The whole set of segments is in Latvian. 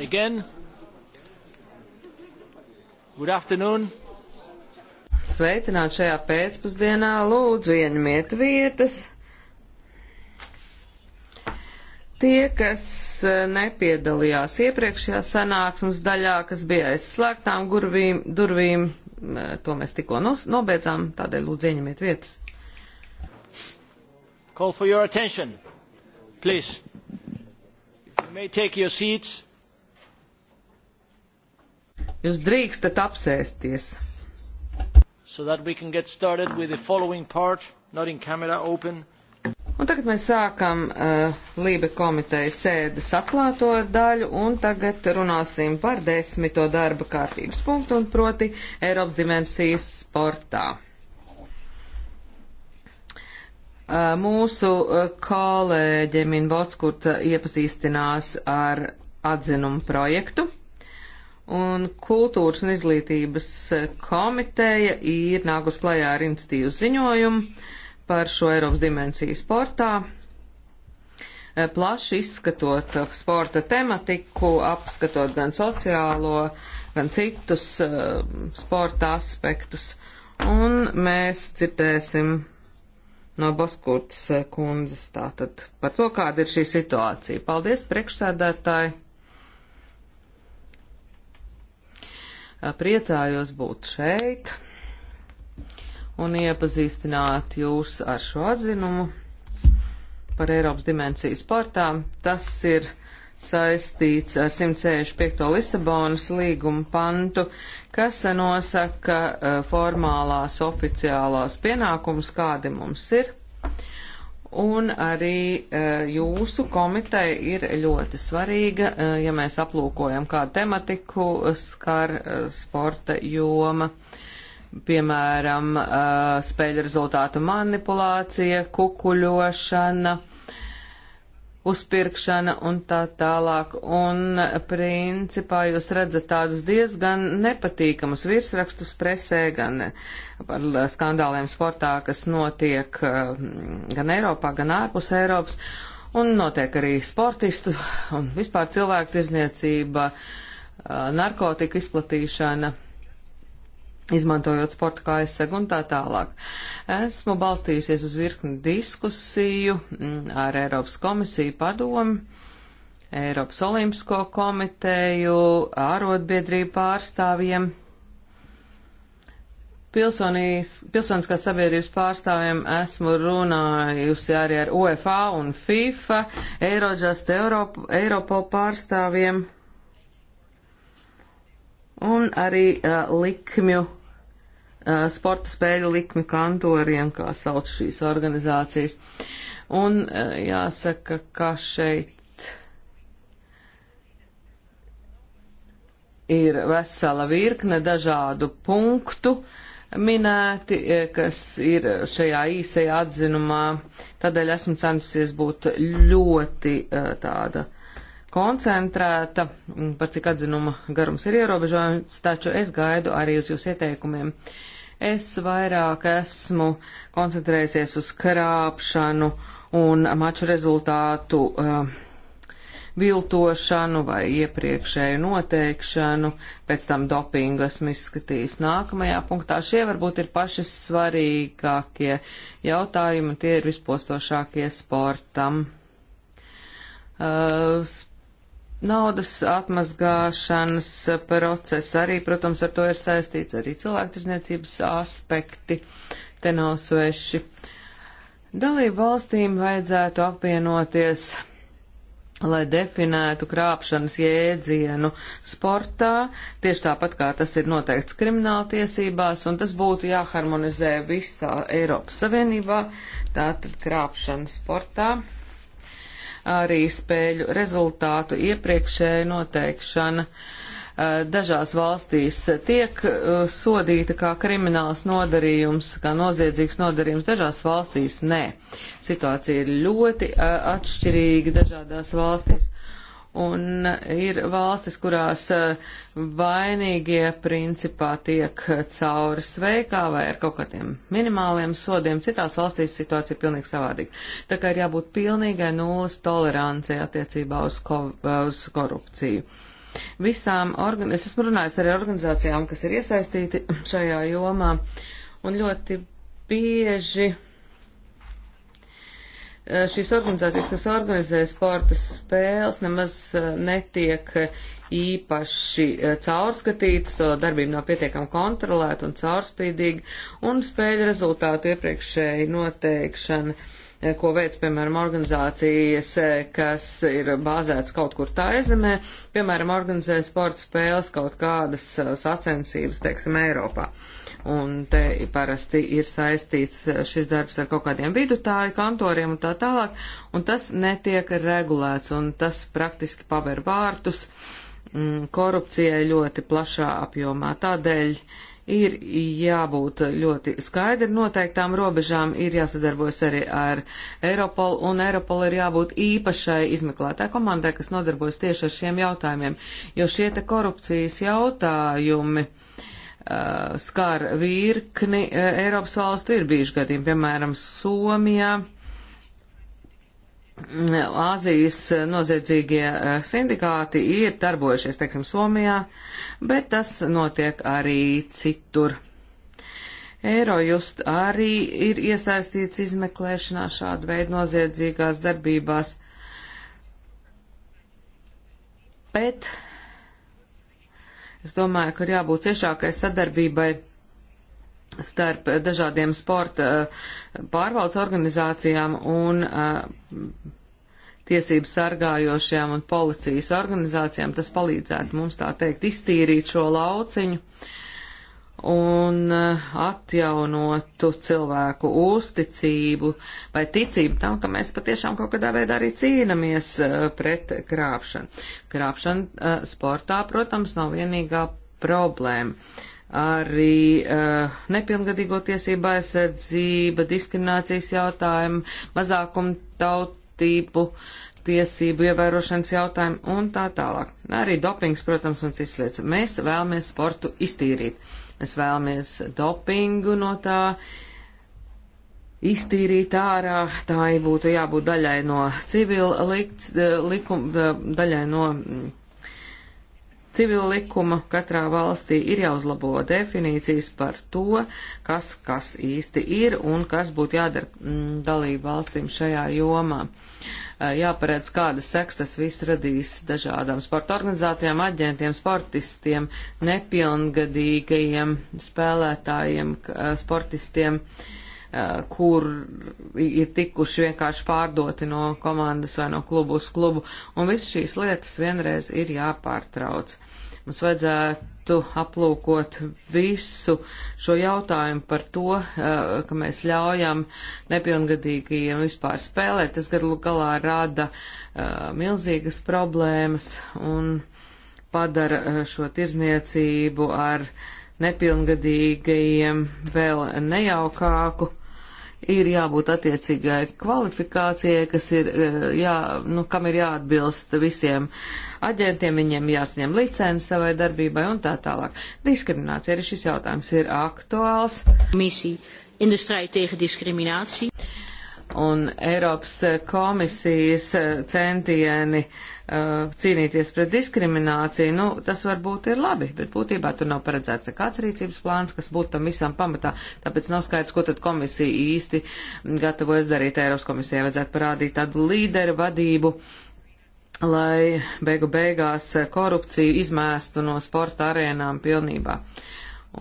again. Good afternoon. Sveicināt šajā pēcpusdienā, lūdzu ieņemiet vietas. Tie, kas eh, nepiedalījās iepriekšējā sanāksmes daļā, kas bija aiz slēgtām gurvīm, durvīm, eh, to mēs tikko nobeidzām, tādēļ lūdzu ieņemiet vietas. Call for your attention, please. You may take your seats. Jūs drīkstat apsēsties. So that we can get started with the following part, not in camera open. Un tagad mēs sākam uh, Lībe komitejas sēdes atklāto daļu, un tagad runāsim par desmito darba kārtības punktu, un proti Eiropas dimensijas sportā. Uh, mūsu uh, kolēģe Minvots, kur iepazīstinās ar atzinumu projektu. Un kultūras un izglītības komiteja ir nākus klajā ar institīvu ziņojumu par šo Eiropas dimensiju sportā. Eh, plaši izskatot eh, sporta tematiku, apskatot gan sociālo, gan citus eh, sporta aspektus. Un mēs citēsim no Boskurtas kundzes tātad par to, kāda ir šī situācija. Paldies, priekšsēdētāji! Priecājos būt šeit un iepazīstināt jūs ar šo atzinumu par Eiropas dimensiju sportā. Tas ir saistīts ar 165. Lisabonas līguma pantu, kas nosaka eh, formālās oficiālās pienākumus, kādi mums ir Un arī eh, jūsu komiteja ir ļoti svarīga, eh, ja mēs aplūkojam kādu tematiku, skar eh, sporta joma, piemēram, spēļu rezultātu manipulācija, kukuļošana uzpirkšana un tā tālāk. Un principā jūs redzat tādus diezgan nepatīkamus virsrakstus presē, gan par skandāliem sportā, kas notiek um, gan Eiropā, gan ārpus Eiropas. Un notiek arī sportistu un vispār cilvēku tirzniecība, uh, narkotika izplatīšana izmantojot sporta kā aizsegu un tā tālāk. Esmu balstījusies uz virkni diskusiju mm, ar Eiropas komisiju padomu, Eiropas Olimpisko komiteju, ārotbiedrību pārstāvjiem, pilsoniskās sabiedrības pārstāvjiem esmu runājusi arī ar UEFA un FIFA, Eirožast, Eiropol pārstāvjiem un arī uh, likmju Uh, sporta spēļu likmi kantoriem, kā sauc šīs organizācijas. Un uh, jāsaka, ka šeit ir vesela virkne dažādu punktu minēti, eh, kas ir šajā īsajā atzinumā. Tādēļ esmu centusies būt ļoti eh, tāda koncentrēta, par cik atzinuma garums ir ierobežojums, taču es gaidu arī uz jūsu ieteikumiem. Uh, Es vairāk esmu koncentrējies uz krāpšanu un maču rezultātu uh, viltošanu vai iepriekšēju noteikšanu, pēc tam dopingu esmu izskatījis nākamajā punktā. Šie varbūt ir paši svarīgākie jautājumi, tie ir vispostošākie sportam. Uh, Naudas atmazgāšanas process arī, protams, ar to ir saistīts arī cilvēktirdzniecības aspekti, te nav sveši. Dalību valstīm vajadzētu apvienoties, lai definētu krāpšanas jēdzienu sportā, tieši tāpat kā tas ir noteikts krimināltiesībās, un tas būtu jāharmonizē visā Eiropas Savienībā, tātad krāpšana sportā arī spēļu rezultātu iepriekšēja noteikšana eh, dažās valstīs tiek eh, sodīta kā krimināls nodarījums, kā noziedzīgs nodarījums, dažās valstīs nē. Situācija ir ļoti eh, atšķirīga dažādās valstīs un ir valstis, kurās eh, vainīgie principā tiek cauri sveikā vai ar kaut kādiem minimāliem sodiem. Citās valstīs situācija ir pilnīgi savādīga. Tā kā ir jābūt pilnīgai nulles tolerancei attiecībā uz, ko, eh, uz korupciju. Visām, organ... es esmu runājis arī organizācijām, kas ir iesaistīti šajā jomā, un ļoti bieži Eh, šīs organizācijas, kas organizē sporta spēles, nemaz eh, netiek eh, īpaši caurskatītas, to darbība nav pietiekami kontrolēta un caurspīdīga, un spēļu rezultātu iepriekšēji noteikšana, ko veids, piemēram, organizācijas, kas ir bāzētas kaut kur taizemē, piemēram, organizē sporta spēles kaut kādas sacensības, teiksim, Eiropā. Uh, un te parasti ir saistīts šis darbs ar kaut kādiem vidutāju kantoriem un tā tālāk, un tas netiek regulēts, un tas praktiski paver vārtus mm, korupcijai ļoti plašā apjomā. Tādēļ ir jābūt ļoti skaidri noteiktām robežām, ir jāsadarbojas arī ar Eiropolu, un Eiropola ir jābūt īpašai izmeklētāji komandai, kas nodarbojas tieši ar šiem jautājumiem, jo šie te korupcijas jautājumi Uh, skar virkni uh, Eiropas valstu ir bijuši gadījumi, piemēram, Somijā. Mm, Āzijas noziedzīgie uh, sindikāti ir darbojušies, teiksim, Somijā, bet tas notiek arī citur. Eirojust arī ir iesaistīts izmeklēšanā šādu veidu noziedzīgās darbībās, bet Es domāju, ka ir jābūt ciešākai sadarbībai starp dažādiem sporta eh, pārvaldes organizācijām un eh, tiesību sargājošajām un policijas organizācijām. Tas palīdzētu mums tā teikt iztīrīt šo lauciņu. Uh, un eh, atjaunotu cilvēku uzticību vai ticību tam, ka mēs patiešām kaut kādā veidā arī cīnamies eh, pret krāpšanu. Krāpšana eh, sportā, protams, nav vienīgā problēma. Arī uh, nepilngadīgo tiesība aizsardzība, diskriminācijas jautājumi, mazākumu tautību tiesību ievērošanas jautājumi un tā tālāk. Arī dopings, protams, un cits lietas. Mēs vēlamies sportu iztīrīt. Uh, Mēs vēlamies dopingu no tā iztīrīt ārā. Tā būtu jābūt daļai no civila eh, likuma, daļai no mm, civila likuma. Katrā valstī ir jāuzlabo definīcijas par to, kas, kas īsti ir un kas būtu jādara mm, dalību valstīm šajā jomā. Uh, Eh, jāparedz, kādas seks tas viss radīs dažādām sporta organizācijām, aģentiem, sportistiem, nepilngadīgajiem spēlētājiem, eh, sportistiem eh, kur ir tikuši vienkārši pārdoti no komandas vai no klubu uz klubu, un visas šīs lietas vienreiz ir jāpārtrauc. Mums vajadzētu varētu aplūkot visu šo jautājumu par to, eh, ka mēs ļaujam nepilngadīgajiem vispār spēlēt. Tas galu galā rada eh, milzīgas problēmas un padara eh, šo tirzniecību ar nepilngadīgajiem vēl nejaukāku ir jābūt attiecīgai kvalifikācijai, kas ir, eh, jā, nu, kam ir jāatbilst visiem aģentiem, viņiem jāsņem licenci savai darbībai un tā tālāk. Diskriminācija arī šis jautājums ir aktuāls. Misija. Industrijai tegen diskrimināciju. Un Eiropas eh, komisijas eh, centieni uh, Uh, cīnīties pret diskrimināciju, nu, tas varbūt ir labi, bet būtībā tur nav paredzēts nekāds rīcības plāns, kas būtu tam visam pamatā, tāpēc nav skaidrs, ko tad komisija īsti gatavojas darīt. Eiropas komisijai vajadzētu parādīt tādu līderu vadību, lai beigu beigās korupciju izmēstu no sporta arēnām pilnībā.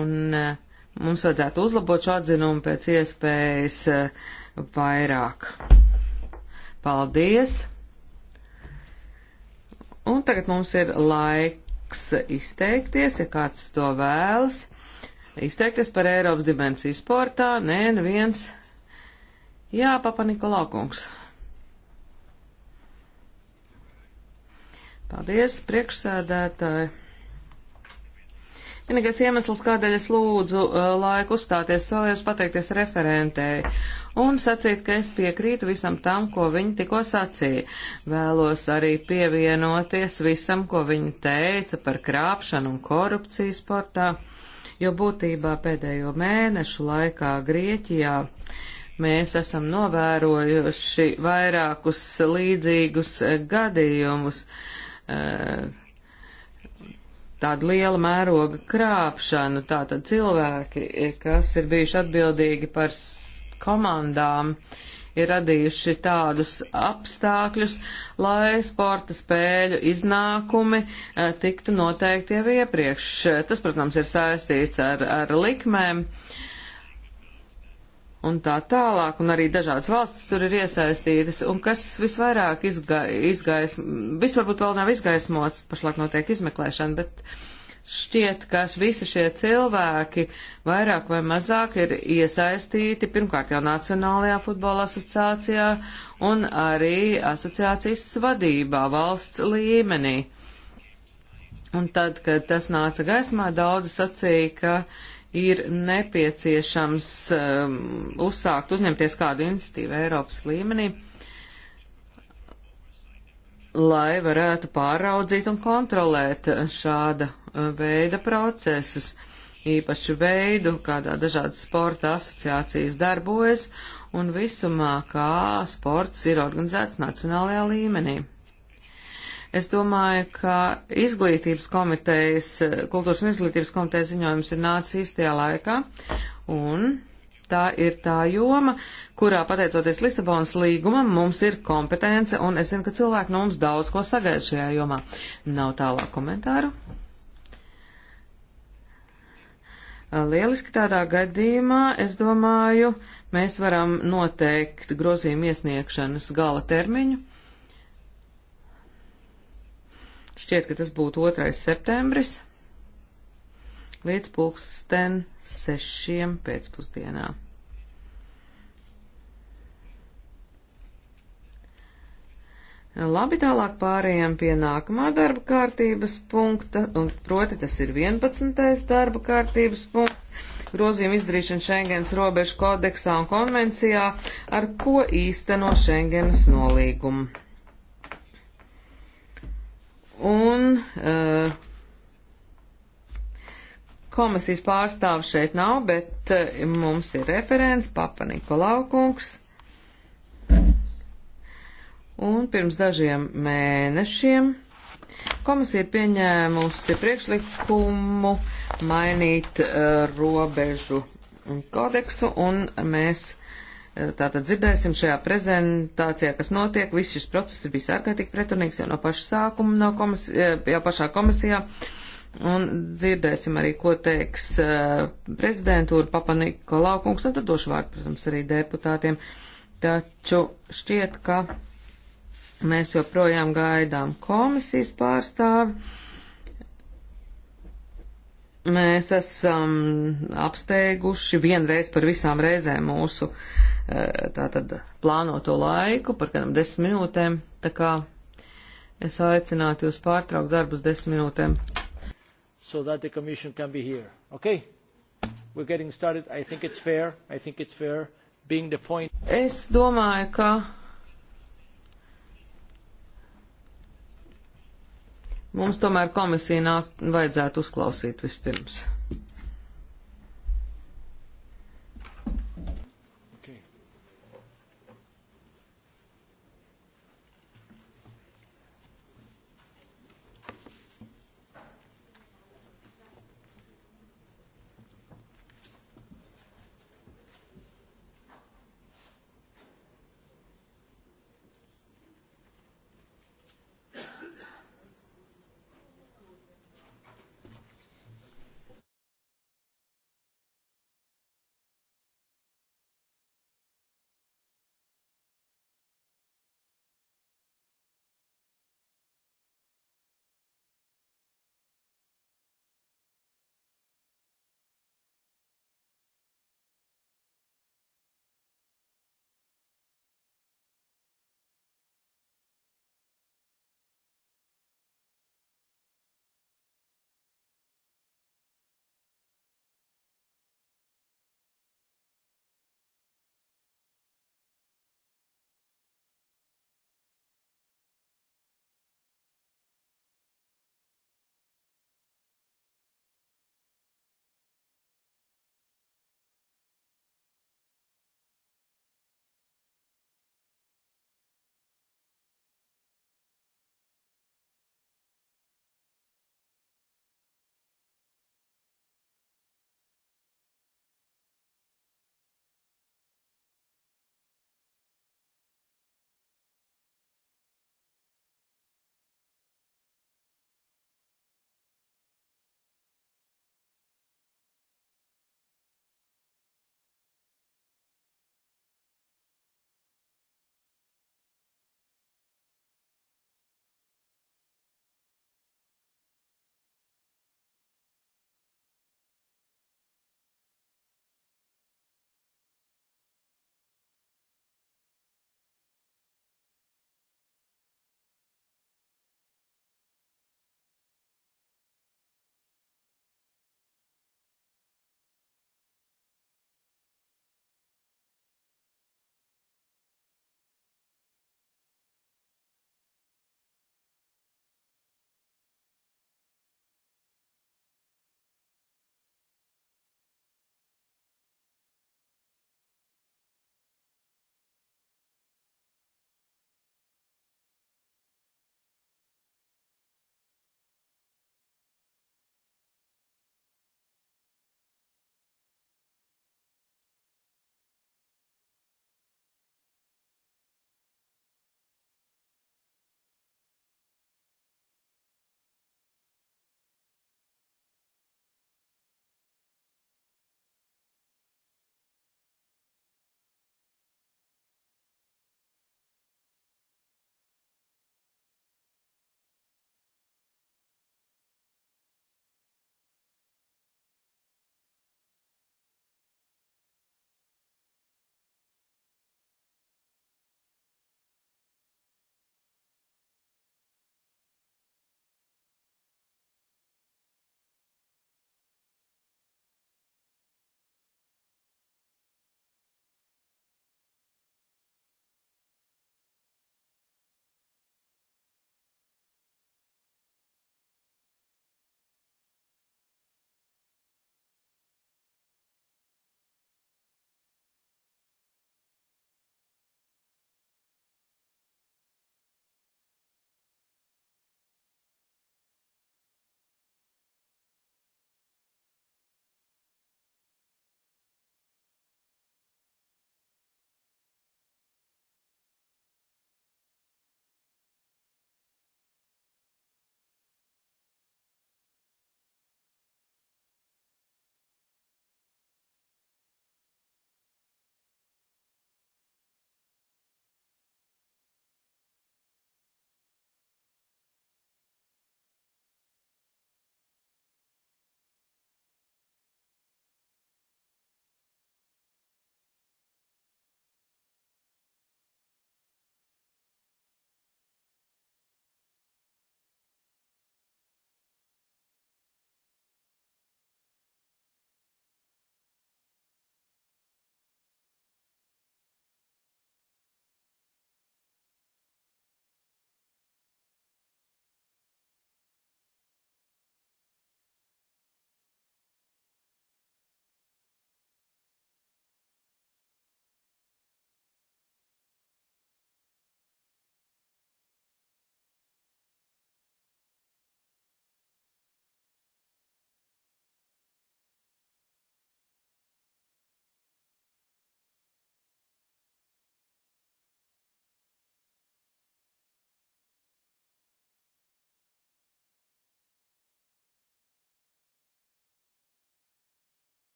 Un uh, mums vajadzētu uzlabot šo atzinumu pēc iespējas uh, vairāk. Paldies! Un tagad mums ir laiks izteikties, ja kāds to vēlas. Izteikties par Eiropas dimensiju sportā. Nē, neviens. Jā, papa Nikolā kungs. Paldies, priekšsēdētāji. Vienīgais iemesls, kādēļ es lūdzu uh, laiku uzstāties, vēlējos pateikties referentēji un sacīt, ka es piekrītu visam tam, ko viņi tikko sacīja. Vēlos arī pievienoties visam, ko viņi teica par krāpšanu un korupciju sportā, jo būtībā pēdējo mēnešu laikā Grieķijā mēs esam novērojuši vairākus līdzīgus gadījumus, uh, tādu liela mēroga krāpšanu, tātad cilvēki, kas ir bijuši atbildīgi par komandām, ir radījuši tādus apstākļus, lai sporta spēļu iznākumi e, tiktu noteikti jau iepriekš. Tas, protams, ir saistīts ar, ar likmēm. Uh, un tā tālāk, un arī dažādas valstis tur ir iesaistītas, un kas visvairāk izga, izgais, viss varbūt vēl nav izgaismots, pašlaik notiek izmeklēšana, bet šķiet, ka visi šie cilvēki vairāk vai mazāk ir iesaistīti pirmkārt jau Nacionālajā futbola asociācijā un arī asociācijas vadībā valsts līmenī. Un tad, kad tas nāca gaismā, daudzi sacīja, ka uh, ir nepieciešams um, uzsākt, uzņemties kādu iniciatīvu Eiropas līmenī, lai varētu pāraudzīt un kontrolēt šāda uh, veida procesus, īpaši veidu, kādā dažādas sporta asociācijas darbojas un visumā, kā sports ir organizēts nacionālajā līmenī. Es domāju, ka izglītības komitejas, kultūras un izglītības komitejas ziņojums ir nācis īstajā laikā, un tā ir tā joma, kurā pateicoties Lisabonas līgumam mums ir kompetence, un es zinu, ka cilvēki no mums daudz ko sagaida šajā jomā. Nav tālāk komentāru. Lieliski tādā gadījumā, es domāju, mēs varam noteikt grozījuma iesniegšanas gala termiņu. Šķiet, ka tas būtu 2. septembris līdz pulksten 6. pēcpusdienā. Labi, tālāk pārējām pie nākamā darba kārtības punkta, un proti tas ir 11. darba kārtības punkts grozījuma izdarīšana Schengens robežu kodeksā un konvencijā, ar ko īsteno Schengenas nolīgumu. Un uh, komisijas pārstāvu šeit nav, bet uh, mums ir referents Papa Nikolau kungs. Un pirms dažiem mēnešiem komisija pieņēmusi priekšlikumu mainīt uh, robežu kodeksu, un mēs Tātad dzirdēsim šajā prezentācijā, kas notiek. Viss šis process ir bijis ārkārtīgi pretrunīgs jau no paša sākuma, no komisijā, eh, jau pašā komisijā. Un dzirdēsim arī, ko teiks uh, prezidentūra Papanika Laukungs, un tad došu vārdu, protams, arī deputātiem. Taču šķiet, ka mēs joprojām gaidām komisijas pārstāvi. Mēs esam apsteiguši vienreiz par visām reizēm mūsu uh, Eh, tātad plānoto laiku par kādam desmit minūtēm, tā kā es aicinātu jūs pārtraukt darbus desmit minūtēm. So that the commission can be here. Okay? We're getting started. I think it's fair. I think it's fair. Being the point. Es domāju, ka mums tomēr komisija nāk, vajadzētu uzklausīt vispirms.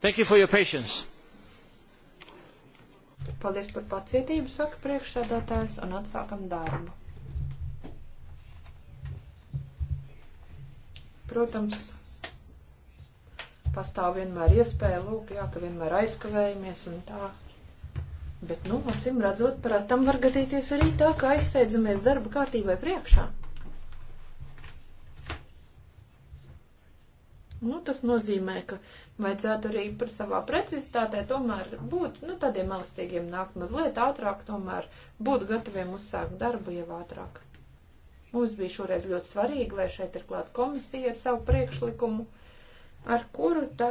Thank you for your patience. Paldies par pacietību, saka priekšsēdētājs, un atsākam darbu. Protams, pastāv vienmēr iespēja, lūk, jā, ka vienmēr aizkavējamies un tā. Bet, nu, acīm redzot, parāt tam var gadīties arī tā, ka aizsteidzamies darba kārtībai priekšā. Nu, tas nozīmē, ka vajadzētu arī par savā precizitātē tomēr būt, nu, tādiem elastīgiem nākt mazliet ātrāk, tomēr būt gataviem uzsākt darbu jau ātrāk. Mums bija šoreiz ļoti svarīgi, lai šeit ir klāt komisija ar savu priekšlikumu, ar kuru tā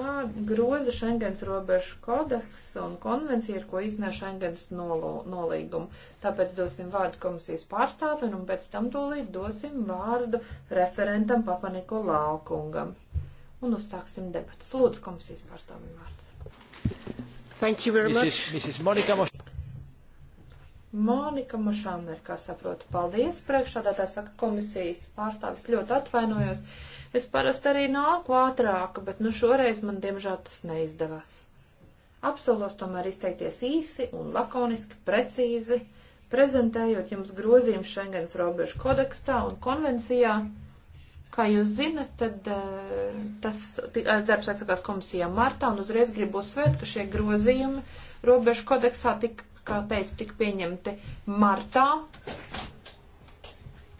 groza Schengens robežu kodeks un konvencija, ar ko iznē Schengens nolīgumu. Tāpēc dosim vārdu komisijas pārstāvim un pēc tam tūlīt dosim vārdu referentam Papaniko Lākungam un uzsāksim debatas. Lūdzu, komisijas pārstāvim vārds. Thank you very much. Mrs. Monika Moš... Monika Mošāmer, kā saprotu, paldies. Priekšādā tā saka komisijas pārstāvis ļoti atvainojos. Es parasti arī nāku ātrāk, bet nu šoreiz man diemžēl tas neizdevās. Apsolos tomēr izteikties īsi un lakoniski, precīzi, prezentējot jums grozījumus Schengens robežu kodekstā un konvencijā. Mm Kā jūs zinat, tad eh, tas eh, darbs atsakās komisijā martā, un uzreiz gribu uzsvērt, ka šie grozījumi robežu kodeksā tik, kā teicu, tik pieņemti martā.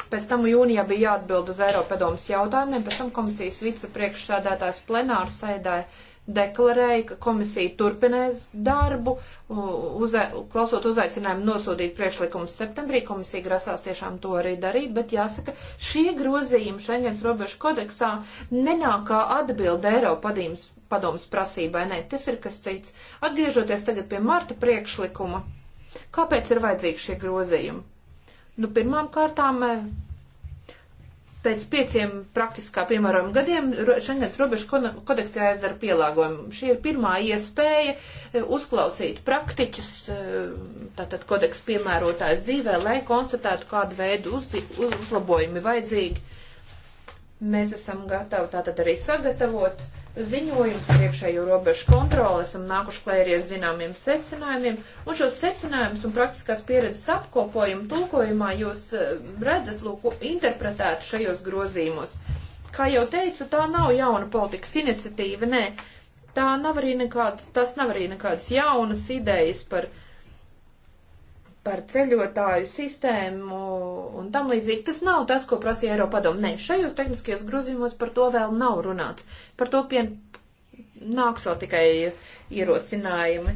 Pēc tam jūnijā bija jāatbild uz Eiropadomas jautājumiem, pēc tam komisijas vicepriekšsēdētājs plenāra sēdāja deklarēja, ka komisija turpinās darbu, uza, klausot uzaicinājumu nosodīt priekšlikumus septembrī, komisija grasās tiešām to arī darīt, bet jāsaka, šie grozījumi Schengens robežu kodeksā nenākā atbilda Eiropadījums padomas prasībai, nē, tas ir kas cits. Atgriežoties tagad pie Marta priekšlikuma, kāpēc ir vajadzīgi šie grozījumi? Nu, pirmām kārtām eh, pēc pieciem praktiskā piemērojuma gadiem Šengens robežu kodeksā jāizdara pielāgojumi. Šī ir pirmā iespēja eh, uzklausīt praktiķus, eh, tātad kodeks piemērotājs dzīvē, lai konstatētu, kādu veidu uz, uzlabojumi vajadzīgi. Mēs esam gatavi tātad arī sagatavot ziņojumu par iekšējo robežu kontroli, esam nākuši klēries zināmiem secinājumiem, un šos secinājumus un praktiskās pieredzes apkopojumu tulkojumā jūs eh, redzat, lūk, interpretētu šajos grozīmos. Kā jau teicu, tā nav jauna politikas iniciatīva, nē, tā nav arī nekāds, tas nav arī nekādas jaunas idejas par par ceļotāju sistēmu un tam līdzīgi. Tas nav tas, ko prasīja Eiropa padomu. Nē, šajos tehniskajos grozījumos par to vēl nav runāts. Par to pien nāks vēl tikai ierosinājumi.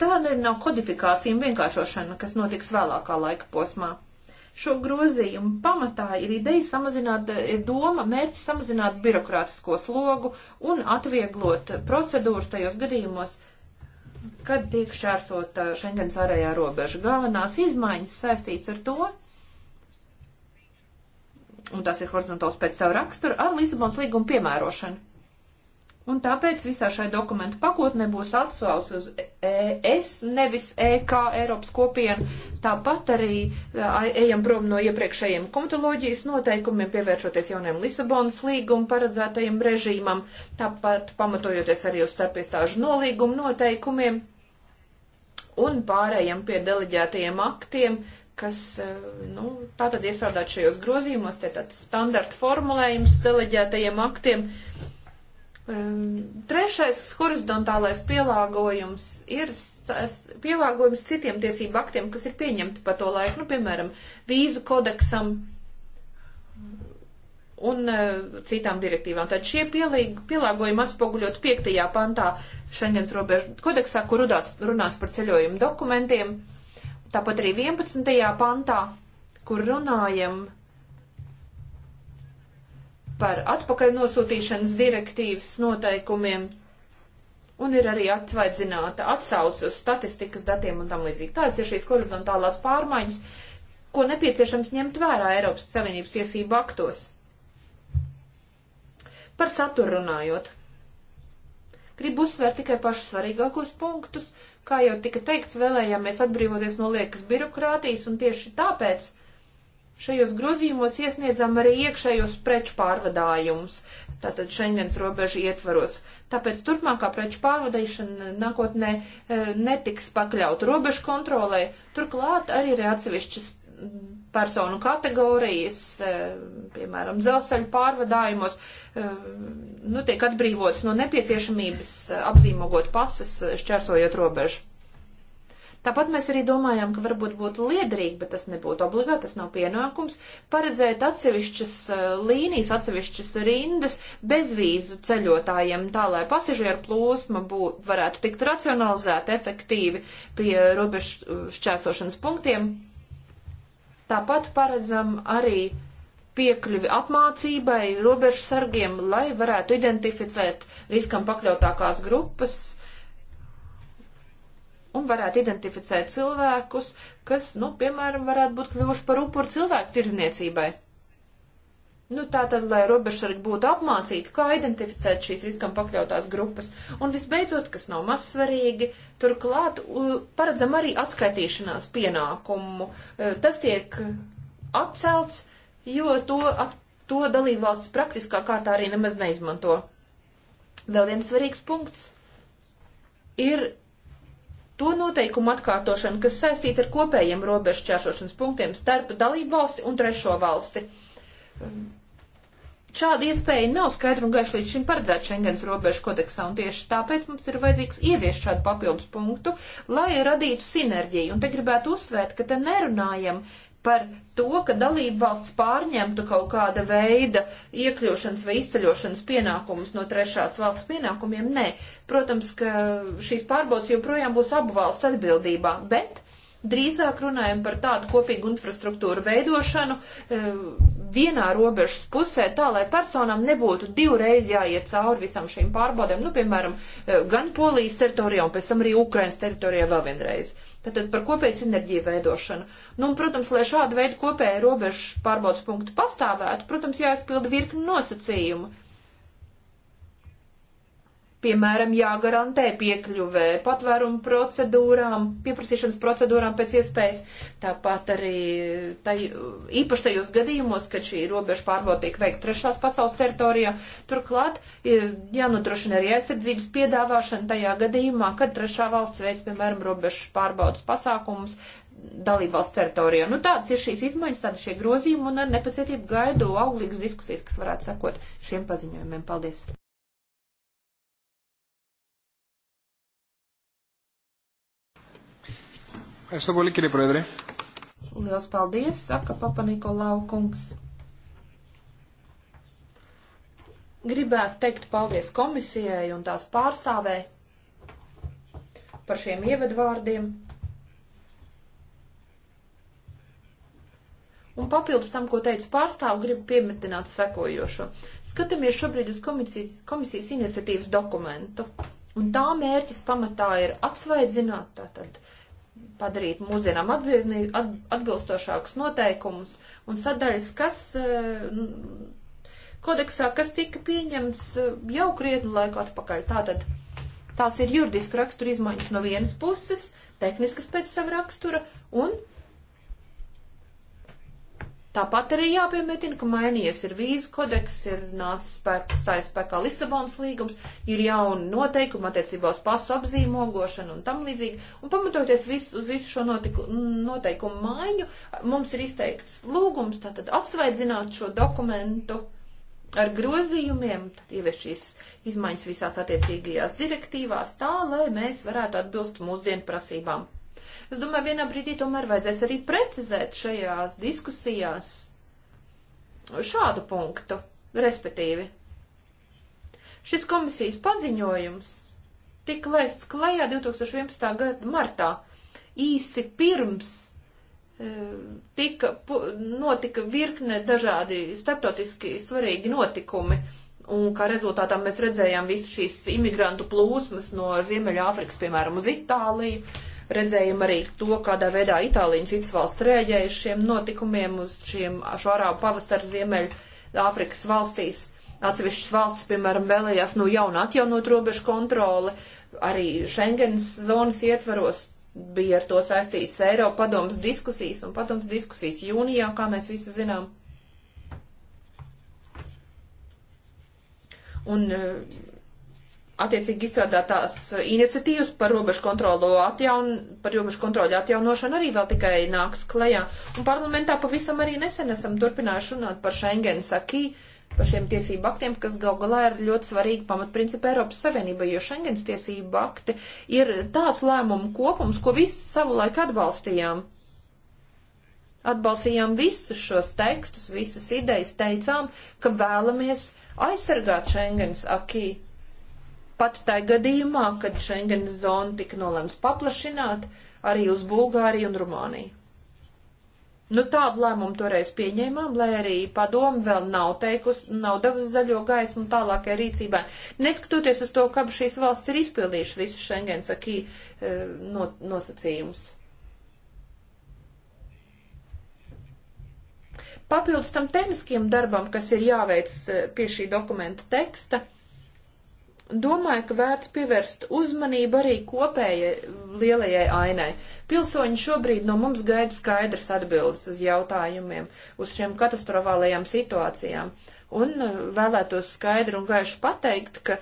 Tā nu nav kodifikācija un vienkāršošana, kas notiks vēlākā laika posmā. Šo grozījumu pamatā ir ideja samazināt, eh, doma, mērķis samazināt birokrātisko slogu un atvieglot procedūras tajos gadījumos, kad tiek šķērsota eh, Schengens ārējā robeža. Galvenās izmaiņas saistīts ar to, un tās ir horizontāls pēc savu raksturu, ar Lisabons līgumu piemērošanu. Un tāpēc visā šai dokumentu pakotnē būs atsauce uz ES, nevis EK Eiropas kopienu. Tāpat arī ejam prom no iepriekšējiem komitoloģijas noteikumiem, pievēršoties jauniem Lisabonas līguma paredzētajiem režīmam, tāpat pamatojoties arī uz starpiestāžu nolīguma noteikumiem un pārējiem pie deleģētajiem aktiem, kas, eh, nu, tātad iestrādāt šajos grozījumos, tie tāds standarta formulējums deleģētajiem aktiem. Trešais horizontālais pielāgojums ir pielāgojums citiem tiesību aktiem, kas ir pieņemti pa to laiku, nu, piemēram, vīzu kodeksam un eh, citām direktīvām. Tad šie pielāgojumi atspoguļot 5. pantā Šengens robežu kodeksā, kur runāts, runās par ceļojumu dokumentiem. Tāpat arī 11. pantā, kur runājam par atpakaļ nosūtīšanas direktīvas noteikumiem, un ir arī atvaidzināta atsauce uz statistikas datiem un tam līdzīgi. Tāds ir šīs horizontālās pārmaiņas, ko nepieciešams ņemt vērā Eiropas Savienības tiesību aktos. Par saturu runājot. Gribu uzsvērt tikai pašus svarīgākos punktus, Kā jau tika teikts, vēlējāmies atbrīvoties no liekas birokrātijas, un tieši tāpēc šajos grozījumos iesniedzām arī iekšējos preču pārvadājumus, tātad Schengens robežu ietvaros. Tāpēc turpmākā preču pārvadīšana nākotnē eh, netiks pakļaut robežu kontrolē, turklāt arī ir atsevišķas personu kategorijas, e, piemēram, dzelzceļa pārvadājumos, e, nu, tiek atbrīvotas no nepieciešamības e, apzīmogot pases, šķērsojot robežu. Tāpat mēs arī domājam, ka varbūt būtu liederīgi, bet tas nebūtu obligāti, tas nav pienākums, paredzēt atsevišķas līnijas, atsevišķas rindas bezvīzu ceļotājiem, tā lai pasažieru plūsma būtu, varētu tikt racionalizēta efektīvi pie robežu šķērsošanas punktiem Tāpat paredzam arī piekļuvi apmācībai, robežu sargiem, lai varētu identificēt riskam pakļautākās grupas un varētu identificēt cilvēkus, kas, nu, piemēram, varētu būt kļuvuši par upuru cilvēku tirzniecībai. Nu, tā tad, lai robežsargi būtu apmācīti, kā identificēt šīs riskam pakļautās grupas. Un visbeidzot, kas nav maz svarīgi, turklāt paredzam arī atskaitīšanās pienākumu. E, tas tiek atcelts, jo to, at, to dalībvalsts praktiskā kārtā arī nemaz neizmanto. Vēl viens svarīgs punkts ir to noteikumu atkārtošana, kas saistīta ar kopējiem robežu čēršošanas punktiem starp dalību valsti un trešo valsti. Šāda iespēja nav skaidri un gaiši līdz šim paredzēta Schengens robežu kodeksā, un tieši tāpēc mums ir vajadzīgs ieviest šādu papildus punktu, lai radītu sinerģiju. Un te gribētu uzsvērt, ka te nerunājam par to, ka dalība valsts pārņemtu kaut kāda veida iekļūšanas vai izceļošanas pienākumus no trešās valsts pienākumiem. Nē, protams, ka šīs pārbaudas joprojām būs abu valstu atbildībā, bet Drīzāk runājam par tādu kopīgu infrastruktūru veidošanu eh, vienā robežas pusē, tā lai personām nebūtu divreiz jāiet cauri visam šīm pārbaudēm, nu, piemēram, eh, gan Polijas teritorijā un pēc tam arī Ukrainas teritorijā vēl vienreiz. Tātad par kopēju sinerģiju veidošanu. Nu, un, protams, lai šāda veida kopēja robežas pārbaudas punktu pastāvētu, protams, jāizpilda virkni nosacījumu Piemēram, jāgarantē piekļuvē patvērumu procedūrām, pieprasīšanas procedūrām pēc iespējas. Tāpat arī tai, īpaši tajos gadījumos, kad šī robeža pārbauda tiek veikta trešās pasaules teritorijā, turklāt jānodrošina arī aizsardzības piedāvāšana tajā gadījumā, kad trešā valsts veids, piemēram, robežu pārbaudas pasākumus dalībvalsts teritorijā. Nu, tāds ir šīs izmaiņas, tādi šie grozījumi un ar nepacietību gaidu auglīgas diskusijas, kas varētu sekot šiem paziņojumiem. Paldies! Ευχαριστώ πολύ, κύριε Πρόεδρε. Liels paldies, saka Papa Nikolau kungs. Gribētu teikt paldies komisijai un tās pārstāvē par šiem ievadvārdiem. Un papildus tam, ko teica pārstāvu, gribu piemetināt sekojošo. Skatāmies šobrīd uz komisijas, komisijas iniciatīvas dokumentu. Un tā mērķis pamatā ir atsvaidzināt, tātad padarīt mūsdienām atbilstošākus noteikumus un sadaļas, kas eh, kodeksā, kas tika pieņemts eh, jau krietnu laiku atpakaļ. Tātad tās ir juridiska rakstura izmaiņas no vienas puses, tehniskas pēc sava rakstura un Tāpat arī jāpiemētina, ka mainījies ir vīzu kodeks, ir nācis spēk, stājas spēkā Lisabonas līgums, ir jauni noteikumi attiecībā uz pasu apzīmogošanu un tam līdzīgi. Un pamatoties vis, uz visu šo notiku, noteikumu maiņu, mums ir izteikts lūgums tātad atsvaidzināt šo dokumentu ar grozījumiem, tad ievies šīs izmaiņas visās attiecīgajās direktīvās tā, lai mēs varētu atbilst mūsdienu prasībām. Es domāju, vienā brīdī tomēr vajadzēs arī precizēt šajās diskusijās šādu punktu, respektīvi. Šis komisijas paziņojums tika laists klajā 2011. gada martā, īsi pirms e, tika, notika virkne dažādi starptautiski svarīgi notikumi, un kā rezultātā mēs redzējām visu šīs imigrantu plūsmas no Ziemeļāfrikas, piemēram, uz Itāliju. Redzējām arī to, kādā veidā Itālija un citas valsts rēģēja uz šiem notikumiem, uz šiem šo arābu pavasaru ziemeļu Āfrikas valstīs. Atsevišķas valsts, piemēram, vēlējās no jauna atjaunot robežu kontroli, arī Schengens zonas ietvaros bija ar to saistīts Eiropa padomas diskusijas un padomas diskusijas jūnijā, kā mēs visi zinām. Un eh, attiecīgi izstrādātās iniciatīvas par robežu kontrolu atjaun, par robežu kontroli atjaunošanu arī vēl tikai nāks klajā. Un parlamentā pavisam arī nesen esam turpinājuši runāt par Schengens akī, par šiem tiesību aktiem, kas gal galā ir ļoti svarīgi pamatprincipi Eiropas Savienībai, jo Schengens tiesību akti ir tāds lēmumu kopums, ko visi savulaik atbalstījām atbalstījām visus šos tekstus, visas idejas, teicām, ka vēlamies aizsargāt Schengens akī. Pat tā gadījumā, kad Schengenas zona tika nolēms paplašināt arī uz Bulgāriju un Rumāniju. Nu, tādu lēmumu toreiz pieņēmām, lai arī padomu vēl nav teikusi, nav devusi zaļo gaismu tālākai rīcībai. Neskatoties uz to, ka šīs valsts ir izpildījušas visus Schengens akī e, no, nosacījumus. Papildus tam tehniskiem darbam, kas ir jāveic e, pie šī dokumenta teksta Domāju, ka vērts pievērst uzmanību arī kopējai lielajai ainai. Pilsoņi šobrīd no mums gaida skaidrs atbildes uz jautājumiem, uz šiem katastrofālajām situācijām, un uh, vēlētos skaidri un gaiši pateikt, ka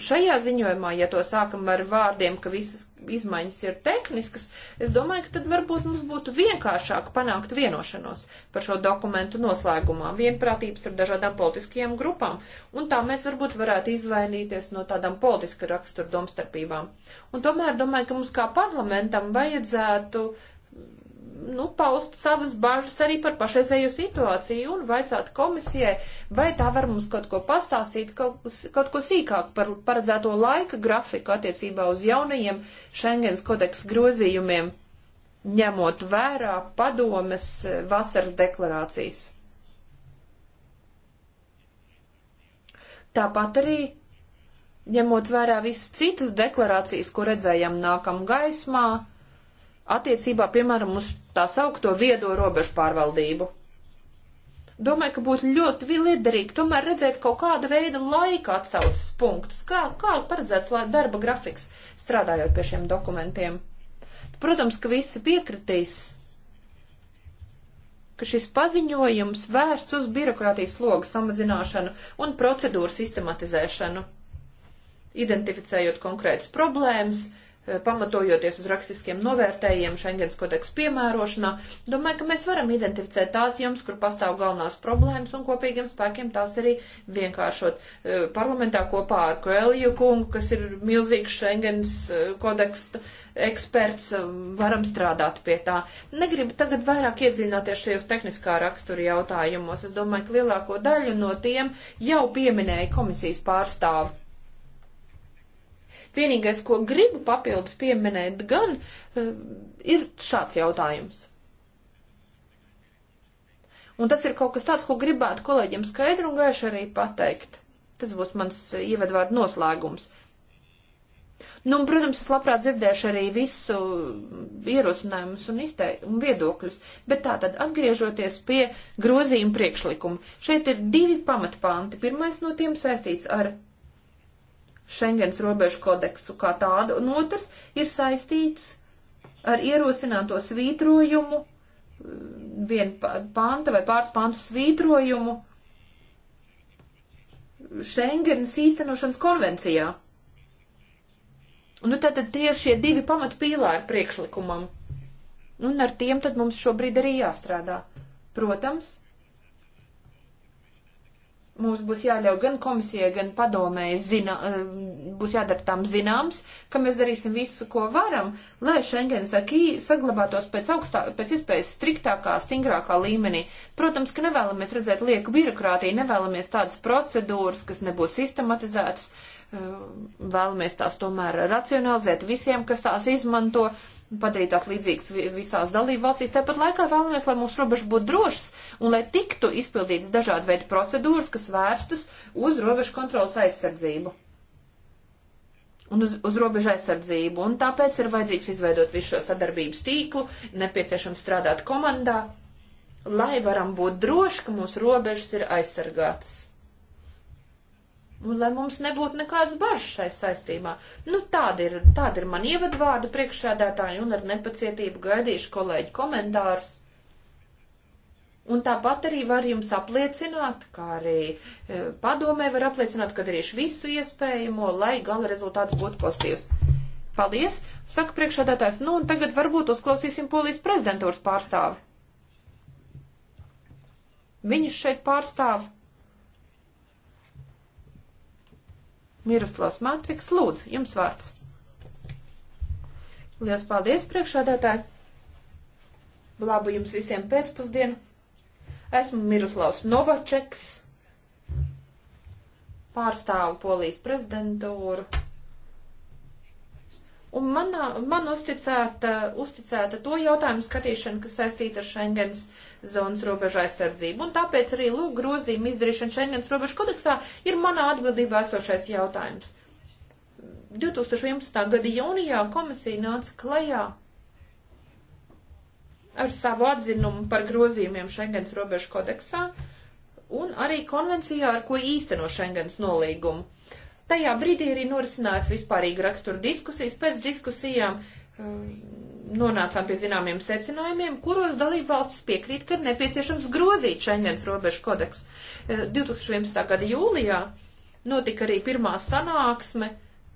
šajā ziņojumā, ja to sākam ar vārdiem, ka visas izmaiņas ir tehniskas, es domāju, ka tad varbūt mums būtu vienkāršāk panākt vienošanos par šo dokumentu noslēgumā, vienprātības starp dažādām politiskajām grupām, un tā mēs varbūt varētu izvainīties no tādām politiska rakstura domstarpībām. Un tomēr domāju, ka mums kā parlamentam vajadzētu uh, nu, paust savas bažas arī par pašreizējo situāciju un vaicāt komisijai, vai tā var mums kaut ko pastāstīt, kaut, kaut ko sīkāk par paredzēto laika grafiku attiecībā uz jaunajiem Schengens kodeks grozījumiem, ņemot vērā padomes eh, vasaras deklarācijas. Tāpat arī ņemot vērā visas citas deklarācijas, ko redzējām nākam gaismā, attiecībā, piemēram, uz tā saukto viedo robežu pārvaldību. Domāju, ka būtu ļoti liederīgi tomēr redzēt kaut kāda veida laika atsaucas punktus, kā, kā paredzēts darba grafiks strādājot pie šiem dokumentiem. Protams, ka visi piekritīs, ka šis paziņojums vērsts uz birokrātijas sloga samazināšanu un procedūru sistematizēšanu, identificējot konkrētas problēmas Eh, pamatojoties uz rakstiskiem novērtējiem Schengens kodeksu piemērošanā, domāju, ka mēs varam identificēt tās jums, kur pastāv galvenās problēmas un kopīgiem spēkiem tās arī vienkāršot. Eh, parlamentā kopā ar Koeliju kungu, kas ir milzīgs Schengens eh, kodeksta eksperts, varam strādāt pie tā. Negribu tagad vairāk iedziļināties šajos tehniskā rakstura jautājumos. Es domāju, ka lielāko daļu no tiem jau pieminēja komisijas pārstāvi. Vienīgais, ko gribu papildus pieminēt, gan eh, ir šāds jautājums. Un tas ir kaut kas tāds, ko gribētu kolēģiem skaidru un gaišu arī pateikt. Tas būs mans ievadvārdu noslēgums. Nu, un, protams, es labprāt dzirdēšu arī visu ierosinājumus un, iztei, un viedokļus, bet tā tad atgriežoties pie grozījuma priekšlikuma. Šeit ir divi pamatpanti. Pirmais no tiem saistīts ar Schengens robežu kodeksu kā tādu, un otrs ir saistīts ar ierosināto svītrojumu, vien panta vai pāris pantu svītrojumu Schengenas īstenošanas konvencijā. Un nu, tad, tad tieši šie divi pamatpīlāri priekšlikumam. Un ar tiem tad mums šobrīd arī jāstrādā. Protams, mums būs jāļauj gan komisijai, gan padomēji zina, eh, būs jādara tam zināms, ka mēs darīsim visu, ko varam, lai Schengens akī saglabātos pēc, augstā, pēc iespējas striktākā, stingrākā līmenī. Protams, ka nevēlamies redzēt lieku birokrātiju, nevēlamies tādas procedūras, kas nebūtu sistematizētas Ehm, vēlamies tās tomēr racionalizēt visiem, kas tās izmanto padarīt tās līdzīgas visās dalībvalstīs. Tāpat laikā vēlamies, lai mūsu robeža būtu drošas un lai tiktu izpildītas dažādi veidi procedūras, kas vērstas uz robežu kontrolas aizsardzību. Un uz, uz robežu aizsardzību. Un tāpēc ir vajadzīgs izveidot visu šo sadarbības tīklu, nepieciešams strādāt komandā, lai varam būt droši, ka mūsu robežas ir aizsargātas. Un lai mums nebūtu nekādas bažas šai saistībā. Nu, tāda ir, tāda ir man ievadvārda priekšsēdētāji un ar nepacietību gaidīšu kolēģu komentārus. Un tāpat arī var jums apliecināt, kā arī e, padomē var apliecināt, ka darīšu visu iespējamo, lai gala rezultāts būtu pozitīvs. Paldies, saka priekšsēdētājs. Nu, un tagad varbūt uzklausīsim polijas prezidentūras pārstāvi. Viņus šeit pārstāvi Miroslavs Matriks, lūdzu, jums vārds. Lielas paldies, priekšādātāji! Labu jums visiem pēcpusdienu! Esmu Miroslavs Novačeks, pārstāvu Polijas prezidentūru. Un man, man uzticēta, uzticēta to jautājumu skatīšanu, kas saistīta ar Schengens uh, zonas robežu aizsardzību. Un tāpēc arī lūk grozījuma izdarīšana Schengens robežu kodeksā ir manā atbildībā esošais jautājums. 2011. gada jūnijā komisija nāca klajā ar savu atzinumu par grozījumiem Schengens robežu kodeksā un arī konvencijā, ar ko īsteno Schengens nolīgumu. Tajā brīdī arī norisinājās vispārīga rakstura diskusijas. Pēc diskusijām um, nonācām pie zināmiem secinājumiem, kuros dalībvalstis piekrīt, ka ir nepieciešams grozīt Schengens robežu kodeksu. 2011. E, gada jūlijā notika arī pirmā sanāksme,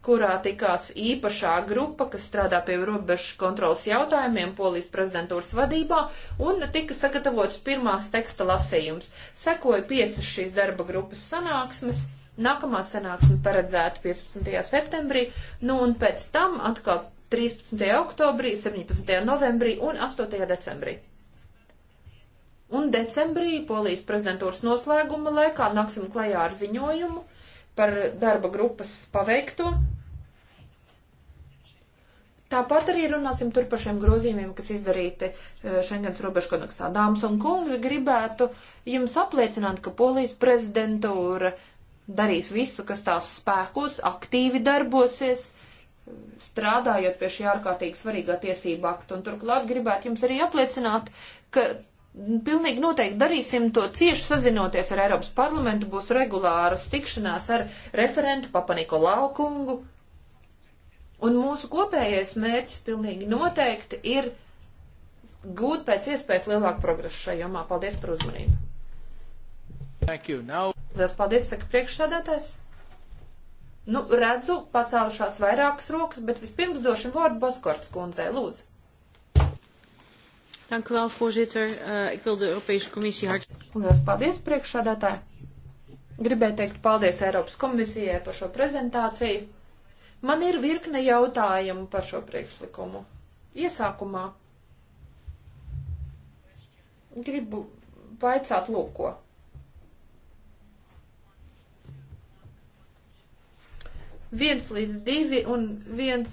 kurā tikās īpašā grupa, kas strādā pie robežu kontrolas jautājumiem polijas prezidentūras vadībā, un tika sagatavots pirmās teksta lasījums. Sekoja piecas šīs darba grupas sanāksmes. Nākamā sanāksme paredzēta 15. septembrī, nu un pēc tam atkal 13. oktobrī, 17. novembrī un 8. decembrī. Un decembrī Polijas prezidentūras noslēguma laikā nāksim klajā ar ziņojumu par darba grupas paveikto. Tāpat arī runāsim tur par šiem grozījumiem, kas izdarīti Šengens eh, robežu kodeksā. Dāmas un kungi, gribētu jums apliecināt, ka Polijas prezidentūra darīs visu, kas tās spēkos, aktīvi darbosies strādājot pie šī ārkārtīgi svarīgā tiesība akta. Un turklāt gribētu jums arī apliecināt, ka pilnīgi noteikti darīsim to cieši sazinoties ar Eiropas parlamentu, būs regulāras tikšanās ar referentu Papaniko Laukungu. Un mūsu kopējais mērķis pilnīgi noteikti ir gūt pēc iespējas lielāku progresu šajā jomā. Paldies par uzmanību. Thank you. Now... Liels paldies, saka priekšsādātājs. Nu, redzu, pacēlušās vairākas rokas, bet vispirms došam vārdu Boskorts kundzei. Lūdzu. Dank u wel, voorzitter. Uh, ik wil de Europese Commissie hartelijk. Lielas paldies, priekšsādātāji. Gribēju teikt paldies Eiropas komisijai par šo prezentāciju. Man ir virkne jautājumu par šo priekšlikumu. Iesākumā gribu vaicāt lūko. 1 līdz 2 un 1,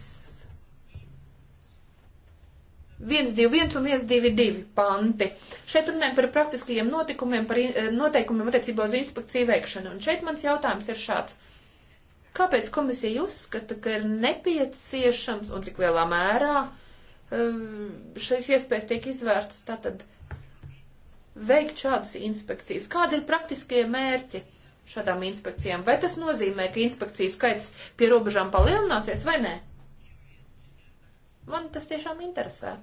1, 2, 1 un 1, 2, 2 panti. Šeit runājam par praktiskajiem notikumiem, par eh, noteikumiem attiecībā uz inspekciju veikšanu. Un šeit mans jautājums ir šāds. Kāpēc komisija uzskata, ka ir nepieciešams un cik lielā mērā eh, šīs iespējas tiek izvērstas tātad veikt šādas inspekcijas? Kādi ir praktiskie mērķi? šādām inspekcijām. Vai tas nozīmē, ka inspekcijas skaits pie robežām palielināsies vai nē? Man tas tiešām interesē.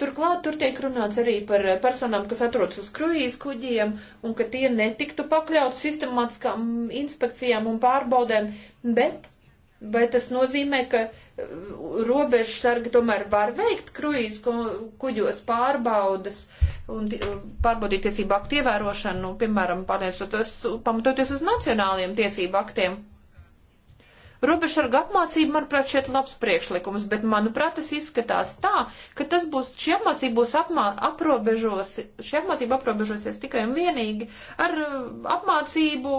Turklāt tur tiek runāts arī par personām, kas atrodas uz kruīz kuģiem, un ka tie netiktu pakļauts sistemātiskām inspekcijām un pārbaudēm, bet vai tas nozīmē, ka uh, robežu sargi tomēr var veikt kruīz kuģos pārbaudas un pārbaudīt tiesību aktu ievērošanu, piemēram, pārliecoties, pamatoties uz nacionāliem tiesību aktiem? Robežsarga apmācība, manuprāt, šeit labs priekšlikums, bet, manuprāt, tas izskatās tā, ka tas būs, šī apmācība būs apmā, aprobežos, šī apmācība aprobežosies tikai un vienīgi ar uh, apmācību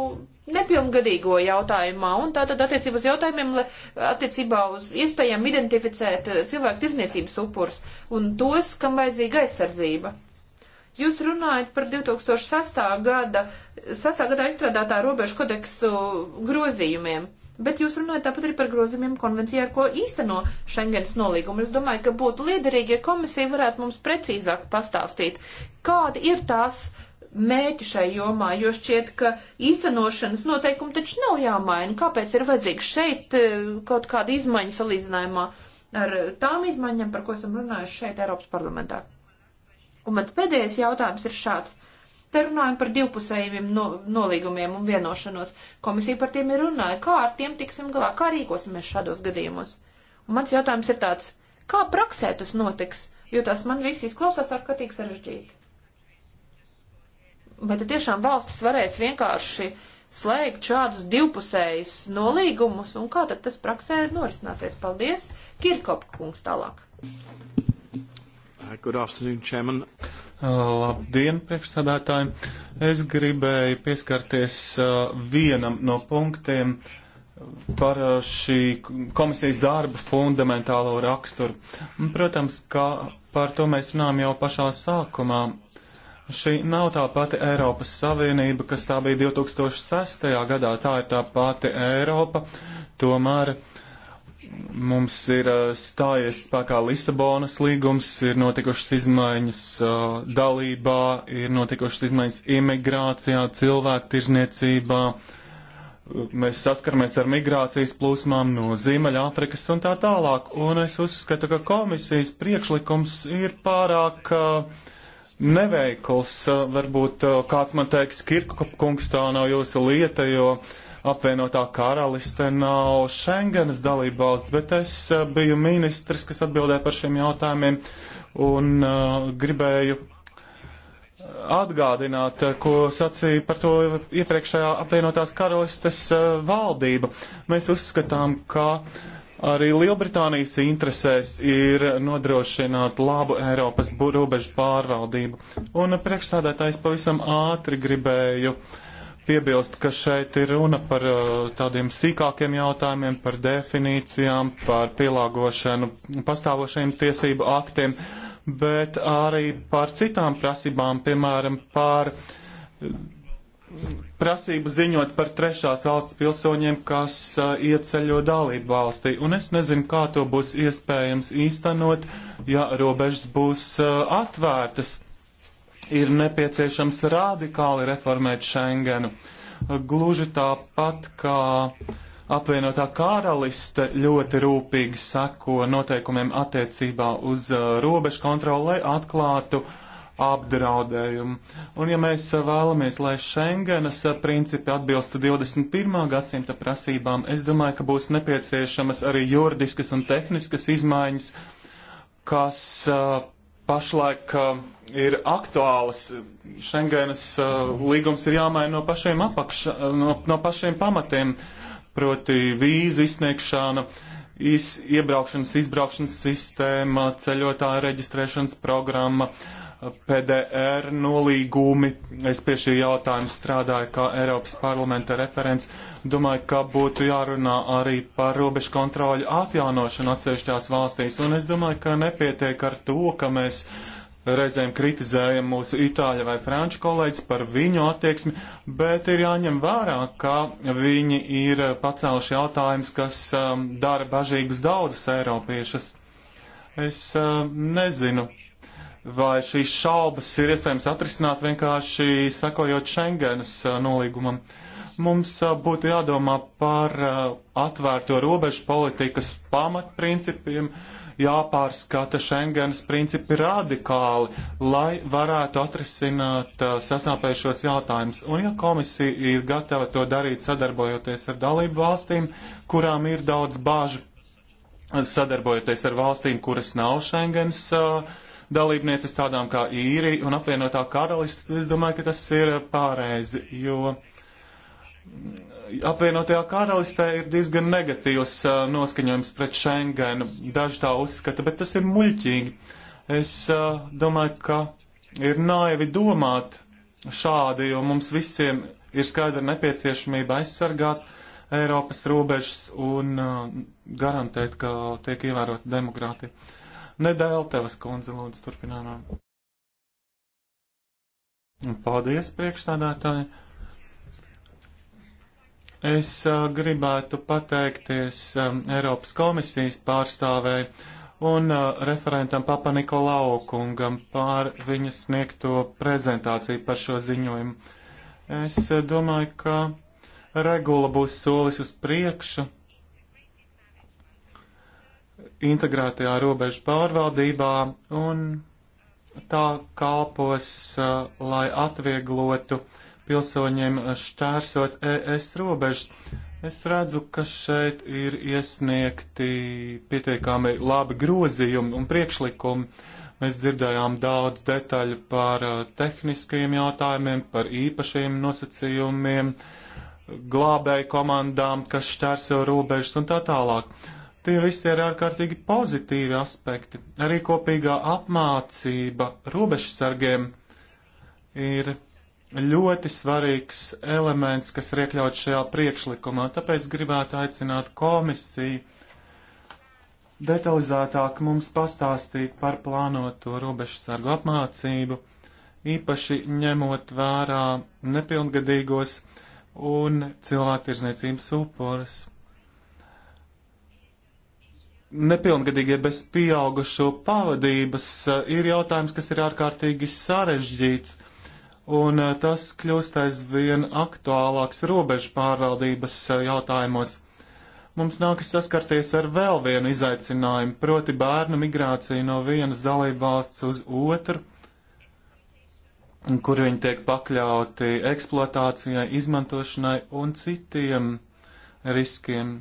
nepilngadīgo jautājumā, un tātad attiecībā uz jautājumiem, lai, attiecībā uz iespējām identificēt uh, cilvēku tirzniecības upurs un tos, kam vajadzīga aizsardzība. Jūs runājat par 2006. gada, 6. gadā izstrādātā robežu kodeksu grozījumiem. Bet jūs runājat tāpat arī par grozījumiem konvencijā, ar ko īsteno Schengens nolīgumu. Es domāju, ka būtu liederīgi, ja komisija varētu mums precīzāk pastāstīt, kādi ir tās mērķi šai jomā, jo šķiet, ka īstenošanas noteikumi taču nav jāmaina. Kāpēc ir vajadzīga šeit eh, kaut kāda izmaiņa salīdzinājumā ar tām izmaiņām, par ko esam runājuši šeit Eiropas parlamentā? Un mans pēdējais jautājums ir šāds. Te runājam par divpusējiem no, nolīgumiem un vienošanos. Komisija par tiem ir runāja. Kā ar tiem tiksim galā? Kā rīkosimies šādos gadījumos? Un mans jautājums ir tāds, kā praksē tas notiks? Jo tas man viss izklausās ārkārtīgi sarežģīti. Vai tad tiešām valstis varēs vienkārši slēgt šādus divpusējus nolīgumus, un kā tad tas praksē norisināsies? Paldies, Kirkopkungs tālāk. Uh, good afternoon, Chairman. Uh, labdien, priekšstādātāji! Es gribēju pieskarties uh, vienam no punktiem par šī komisijas darba fundamentālo raksturu. Protams, kā par to mēs runājam jau pašā sākumā. Šī nav tā pati Eiropas Savienība, kas tā bija 2006. gadā, tā ir tā pati Eiropa. Tomēr uh, Mums ir uh, stājies spēkā Lisabonas līgums, ir notikušas izmaiņas uh, dalībā, ir notikušas izmaiņas imigrācijā, cilvēku tirzniecībā. Mēs saskaramies ar migrācijas plūsmām no Ziemeļāfrikas un tā tālāk. Un es uzskatu, ka komisijas priekšlikums ir pārāk uh, neveikls. Varbūt kāds man teiks, Kirkukungs, tā nav jūsu lieta, jo. Uh, apvienotā karaliste nav Schengenas dalībvalsts, bet es eh, biju ministrs, kas atbildēja par šiem jautājumiem un uh, gribēju eh, atgādināt, ko sacīja par to iepriekšējā apvienotās karalistes uh, valdība. Mēs uzskatām, ka arī Lielbritānijas interesēs ir nodrošināt labu Eiropas robežu pārvaldību. Un priekšstādātājs pavisam ātri gribēju uh, piebilst, ka šeit ir runa par uh, tādiem sīkākiem jautājumiem, par definīcijām, par pielāgošanu pastāvošajiem tiesību aktiem, bet arī par citām prasībām, piemēram, par uh, prasību ziņot par trešās valsts pilsoņiem, kas uh, ieceļo dalību valstī. Un es nezinu, kā to būs iespējams īstenot, ja robežas būs atvērtas ir nepieciešams radikāli reformēt Schengenu. Gluži tāpat kā apvienotā karaliste ļoti rūpīgi seko noteikumiem attiecībā uz uh, robežu kontroli, lai atklātu apdraudējumu. Un ja mēs uh, vēlamies, lai Schengenas uh, principi atbilsta 21. gadsimta prasībām, es domāju, ka būs nepieciešamas arī juridiskas un tehniskas izmaiņas, kas uh, pašlaik uh, ir aktuālas. Šengēnas uh, līgums ir jāmaina no pašiem, apakš, no, no pašiem pamatiem, proti vīzu izsniegšana, iz, iebraukšanas, izbraukšanas sistēma, ceļotāja reģistrēšanas programma, PDR nolīgumi. Es pie šī jautājuma strādāju kā Eiropas parlamenta referents. Uh, Domāju, ka būtu jārunā arī par robežu kontroļu atjaunošanu atsevišķās valstīs, un es domāju, ka nepietiek ar to, ka mēs reizēm kritizējam mūsu itāļu vai franču kolēģis par viņu attieksmi, bet ir jāņem vērā, ka viņi ir pacēluši jautājumus, kas um, dara bažīgas daudzas eiropiešas. Es um, nezinu, vai šīs šaubas ir iespējams atrisināt vienkārši sakojot Schengenas uh, nolīgumam. Uh, Mums būtu jādomā par atvērto robežu politikas pamatprincipiem, jāpārskata Schengenas principi radikāli, lai varētu atrisināt sasāpējušos jautājumus. Un ja komisija ir gatava to darīt sadarbojoties ar dalību valstīm, kurām ir daudz bāžu, sadarbojoties ar valstīm, kuras nav Schengenas dalībnieces, tādām kā īri un apvienotā karalista, es domāju, ka tas ir pārēzi, jo apvienotajā karalistē ir diezgan negatīvs uh, noskaņojums pret Schengenu. Daži tā uzskata, bet tas ir muļķīgi. Es uh, domāju, ka ir naivi domāt šādi, jo mums visiem ir skaidra nepieciešamība aizsargāt Eiropas robežas un uh, garantēt, ka tiek ievērota demokrātija. Nedēļ tevas, kundze, lūdzu, turpinājumā. Paldies, priekšstādātāji! Es uh, gribētu pateikties um, Eiropas komisijas pārstāvēju un uh, referentam Papa Nikolau kungam par viņas sniegto prezentāciju par šo ziņojumu. Es uh, domāju, ka regula būs solis uz priekšu integrētajā robežu pārvaldībā un tā kalpos, uh, lai atvieglotu uh, pilsoņiem šķērsot ES robežas. Es redzu, ka šeit ir iesniegti pietiekami labi grozījumi un priekšlikumi. Mēs dzirdējām daudz detaļu par uh, tehniskajiem jautājumiem, par īpašiem nosacījumiem, glābēju komandām, kas šķērso robežas un tā tālāk. Tie visi ir ārkārtīgi pozitīvi aspekti. Arī kopīgā apmācība robežsargiem ir ļoti svarīgs elements, kas ir iekļauts šajā priekšlikumā. Tāpēc gribētu aicināt komisiju detalizētāk mums pastāstīt par plānoto robežsargu apmācību, īpaši ņemot vērā nepilngadīgos un cilvēktirzniecības upurus. Nepilngadīgie bez pieaugušo pavadības eh, ir jautājums, kas ir ārkārtīgi sarežģīts un eh, tas kļūst aizvien aktuālāks robežu pārvaldības eh, jautājumos. Mums nākas saskarties ar vēl vienu izaicinājumu, proti bērnu migrāciju no vienas dalību valsts uz otru, kur viņi tiek pakļauti eksploatācijai, izmantošanai un citiem riskiem.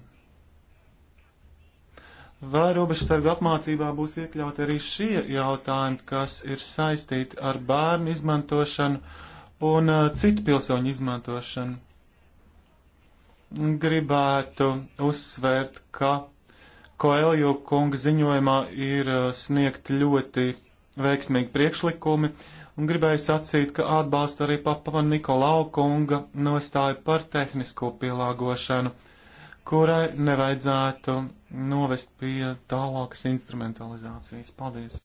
Vai robežsarga apmācībā būs iekļauti arī šie jautājumi, kas ir saistīti ar bērnu izmantošanu un uh, citu pilsoņu izmantošanu? Gribētu uzsvērt, ka Koelju kunga ziņojumā ir uh, sniegt ļoti veiksmīgi priekšlikumi, un gribēju sacīt, ka atbalsta arī papava Nikolau kunga nostāju par tehnisko pielāgošanu kurai nevajadzētu novest pie tālākas instrumentalizācijas. Paldies!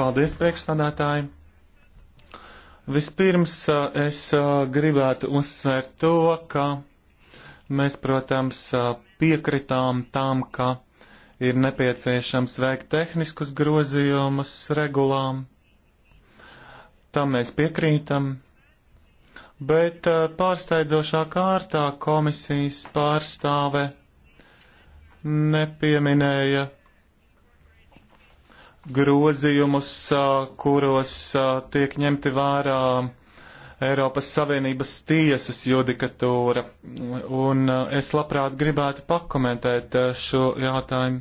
Paldies, priekšsādātāji! Vispirms eh, es eh, gribētu uzsvērt to, ka mēs, protams, eh, piekritām tam, ka ir nepieciešams veikt tehniskus grozījumus regulām. Tam mēs piekrītam, bet uh, pārsteidzošā kārtā komisijas pārstāve nepieminēja grozījumus, uh, kuros uh, tiek ņemti vērā Eiropas Savienības tiesas judikatūra, un uh, es labprāt gribētu pakomentēt uh, šo jautājumu.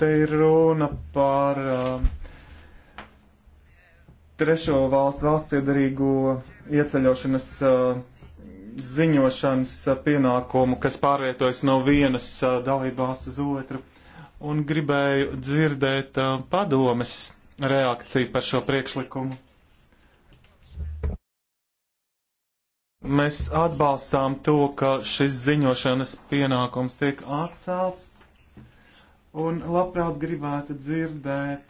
Te ir runa par uh, trešo valstu valstspiedarīgo ieceļošanas ziņošanas pienākumu, kas pārvietojas no vienas dalībās uz otru, un gribēju dzirdēt padomes reakcija par šo priekšlikumu. Mēs atbalstām to, ka šis ziņošanas pienākums tiek atcelts, un labprāt gribētu dzirdēt,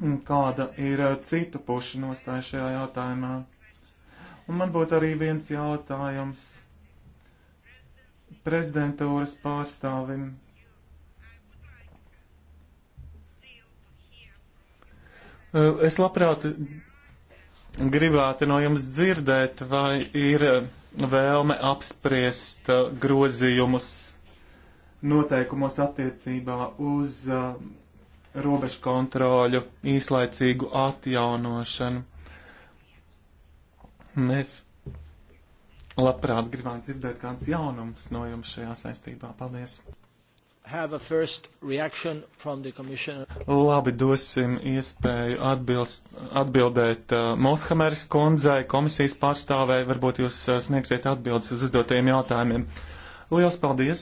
mm, kāda ir citu pušu nostāja šajā jautājumā. Un man būtu arī viens jautājums prezidentūras pārstāvim. Eh, es labprāt gribētu no jums dzirdēt, vai ir eh, vēlme apspriest eh, grozījumus noteikumos attiecībā uz robežu kontroļu īslaicīgu atjaunošanu. Mēs labprāt gribētu dzirdēt kāds jaunums no jums šajā saistībā. Paldies! Labi, dosim iespēju atbilst, atbildēt uh, Moshameris kundzei, komisijas pārstāvēji. Varbūt jūs uh, sniegsiet atbildes uz uzdotajiem jautājumiem. Liels paldies!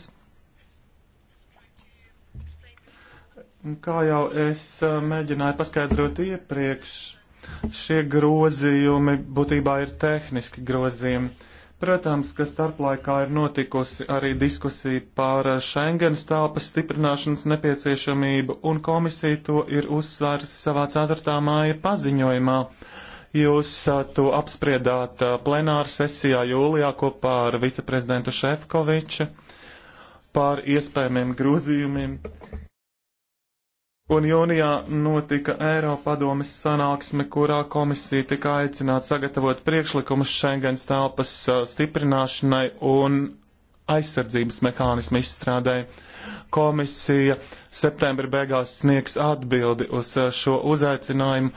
Kā jau es uh, mēģināju paskaidrot iepriekš, šie grozījumi būtībā ir tehniski grozījumi Protams, ka starplaikā ir notikusi arī diskusija par Schengenas telpas stiprināšanas nepieciešamību, un komisija to ir uzsvērusi savā 4. māja paziņojumā. Jūs to apspriedāt plenāra sesijā jūlijā kopā ar viceprezidentu Šefkoviču par iespējamiem grozījumiem Un jūnijā notika Eiropadomes sanāksme, kurā komisija tika aicināta sagatavot priekšlikumus Schengens telpas stiprināšanai un aizsardzības mehānismu izstrādē. Komisija septembra beigās sniegs atbildi uz šo uzaicinājumu,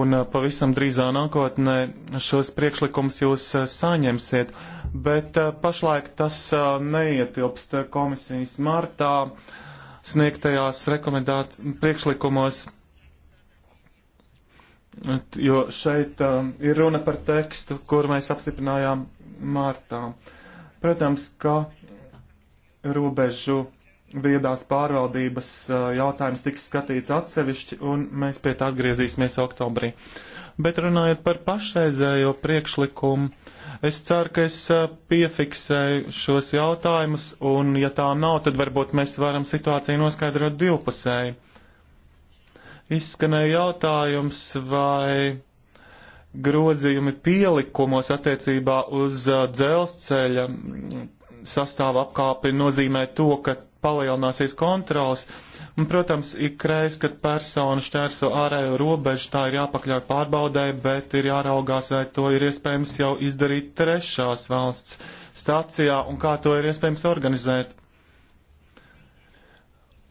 un pavisam drīzā nākotnē šos priekšlikumus jūs saņemsiet, bet pašlaik tas neietilpst komisijas martā sniegtajās priekšlikumos, jo šeit um, ir runa par tekstu, kur mēs apstiprinājām martā. Protams, ka robežu viedās pārvaldības uh, jautājums tiks skatīts atsevišķi, un mēs pie tā atgriezīsimies oktobrī. Bet runājot par pašreizējo priekšlikumu, uh, Es ceru, ka es eh, piefiksēju šos jautājumus, un ja tā nav, tad varbūt mēs varam situāciju noskaidrot divpusēji. Izskanēja jautājums, vai grozījumi pielikumos attiecībā uz eh, dzelzceļa sastāvu apkāpi nozīmē to, ka palielināsies kontrols. Un, protams, ik reiz, kad persona šķērso ārējo robežu, tā ir jāpakļauj pārbaudē, bet ir jāraugās, vai to ir iespējams jau izdarīt trešās valsts stācijā un kā to ir iespējams organizēt.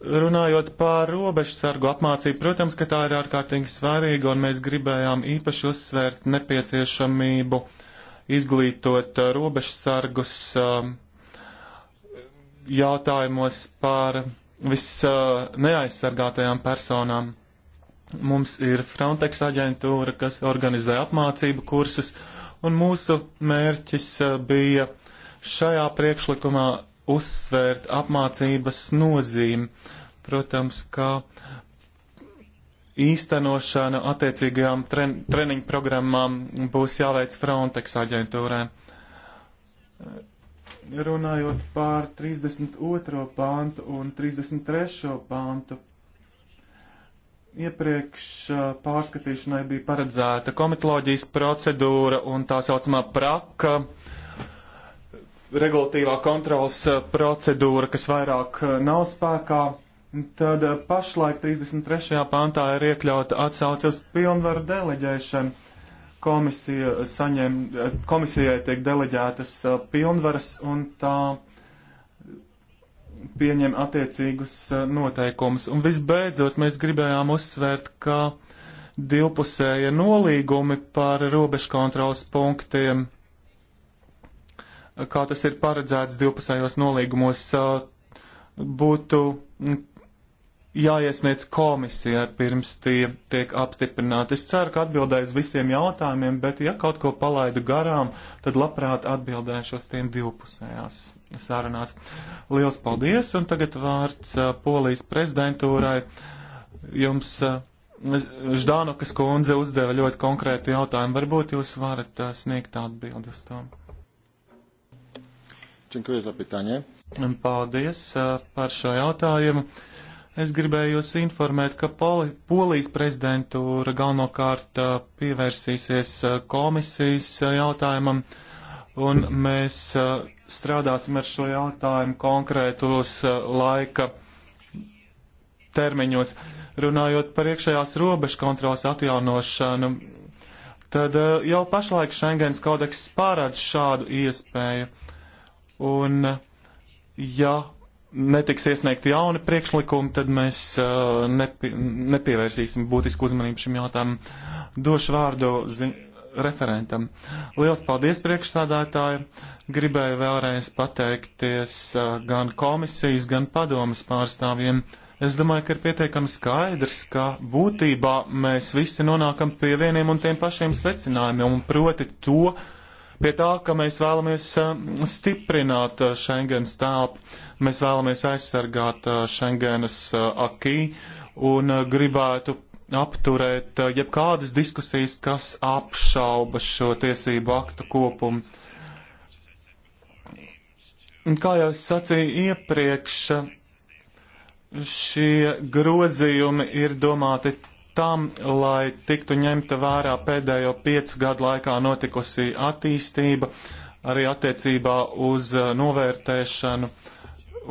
Runājot par robežsargu apmācību, protams, ka tā ir ārkārtīgi svarīga, un mēs gribējām īpaši uzsvērt nepieciešamību izglītot robežsargus um, jautājumos par visneaizsargātajām personām. Mums ir Frontex aģentūra, kas organizē apmācību kursus, un mūsu mērķis uh, bija šajā priekšlikumā uzsvērt apmācības nozīmi. Protams, ka īstenošana attiecīgajām tren treniņu programmām būs jāveic Frontex aģentūrē runājot par 32. pāntu un 33. pāntu. Iepriekš pārskatīšanai bija paredzēta komitoloģijas procedūra un tā saucamā praka regulatīvā kontrolas procedūra, kas vairāk nav spēkā. Tad pašlaik 33. pāntā ir iekļauta atsauce uz pilnvaru deleģēšanu komisija saņem, komisijai tiek deleģētas uh, pilnvaras un tā pieņem attiecīgus uh, noteikumus. Un visbeidzot, mēs gribējām uzsvērt, ka divpusēja nolīgumi par robežkontrolas punktiem, kā tas ir paredzēts divpusējos nolīgumos, uh, būtu jāiesniedz komisija pirms tie tiek apstiprināti. Es ceru, ka atbildēs visiem jautājumiem, bet ja kaut ko palaidu garām, tad labprāt atbildēšos tiem divpusējās sarunās. Liels paldies, un tagad vārds uh, Polijas prezidentūrai. Jums uh, Ždānokas kundze uzdeva ļoti konkrētu jautājumu. Varbūt jūs varat uh, sniegt atbildi uz to. Činkuja za pitanie. Paldies par šo jautājumu. Es gribēju jūs informēt, ka Poli, Polijas prezidentūra galvenokārt pievērsīsies komisijas jautājumam, un mēs strādāsim ar šo jautājumu konkrētos laika termiņos. Runājot par iekšējās robežu kontrolas atjaunošanu, tad jau pašlaik Schengens kodeks pārādz šādu iespēju. Un, ja netiks iesniegti jauni priekšlikumi, tad mēs uh, nepi, nepievērsīsim būtisku uzmanību šim jautājumam. Došu vārdu referentam. Liels paldies priekšsādātāji! Gribēju vēlreiz pateikties uh, gan komisijas, gan padomas pārstāvjiem. Es domāju, ka ir pietiekami skaidrs, ka būtībā mēs visi nonākam pie vieniem un tiem pašiem secinājumiem, un proti to, uh, pie tā, ka mēs vēlamies eh, stiprināt eh, Schengens telpu, mēs vēlamies aizsargāt eh, Schengenas akī un gribētu apturēt jebkādas diskusijas, kas apšauba šo tiesību aktu kopumu. Kā jau es sacīju iepriekš, šie grozījumi ir domāti tam, lai tiktu ņemta vērā pēdējo piecu gadu laikā notikusi attīstība, arī attiecībā uz uh, novērtēšanu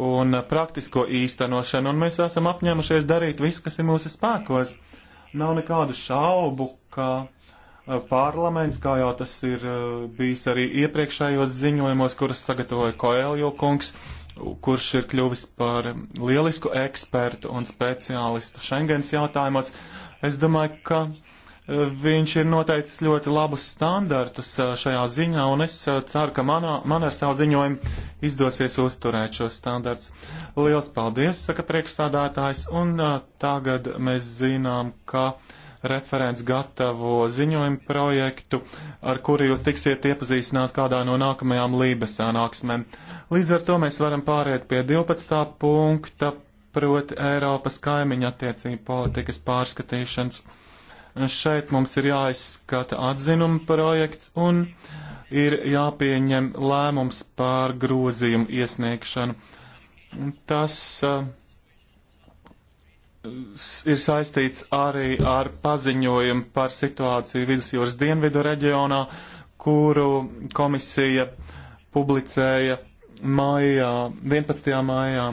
un praktisko īstenošanu, un mēs esam apņēmušies darīt visu, kas ir mūsu spēkos. Nav nekādu šaubu, ka uh, parlaments, kā jau tas ir uh, bijis arī iepriekšējos ziņojumos, kurus sagatavoja Koeljo kungs, kurš ir kļuvis par um, lielisku ekspertu un speciālistu Schengens jautājumos, uh, Es domāju, ka eh, viņš ir noteicis ļoti labus standartus eh, šajā ziņā, un es eh, ceru, ka manā, man ar savu ziņojumu izdosies uzturēt šos standartus. Liels paldies, saka priekšstādātājs, un tagad mēs zinām, ka referents gatavo ziņojumu projektu, ar kuru jūs tiksiet iepazīstināt kādā no nākamajām lībesānāksmēm. Līdz ar to mēs varam pāriet pie 12. punkta proti Eiropas kaimiņa attiecību politikas pārskatīšanas. Šeit mums ir jāizskata atzinuma projekts un ir jāpieņem lēmums pār grozījumu iesniegšanu. Tas uh, ir saistīts arī ar paziņojumu par situāciju Vidusjūras dienvidu reģionā, kuru komisija publicēja maijā, 11. maijā,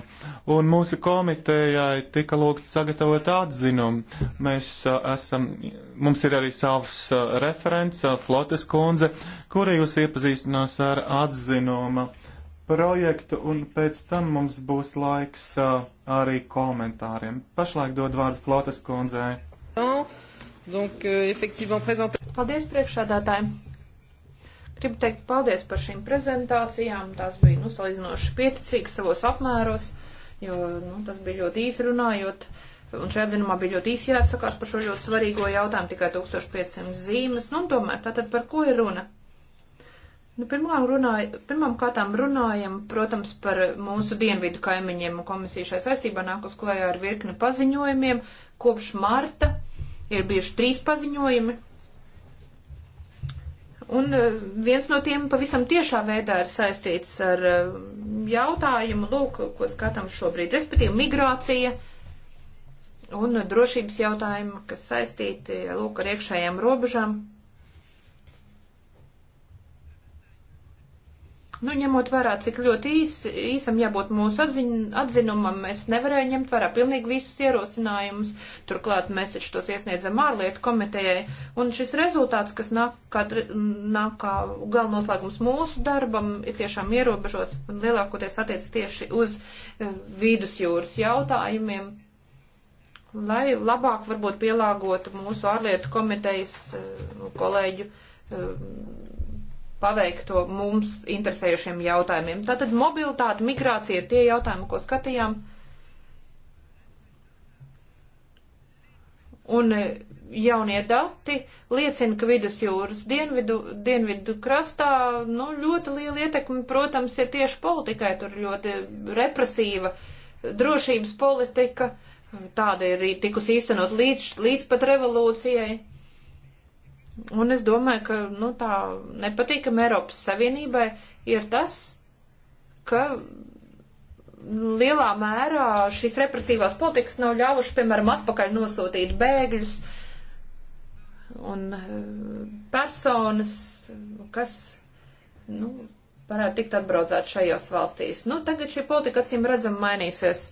un mūsu komitejai tika lūgts sagatavot atzinumu. Mēs a, esam, mums ir arī savs a, referents, a, Flotes kundze, kura jūs iepazīstinās ar atzinuma projektu, un pēc tam mums būs laiks arī komentāriem. Pašlaik dod vārdu Flotes kundzei. Euh, Paldies priekšādātājiem! Gribu teikt paldies par šīm prezentācijām. Tās bija, nu, salīdzinoši pieticīgas savos apmēros, jo, nu, tas bija ļoti īsi runājot. Un šajā dzinumā bija ļoti īsi jāsakās par šo ļoti svarīgo jautājumu, tikai 1500 zīmes. Nu, tomēr, tātad par ko ir runa? Nu, pirmām, runāja, pirmām kārtām runājam, protams, par mūsu dienvidu kaimiņiem, un komisija šai saistībā nāk uz klājā ar virkni paziņojumiem. Kopš marta ir bijuši trīs paziņojumi, Un eh, viens no tiem pavisam tiešā veidā ir saistīts ar eh, jautājumu, lūk, ko skatām šobrīd, respektīvi migrācija un drošības jautājumu, kas saistīti, lūk, ar iekšējām robežām. Nu, ņemot vērā, cik ļoti īs, īsam jābūt mūsu atziņ, atzinumam, mēs nevarējām ņemt vērā pilnīgi visus ierosinājumus. Turklāt mēs taču tos iesniedzam ārlietu komitejai. Un šis rezultāts, kas nāk kā, nāk kā galvenoslēgums mūsu darbam, ir tiešām ierobežots un lielākoties attiec tieši uz eh, vidusjūras jautājumiem, lai labāk varbūt pielāgotu mūsu ārlietu komitejas eh, kolēģu eh, paveikto mums interesējušiem jautājumiem. Tātad mobilitāte, migrācija ir tie jautājumi, ko skatījām. Un e, jaunie dati liecina, ka vidusjūras dienvidu, dienvidu krastā nu, ļoti liela ietekme, protams, ir tieši politikai. Tur ļoti represīva drošības politika. Tāda ir tikusi īstenot līdz, līdz pat revolūcijai. Un es domāju, ka nu, tā nepatīkam Eiropas Savienībai ir tas, ka lielā mērā šīs represīvās politikas nav ļāvuši, piemēram, atpakaļ nosūtīt bēgļus un e, personas, kas, nu, varētu tikt atbraucēt šajās valstīs. Nu, tagad šī politika, acīm redzam, mainīsies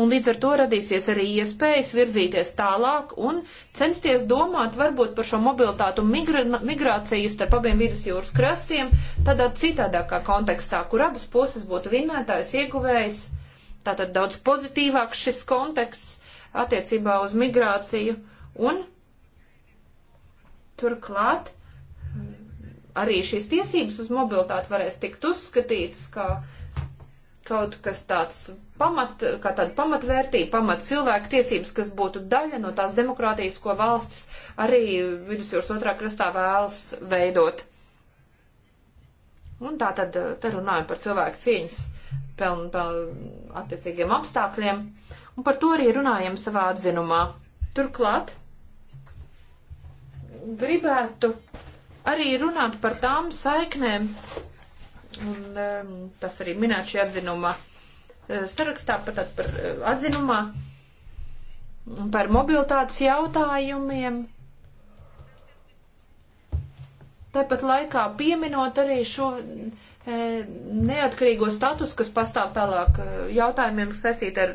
Un līdz ar to radīsies arī iespējas virzīties tālāk un censties domāt varbūt par šo mobilitātu un migra migrāciju starp abiem vidusjūras krastiem tādā citādākā kontekstā, kur abas puses būtu vinnētājs, ieguvējs. Tātad daudz pozitīvāks šis konteksts attiecībā uz migrāciju un turklāt arī šīs tiesības uz mobilitāti varēs tikt uzskatītas kā kaut kas tāds pamat, kā tāda pamatvērtība, pamat cilvēku tiesības, kas būtu daļa no tās demokrātijas, ko valstis arī vidusjūras otrā krastā vēlas veidot. Un tā tad te runājam par cilvēku cieņas pelnu peln, attiecīgiem apstākļiem, un par to arī runājam savā atzinumā. Turklāt gribētu arī runāt par tām saiknēm, un um, tas arī minēt šī atzinumā Eh, sarakstā, eh, par, tātad, eh, par atzinumā, par mobilitātes jautājumiem. Tāpat laikā pieminot arī šo neatkarīgo statusu, kas pastāv tālāk jautājumiem saistīt ar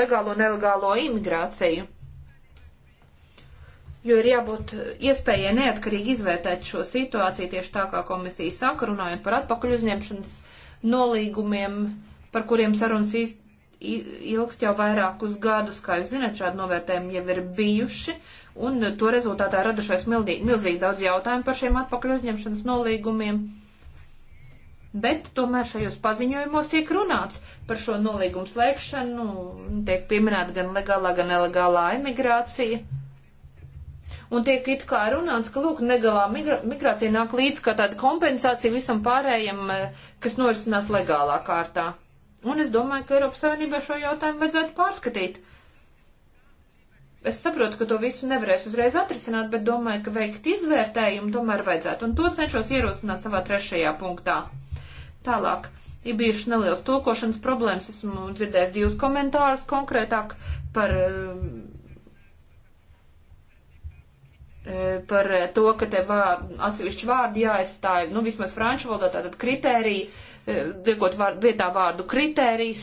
legālo un nelegālo imigrāciju. Jo ir jābūt iespējai neatkarīgi izvērtēt šo situāciju tieši tā, kā komisija saka, runājot par atpakaļ uzņemšanas nolīgumiem, uh, par kuriem sarunas īstenībā ilgst jau vairākus gadus, kā jūs zināt, šādi novērtējumi jau ir bijuši, un to rezultātā radušais milzīgi daudz jautājumu par šiem atpakaļ uzņemšanas nolīgumiem. Bet tomēr šajos paziņojumos tiek runāts par šo nolīgumu slēgšanu, tiek pieminēta gan legālā, gan nelegālā imigrācija. Un tiek it kā runāts, ka, lūk, negalā migra migrācija nāk līdz kā tāda kompensācija visam pārējiem, eh, kas norisinās legālā kārtā. Un es domāju, ka Eiropas Savienībā šo jautājumu vajadzētu pārskatīt. Es saprotu, ka to visu nevarēs uzreiz atrisināt, bet domāju, ka veikt izvērtējumu tomēr vajadzētu. Un to cenšos ierosināt savā trešajā punktā. Tālāk. Ir bijušas nelielas tulkošanas problēmas. Esmu dzirdējis divus komentārus konkrētāk par eh, par to, ka te vā, atsevišķi vārdi jāizstāj, nu, vismaz franču valodā tātad kritērija, liekot vār, vietā vārdu kritērijs.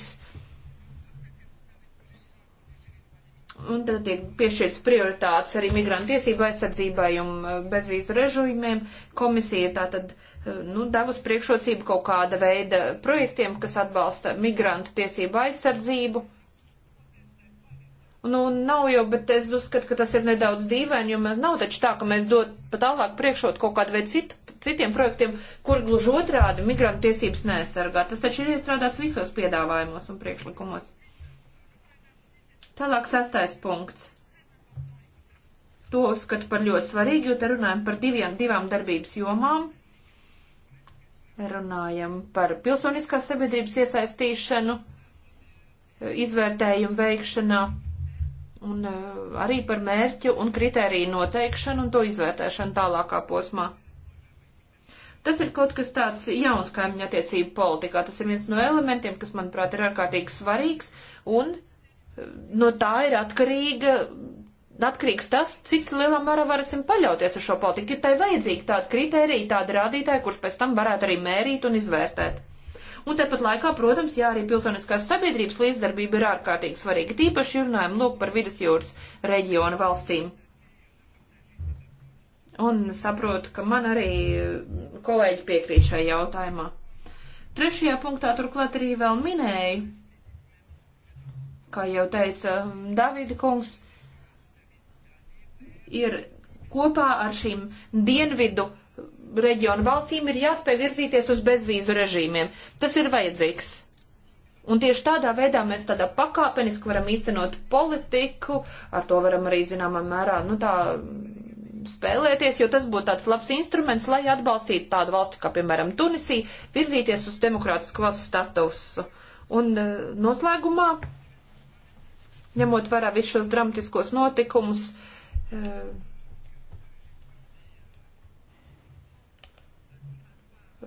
Un tad tiek piešķirts prioritātes arī migrantu tiesību aizsardzībai un eh, bezvīzu režīmiem. Komisija tātad eh, nu, devus priekšrocību kaut kāda veida projektiem, kas atbalsta migrantu tiesību aizsardzību. Nu, nav jau, bet es uzskatu, ka tas ir nedaudz dīvaini, jo mēs nav taču tā, ka mēs dot pat tālāk priekšrot kaut kādu veidu citu citiem projektiem, kur gluži otrādi migrantu tiesības neaizsargā. Tas taču ir iestrādāts visos piedāvājumos un priekšlikumos. Tālāk sastais punkts. To uzskatu par ļoti svarīgu, jo te runājam par diviem, divām darbības jomām. Runājam par pilsoniskās sabiedrības iesaistīšanu, izvērtējumu veikšanā un eh, arī par mērķu un kritēriju noteikšanu un to izvērtēšanu tālākā posmā. Tas ir kaut kas tāds jauns kaimiņu attiecību politikā. Tas ir viens no elementiem, kas, manuprāt, ir ārkārtīgi svarīgs, un eh, no tā ir atkarīga atkarīgs tas, cik lielā mērā varēsim paļauties uz šo politiku. Ir tai vajadzīgi tādi kriteriji, tādi rādītāji, kurus pēc tam varētu arī mērīt un izvērtēt. Un tāpat laikā, protams, jā, arī pilsoniskās sabiedrības līdzdarbība ir ārkārtīgi svarīga, tīpaši runājam lūk par vidusjūras reģionu valstīm. Un saprotu, ka man arī kolēģi piekrīt šai jautājumā. Trešajā punktā turklāt arī vēl minēja, kā jau teica um, Davida kungs, ir kopā ar šīm dienvidu reģionu valstīm ir jāspēj virzīties uz bezvīzu režīmiem. Tas ir vajadzīgs. Un tieši tādā veidā mēs tādā pakāpeniski varam īstenot politiku, ar to varam arī zināmā mērā, nu tā spēlēties, jo tas būtu tāds labs instruments, lai atbalstītu tādu valsti kā, piemēram, Tunisija, virzīties uz demokrātisku valsts statusu. Un eh, noslēgumā, ņemot vērā visus šos dramatiskos notikumus, eh,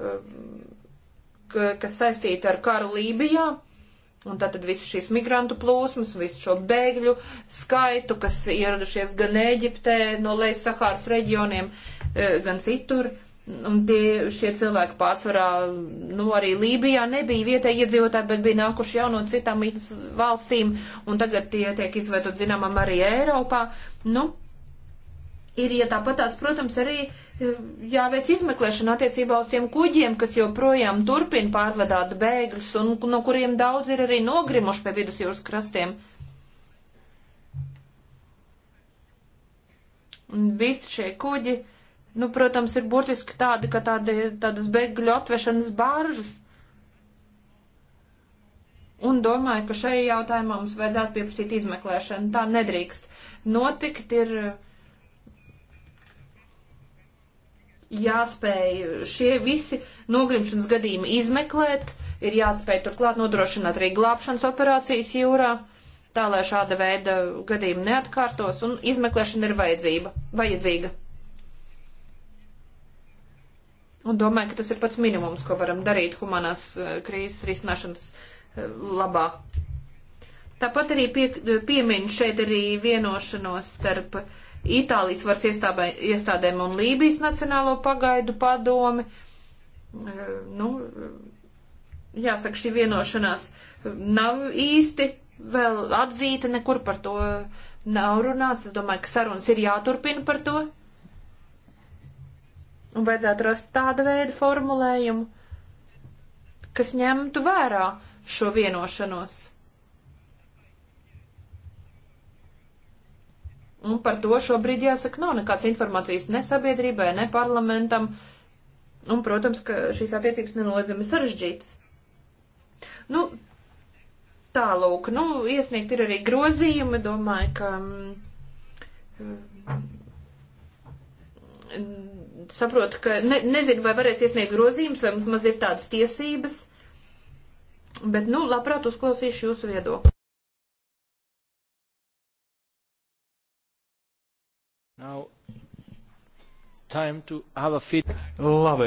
eh, kas saistīti ar karu Lībijā, Un tātad visu šīs migrantu plūsmas, visu šo bēgļu skaitu, kas ieradušies gan Ēģiptē, no Lejas Sahāras reģioniem, e, gan citur. Un tie, šie cilvēki pārsvarā, nu arī Lībijā nebija vietēji iedzīvotāji, bet bija nākuši jau no citām valstīm, un tagad tie tiek izveidot zināmam arī Eiropā. Nu, ir, ja tāpatās, protams, arī jāveic izmeklēšana attiecībā uz tiem kuģiem, kas joprojām turpina pārvadāt bēgļus un no kuriem daudz ir arī nogrimuši pie vidusjūras krastiem. Un visi šie kuģi, nu, protams, ir burtiski tādi, ka tādi, tādas bēgļu atvešanas bāržas. Un domāju, ka šajā jautājumā mums vajadzētu pieprasīt izmeklēšanu. Tā nedrīkst notikt. Ir, uh, jāspēj šie visi nogrimšanas gadījumi izmeklēt, ir jāspēj turklāt nodrošināt arī glābšanas operācijas jūrā, tā lai šāda veida gadījumi neatkārtos, un izmeklēšana ir vajadzība, vajadzīga. Un domāju, ka tas ir pats minimums, ko varam darīt humanās eh, krīzes risināšanas eh, labā. Tāpat arī pie, piemiņš šeit arī vienošanos starp uh, Itālijas varas iestābai, iestādēm un Lībijas Nacionālo pagaidu padomi. Eh, nu, jāsaka, šī vienošanās nav īsti vēl atzīta, nekur par to nav runāts. Es domāju, ka sarunas ir jāturpina par to. Un vajadzētu rast tādu veidu formulējumu, kas ņemtu vērā šo vienošanos. Un par to šobrīd jāsaka nav nekāds informācijas ne sabiedrībai, ne parlamentam. Un, protams, ka šīs attiecības nenoliedzami sarežģītas. Nu, tālūk, nu, iesniegt ir arī grozījumi, domāju, ka mm, saprotu, ka ne, nezinu, vai varēs iesniegt grozījumus, vai mums maz ir tādas tiesības, bet, nu, labprāt uzklausīšu jūsu viedokli. Now, Labi,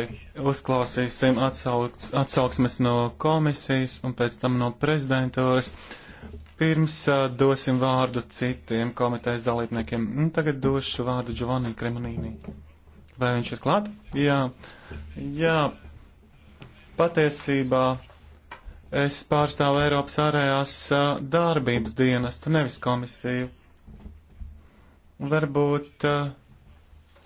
uzklausīsim atsauks, atsauksmes no komisijas un pēc tam no prezidentūras. Pirms uh, dosim vārdu citiem komitejas dalībniekiem. Un nu, tagad došu vārdu Giovanni Kremonīnī. Vai viņš ir klāt? Jā. Jā. Patiesībā es pārstāvu Eiropas ārējās uh, darbības dienestu, nevis komisiju Varbūt uh,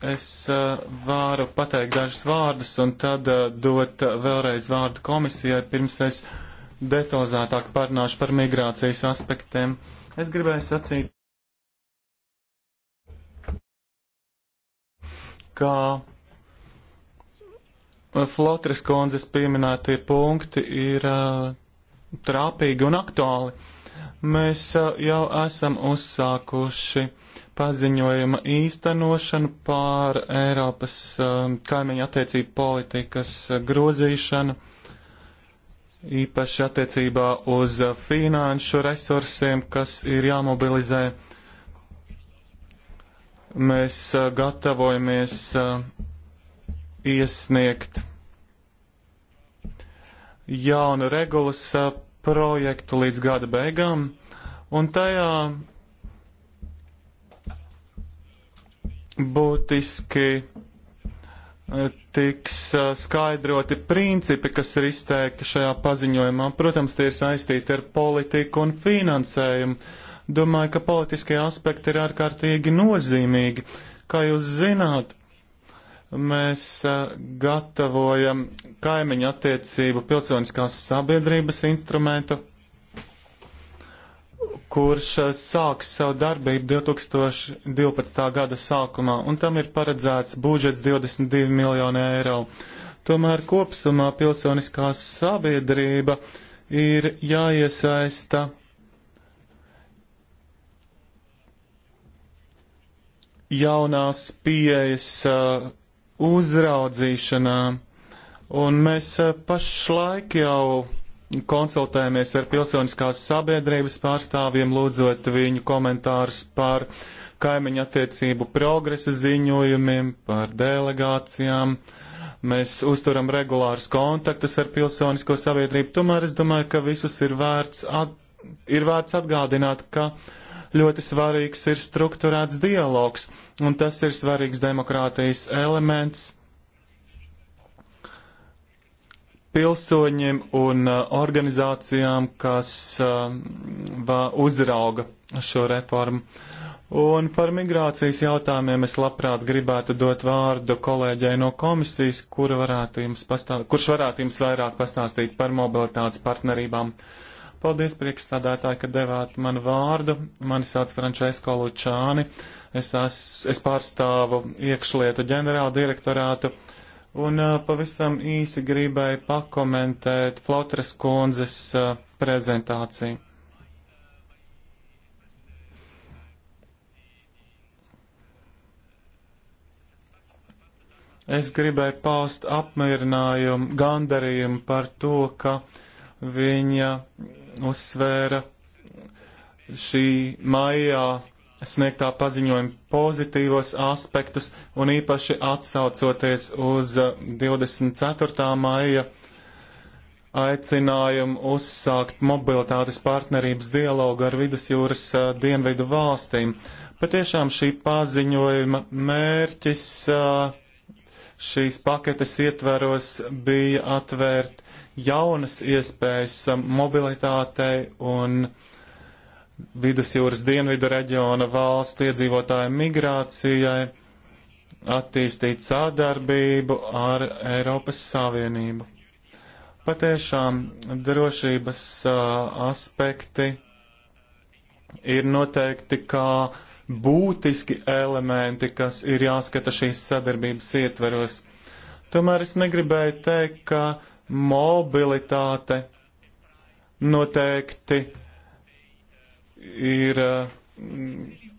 es uh, eh, varu pateikt dažus vārdus un tad uh, dot uh, vēlreiz vārdu komisijai, pirms es detalizētāk parunāšu par migrācijas aspektiem. Es gribēju sacīt, ka Flotras konzes pieminētie punkti ir uh, trāpīgi un aktuāli. Mēs uh, jau esam uzsākuši uh, paziņojuma īstenošanu, pār Eiropas um, kaimiņu attiecību politikas uh, grozīšanu, īpaši attiecībā uz uh, finanšu resursiem, kas ir jāmobilizē. Mēs uh, gatavojamies uh, iesniegt jaunu regulas uh, projektu līdz gada beigām, un tajā būtiski eh, tiks eh, skaidroti principi, kas ir izteikti šajā paziņojumā. Protams, tie ir saistīti ar politiku un finansējumu. Domāju, ka politiskie aspekti ir ārkārtīgi nozīmīgi. Kā jūs zināt, mēs eh, gatavojam kaimiņu attiecību pilsoniskās sabiedrības instrumentu kurš eh, sāks savu darbību 2012. gada sākumā, un tam ir paredzēts budžets 22 miljoni eiro. Tomēr kopsumā pilsoniskā sabiedrība ir jāiesaista jaunās pieejas uh, uzraudzīšanā, un mēs uh, pašlaik jau konsultējamies ar pilsoniskās sabiedrības pārstāvjiem, lūdzot viņu komentārus par kaimiņu attiecību progresa ziņojumiem, par delegācijām. Mēs uzturam regulārus kontaktus ar pilsonisko sabiedrību, tomēr es domāju, ka visus ir vērts, at, ir vērts atgādināt, ka ļoti svarīgs ir struktūrēts dialogs, un tas ir svarīgs demokrātijas elements pilsoņiem un uh, organizācijām, kas um, uzrauga šo reformu. Un par migrācijas jautājumiem es labprāt gribētu dot vārdu kolēģei no komisijas, kura varētu jums pastāst, kurš varētu jums vairāk pastāstīt par mobilitātes partnerībām. Paldies priekšsādātāji, ka devāt man vārdu. Mani sauc Frančesko Lučāni. Es, es, es pārstāvu iekšlietu ģenerāla direktorātu. Uh, Un uh, pavisam īsi gribēju pakomentēt Flotras kundzes uh, prezentāciju. Es gribēju paust apmierinājumu, gandarījumu par to, ka viņa uzsvēra šī maijā sniegtā paziņojuma pozitīvos aspektus un īpaši atsaucoties uz 24. Uh, maija aicinājumu uzsākt mobilitātes partnerības dialogu ar vidusjūras uh, dienvidu valstīm. Patiešām šī paziņojuma mērķis uh, šīs paketes ietveros bija atvērt jaunas iespējas um, mobilitātei un uh, vidusjūras dienvidu reģiona valstu iedzīvotāju migrācijai, attīstīt sadarbību ar Eiropas Savienību. Patiešām drošības uh, aspekti ir noteikti kā būtiski elementi, kas ir jāskata šīs sadarbības ietveros. Tomēr es negribēju teikt, ka mobilitāte noteikti ir eh,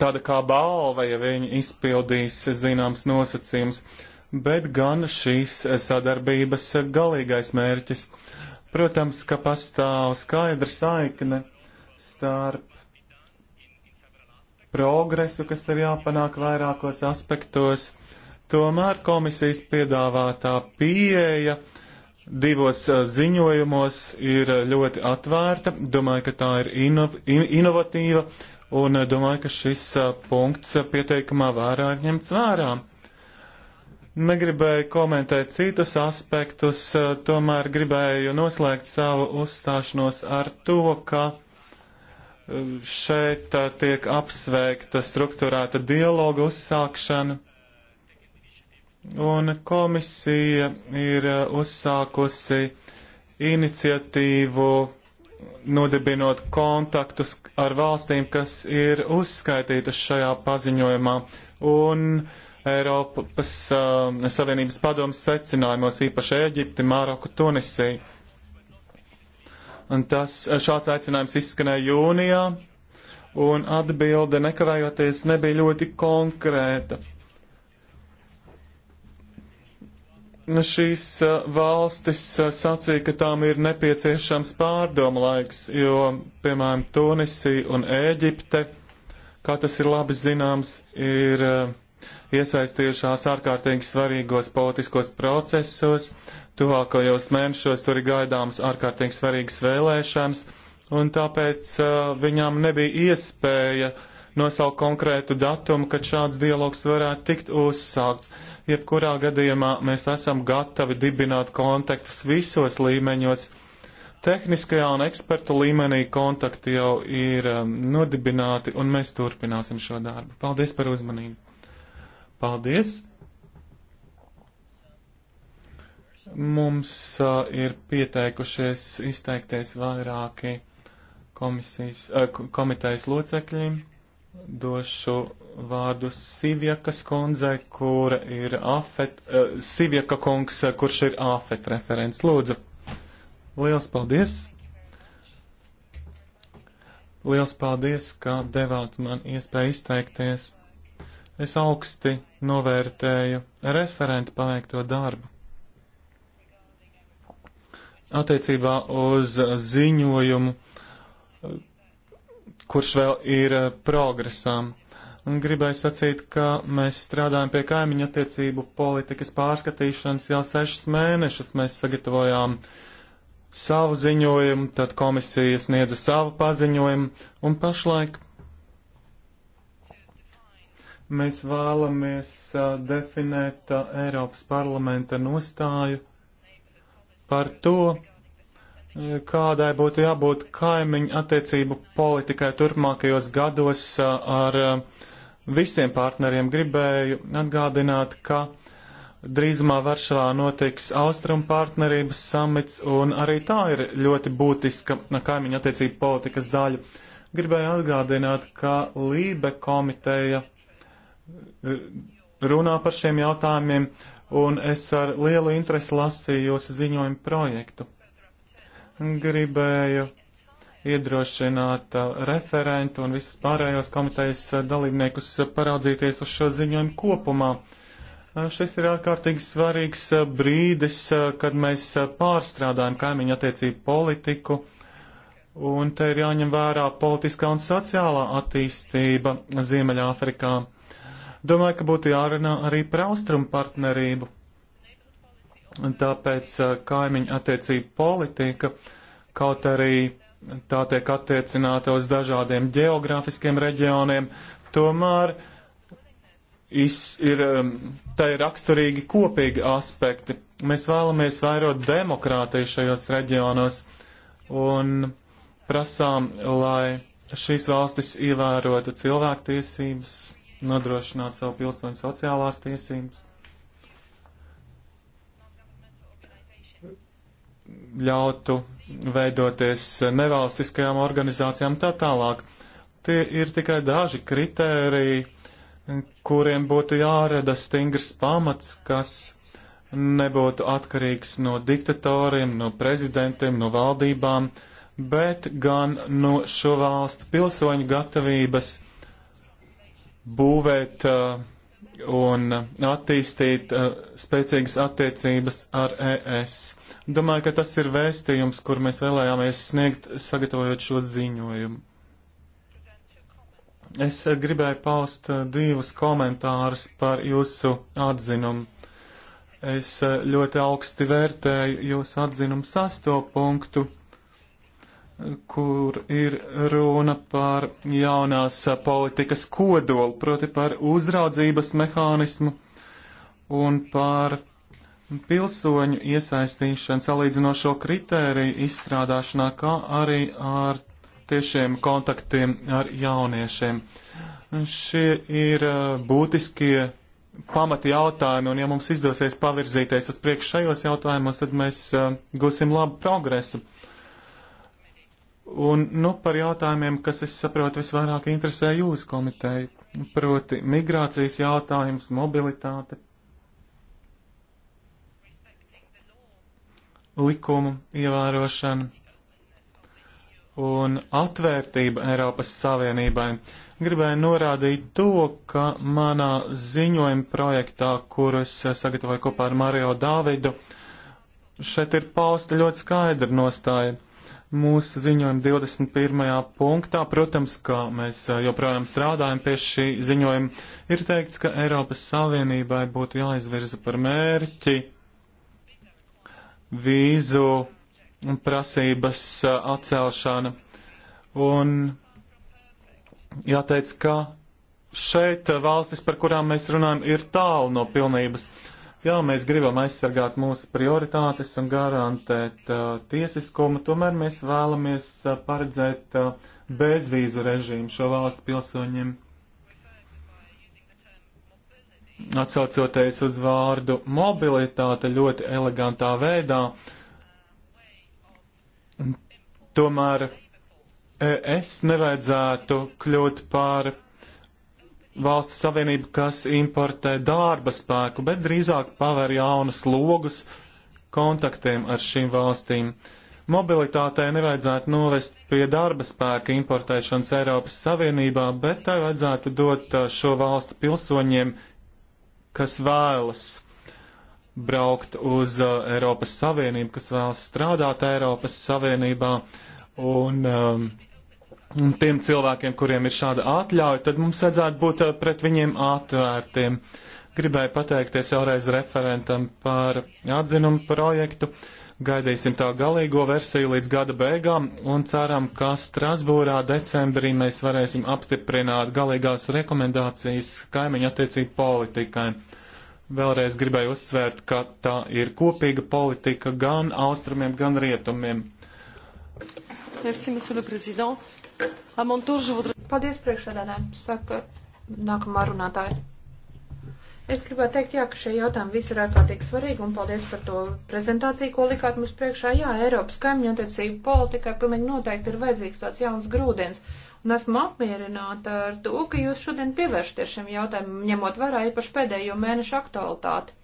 tāda kā balva, ja viņi izpildīs zināms nosacījums, bet gan šīs sadarbības galīgais mērķis. Protams, ka pastāv skaidra saikne starp progresu, kas ir jāpanāk vairākos aspektos, tomēr komisijas piedāvātā pieeja divos uh, ziņojumos ir uh, ļoti atvērta. Domāju, ka tā ir inov, in, inovatīva un uh, domāju, ka šis punkts pieteikumā vērā ir ņemts vērā. Negribēju komentēt citus aspektus, tomēr gribēju noslēgt savu uzstāšanos ar to, ka šeit tiek apsveikta struktūrēta dialoga uzsākšana un komisija ir eh, uzsākusi iniciatīvu nodibinot kontaktus ar valstīm, kas ir uzskaitītas šajā paziņojumā, un Eiropas uh, Savienības padomas secinājumos īpaši Eģipti, Māroku, Tunisiju. Un tas eh, šāds aicinājums izskanēja jūnijā, un atbilde nekavējoties nebija ļoti konkrēta šīs uh, valstis uh, sacīja, ka tām ir nepieciešams pārdomu laiks, jo, piemēram, Tunisija un Ēģipte, kā tas ir labi zināms, ir uh, iesaistījušās ārkārtīgi svarīgos politiskos procesos. Tuvākajos mēnešos tur ir gaidāmas ārkārtīgi svarīgas vēlēšanas, un tāpēc uh, viņām nebija iespēja nosaukt konkrētu datumu, kad šāds dialogs varētu tikt uzsākts. Uh, Jebkurā gadījumā mēs esam gatavi dibināt kontaktus visos līmeņos. Tehniskajā un ekspertu līmenī kontakti jau ir um, nodibināti, un mēs turpināsim šo darbu. Paldies par uzmanību! Paldies! Mums uh, ir pieteikušies izteikties vairāki komisijas, uh, komitejas locekļi. Došu vārdu Sivjakas kundzei, kura ir afet, uh, Sivjaka kungs, kurš ir afet referents. Lūdzu, liels paldies! Liels paldies, ka devāt man iespēju izteikties. Es augsti novērtēju referentu paveikto darbu. Attiecībā uz ziņojumu, kurš vēl ir eh, progresām gribēju sacīt, ka mēs strādājam pie kaimiņa attiecību politikas pārskatīšanas jau sešas mēnešus. Mēs sagatavojām savu ziņojumu, tad komisija sniedza savu paziņojumu, un pašlaik mēs vēlamies uh, definēt uh, Eiropas parlamenta nostāju par to, kādai būtu jābūt kaimiņu attiecību politikai turpmākajos gados uh, ar uh, visiem partneriem gribēju atgādināt, ka drīzumā Varšavā notiks Austrum partnerības samits, un arī tā ir ļoti būtiska kaimiņa attiecība politikas daļa. Gribēju atgādināt, ka Lībe komiteja runā par šiem jautājumiem, un es ar lielu interesi lasīju jūsu ziņojumu projektu. Gribēju iedrošināt referentu un visas pārējos komitejas eh, dalībniekus eh, paraudzīties uz šo ziņojumu kopumā. Eh, šis ir ārkārtīgi svarīgs brīdis, kad mēs pārstrādājam kaimiņu attiecību politiku, un te ir jāņem vērā politiskā un sociālā attīstība Ziemeļāfrikā. Domāju, ka būtu jārunā arī par austrumu partnerību, un tāpēc kaimiņu attiecību politika, kaut arī tā tiek attiecināta uz dažādiem geogrāfiskiem reģioniem, tomēr is, ir, um, tā ir raksturīgi kopīgi aspekti. Mēs vēlamies vairot demokrātiju šajos reģionos un prasām, lai šīs valstis ievērotu cilvēktiesības, nodrošinātu savu pilsoņu sociālās tiesības. ļautu veidoties nevalstiskajām organizācijām tā tālāk. Tie ir tikai daži kritēriji, kuriem būtu jārada stingrs pamats, kas nebūtu atkarīgs no diktatoriem, no prezidentiem, no valdībām, bet gan no šo valstu pilsoņu gatavības būvēt uh, un attīstīt uh, spēcīgas attiecības ar ES. Domāju, ka tas ir vēstījums, kur mēs vēlējāmies sniegt, sagatavojot šo ziņojumu. Es uh, gribēju paust uh, divus komentārus par jūsu atzinumu. Es uh, ļoti augsti vērtēju jūsu atzinumu sasto punktu. Uh, kur ir runa par jaunās politikas kodolu, proti par uzraudzības mehānismu un par pilsoņu iesaistīšanu salīdzinošo kritēriju izstrādāšanā, kā arī ar tiešiem kontaktiem ar jauniešiem. Šie ir uh, būtiskie pamati jautājumi, un ja mums izdosies pavirzīties uz priekšu šajos jautājumos, tad mēs uh, gūsim labu progresu. Uh, Un nu par jautājumiem, kas es saprotu visvairāk interesē jūsu komiteju, proti migrācijas jautājums, mobilitāte, likumu ievērošana un atvērtība Eiropas Savienībai. Gribēju norādīt to, ka manā ziņojuma projektā, kurus sagatavoju kopā ar Mario Dāvidu, šeit ir pausta ļoti skaidra nostāja mūsu ziņojuma 21. punktā, protams, ka mēs eh, joprojām strādājam pie šī ziņojuma, ir teikts, ka Eiropas Savienībai būtu jāizvirza par mērķi vīzu prasības eh, atcelšana. Un jāteic, ka šeit eh, valstis, par kurām mēs runājam, ir tālu no pilnības. Jā, mēs gribam aizsargāt mūsu prioritātes un garantēt uh, tiesiskumu, tomēr mēs vēlamies uh, paredzēt uh, bezvīzu režīmu šo valstu pilsoņiem. Atsaucoties uz vārdu mobilitāte ļoti elegantā veidā, tomēr e, es nevajadzētu kļūt par valsts savienība, kas importē darba spēku, bet drīzāk paver jaunas logus kontaktiem ar šīm valstīm. Mobilitātei nevajadzētu novest pie darba spēka importēšanas Eiropas Savienībā, bet tai vajadzētu dot uh, šo valstu pilsoņiem, kas vēlas braukt uz uh, Eiropas Savienību, kas vēlas strādāt Eiropas Savienībā un um, uh, tiem cilvēkiem, kuriem ir šāda atļauja, tad mums vajadzētu būt eh, pret viņiem atvērtiem. Gribēju pateikties vēlreiz referentam par atzinumu projektu. Gaidīsim tā galīgo versiju līdz gada beigām un ceram, ka Strasbūrā decembrī mēs varēsim apstiprināt galīgās rekomendācijas kaimiņu attiecību politikai. Vēlreiz gribēju uzsvērt, ka tā ir kopīga politika gan austrumiem, gan rietumiem. Merci, Paldies priekšādātājiem, saka nākamā runātāja. Es gribētu teikt, jā, ka šie jautājumi visi ir ārkārtīgi svarīgi, un paldies par to prezentāciju, ko likāt mums priekšā. Jā, Eiropas kaimiņu attiecību politikai pilnīgi noteikti ir vajadzīgs tāds jauns grūdienis, un esmu apmierināta ar to, ka jūs šodien pievēršaties šim jautājumam, ņemot vērā īpaši pēdējo mēnešu aktualitāti.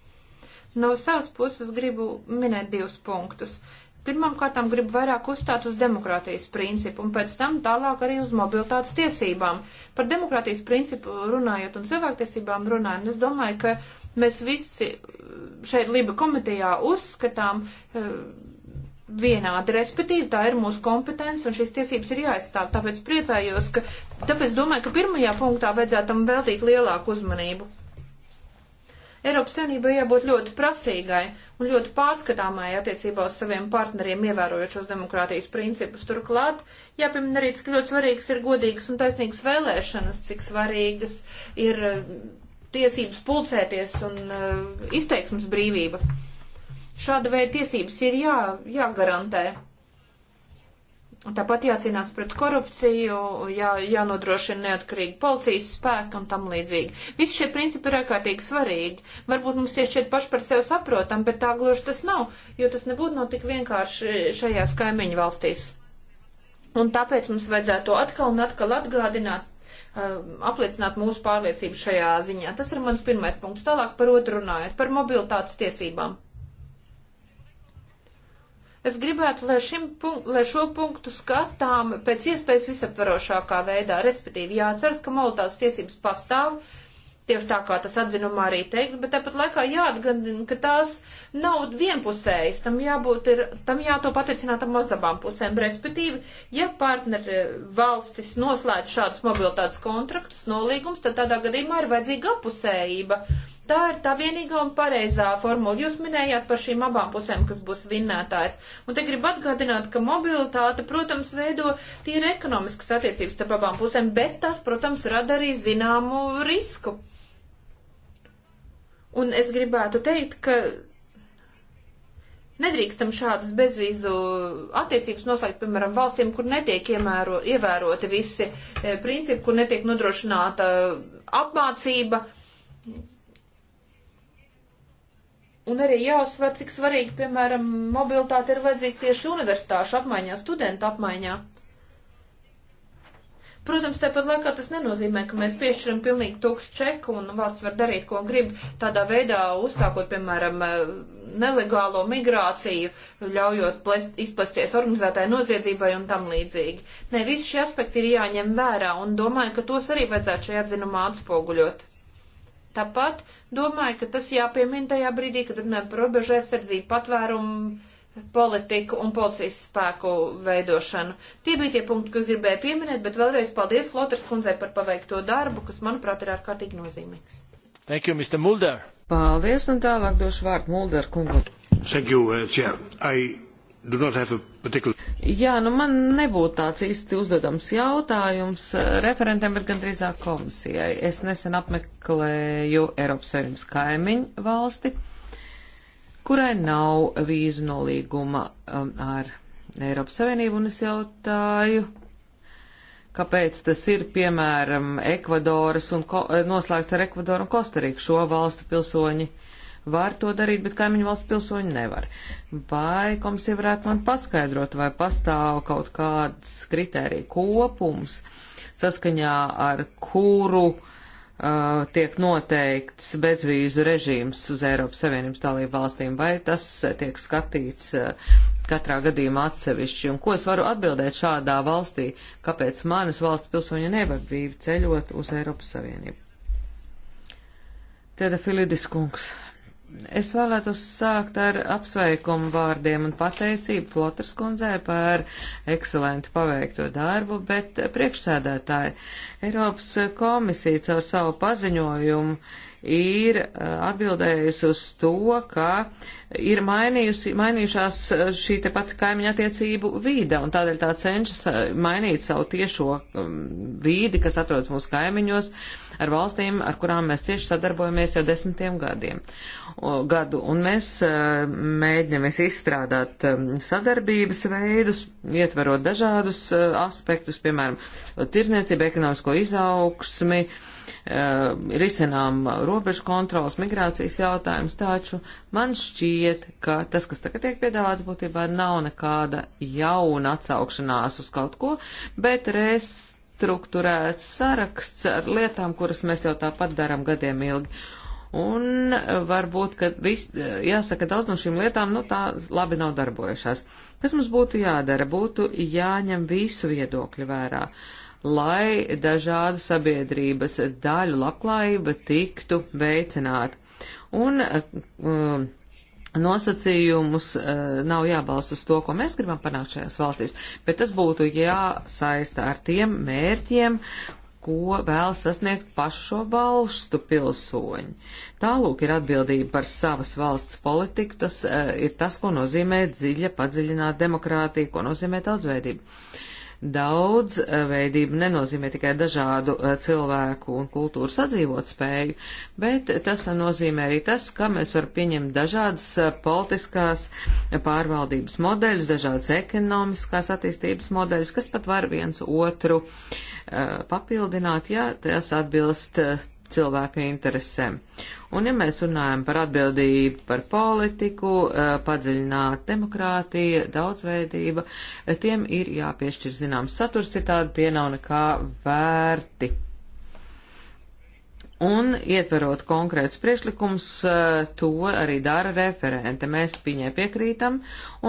No savas puses gribu minēt divus punktus. Pirmām kārtām gribu vairāk uzstāt uz demokrātijas principu un pēc tam tālāk arī uz mobilitātes tiesībām. Par demokrātijas principu runājot un cilvēktiesībām runājot, es domāju, ka mēs visi šeit Liba komitejā uzskatām eh, vienādi, respektīvi tā ir mūsu kompetence un šīs tiesības ir jāaizstāv. Tāpēc priecājos, ka, tāpēc domāju, ka pirmajā punktā vajadzētu tam veltīt lielāku uzmanību. Eiropas Savienībai jābūt ļoti prasīgai un ļoti pārskatāmai attiecībā uz saviem partneriem, ievērojot šos demokrātijas principus. Turklāt, jāpiemina arī, cik ļoti svarīgs ir godīgas un taisnīgas vēlēšanas, cik svarīgas ir uh, tiesības pulcēties un uh, izteiksmes brīvība. Šāda veida tiesības ir jā, jāgarantē. Tāpat jācīnās pret korupciju, jā, jānodrošina neatkarīgi policijas spēki un tam līdzīgi. Visi šie principi ir ārkārtīgi svarīgi. Varbūt mums tieši šeit paši par sevi saprotam, bet tā gluži tas nav, jo tas nebūtu nav tik vienkārši šajās kaimiņu valstīs. Un tāpēc mums vajadzētu atkal un atkal atgādināt, um, apliecināt mūsu pārliecību šajā ziņā. Tas ir mans pirmais punkts. Tālāk par otru runājot, par mobilitātes tiesībām. Es gribētu, lai, punk lai šo punktu skatām pēc iespējas visaptvarošākā veidā, respektīvi jāatceras, ka molotās tiesības pastāv, tieši tā kā tas atzinumā arī teiks, bet tāpat laikā jāatgādina, ka tās nav vienpusējas, tam jābūt ir, tam jātop attiecinātam uz abām pusēm, respektīvi, ja partneri eh, valstis noslēdz šādus mobilitātes kontraktus, nolīgums, tad tādā gadījumā ir vajadzīga apusējība Tā ir tā vienīgā un pareizā formula. Jūs minējāt par šīm abām pusēm, kas būs vinnētājs. Un te gribu atgādināt, ka mobilitāte, protams, veido tīri ekonomiskas attiecības starp abām pusēm, bet tas, protams, rada arī zināmu risku. Un es gribētu teikt, ka nedrīkstam šādas bezvīzu attiecības noslēgt, piemēram, valstīm, kur netiek iemēro, ievēroti visi eh, principi, kur netiek nodrošināta eh, apmācība. Un arī jāuzsver, cik svarīgi, piemēram, mobilitāte ir vajadzīga tieši universitāšu apmaiņā, studentu apmaiņā. Protams, tāpat laikā tas nenozīmē, ka mēs piešķiram pilnīgi tūkstu čeku un valsts var darīt, ko grib, tādā veidā uzsākot, piemēram, nelegālo migrāciju, ļaujot plest, izplesties organizētāju noziedzībai un tam līdzīgi. Nē, visi šie aspekti ir jāņem vērā un domāju, ka tos arī vajadzētu šajā atzinumā atspoguļot. Tāpat domāju, ka tas jāpiemina tajā brīdī, kad runājam par robežu aizsardzību, patvērumu politiku un policijas spēku veidošanu. Tie bija tie punkti, ko gribēju pieminēt, bet vēlreiz paldies Lotars kundzei par paveikto darbu, kas, manuprāt, ir ārkārtīgi nozīmīgs. Thank you, Mr. Mulder. Paldies, un tālāk došu vārdu Mulder kungam. Thank you, uh, Chair. I Particular... Jā, nu man nebūtu tāds īsti uzdodams jautājums referentiem, bet gan drīzāk komisijai. Es nesen apmeklēju Eiropas Savienības kaimiņu valsti, kurai nav vīzu nolīguma um, ar Eiropas Savienību, un es jautāju, kāpēc tas ir, piemēram, Ekvadoras un ko, eh, noslēgts ar Ekvadoru un Kostariku šo valstu pilsoņi var to darīt, bet kaimiņu valsts pilsoņi nevar. Vai komisija varētu man paskaidrot, vai pastāv kaut kāds kritērija kopums, saskaņā ar kuru uh, tiek noteikts bezvīzu režīms uz Eiropas Savienības dalību valstīm, vai tas tiek skatīts uh, katrā gadījumā atsevišķi, un ko es varu atbildēt šādā valstī, kāpēc manas valsts pilsoņi nevar brīvi ceļot uz Eiropas Savienību. Teda Filidis kungs. Es vēlētos sākt ar apsveikumu vārdiem un pateicību Flotras kundzē par ekscelentu paveikto darbu, bet eh, priekšsēdētāji Eiropas komisija caur savu paziņojumu ir eh, atbildējusi uz to, ka ir mainījusi, mainījušās eh, šī te pati kaimiņa attiecību vīda, un tādēļ tā cenšas mainīt savu tiešo mm, vīdi, kas atrodas mūsu kaimiņos, uh, ar valstīm, ar kurām mēs cieši sadarbojamies jau desmitiem gadiem. Gadu, un mēs e, mēģinamies izstrādāt e, sadarbības veidus, ietverot dažādus e, aspektus, piemēram, tirzniecību, ekonomisko izaugsmi, risinām robežu kontrolas, migrācijas jautājumus, taču man šķiet, ka tas, kas tagad tiek piedāvāts, būtībā nav nekāda jauna atsaukšanās uz kaut ko, bet res strukturēts saraksts ar lietām, kuras mēs jau tāpat darām gadiem ilgi. Un varbūt, ka vis, jāsaka, daudz no šīm lietām, nu, tā labi nav darbojušās. Kas mums būtu jādara? Būtu jāņem visu viedokļu vērā, lai dažādu sabiedrības daļu labklājība tiktu veicināta. Un um, nosacījumus eh, nav jābalst uz to, ko mēs gribam panākt šajās valstīs, bet tas būtu jāsaista ar tiem mērķiem, ko vēl sasniegt pašu šo valstu pilsoņi. Tālūk ir atbildība par savas valsts politiku, tas eh, ir tas, ko nozīmē dziļa, padziļināta demokrātija, ko nozīmē daudzveidība. Daudzveidība eh, nenozīmē tikai dažādu eh, cilvēku un kultūru sadzīvot spēju, bet tas nozīmē arī tas, ka mēs varam pieņemt dažādas eh, politiskās pārvaldības modeļus, dažādas ekonomiskās attīstības modeļus, kas pat var viens otru papildināt, ja tas atbilst cilvēka interesēm. Un ja mēs runājam par atbildību, par politiku, eh, padziļināt demokrātija, daudzveidība, eh, tiem ir jāpiešķir zināms saturs, citādi tie nav nekā vērti. Un ietverot konkrētus priekšlikumus, eh, to arī dara referente. Mēs viņai piekrītam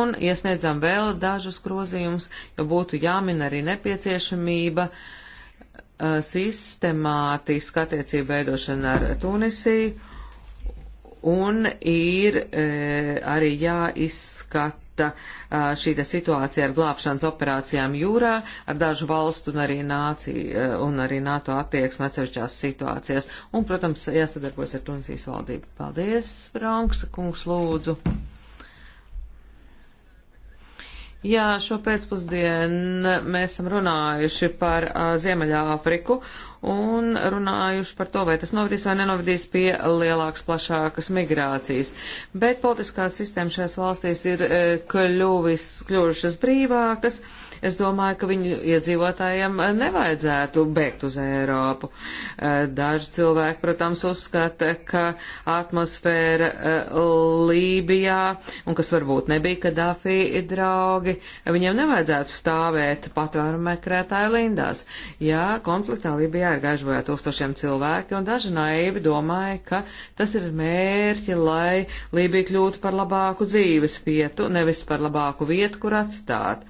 un iesniedzam vēl dažus grozījumus, jo būtu jāmin arī nepieciešamība uh, Uh, sistemātiska attiecība veidošana ar Tunisiju un ir uh, arī jāizskata uh, šī situācija ar glābšanas operācijām jūrā, ar dažu valstu un arī, nāciju, un arī NATO attieksmi atsevišķās situācijās. Un, protams, jāsadarbojas ar Tunisijas valdību. Paldies, Branksa kungs, lūdzu. Jā, šo pēcpusdienu mēs esam runājuši par uh, Ziemeļāfriku un runājuši par to, vai tas novadīs vai nenovadīs pie lielākas, plašākas migrācijas. Bet politiskās sistēmas šajās valstīs ir uh, kļuvis, kļuvušas brīvākas. Uh, Es domāju, ka viņu iedzīvotājiem eh, nevajadzētu bēgt uz Eiropu. Eh, daži cilvēki, protams, uzskata, ka atmosfēra eh, Lībijā, un kas varbūt nebija Kadāfī draugi, viņiem nevajadzētu stāvēt patvērumu meklētāju lindās. Jā, konfliktā Lībijā ir gaiši vēl tūkstošiem cilvēki, un daži naivi domāja, ka tas ir mērķi, lai Lībija kļūtu par labāku dzīves vietu, nevis par labāku vietu, kur atstāt.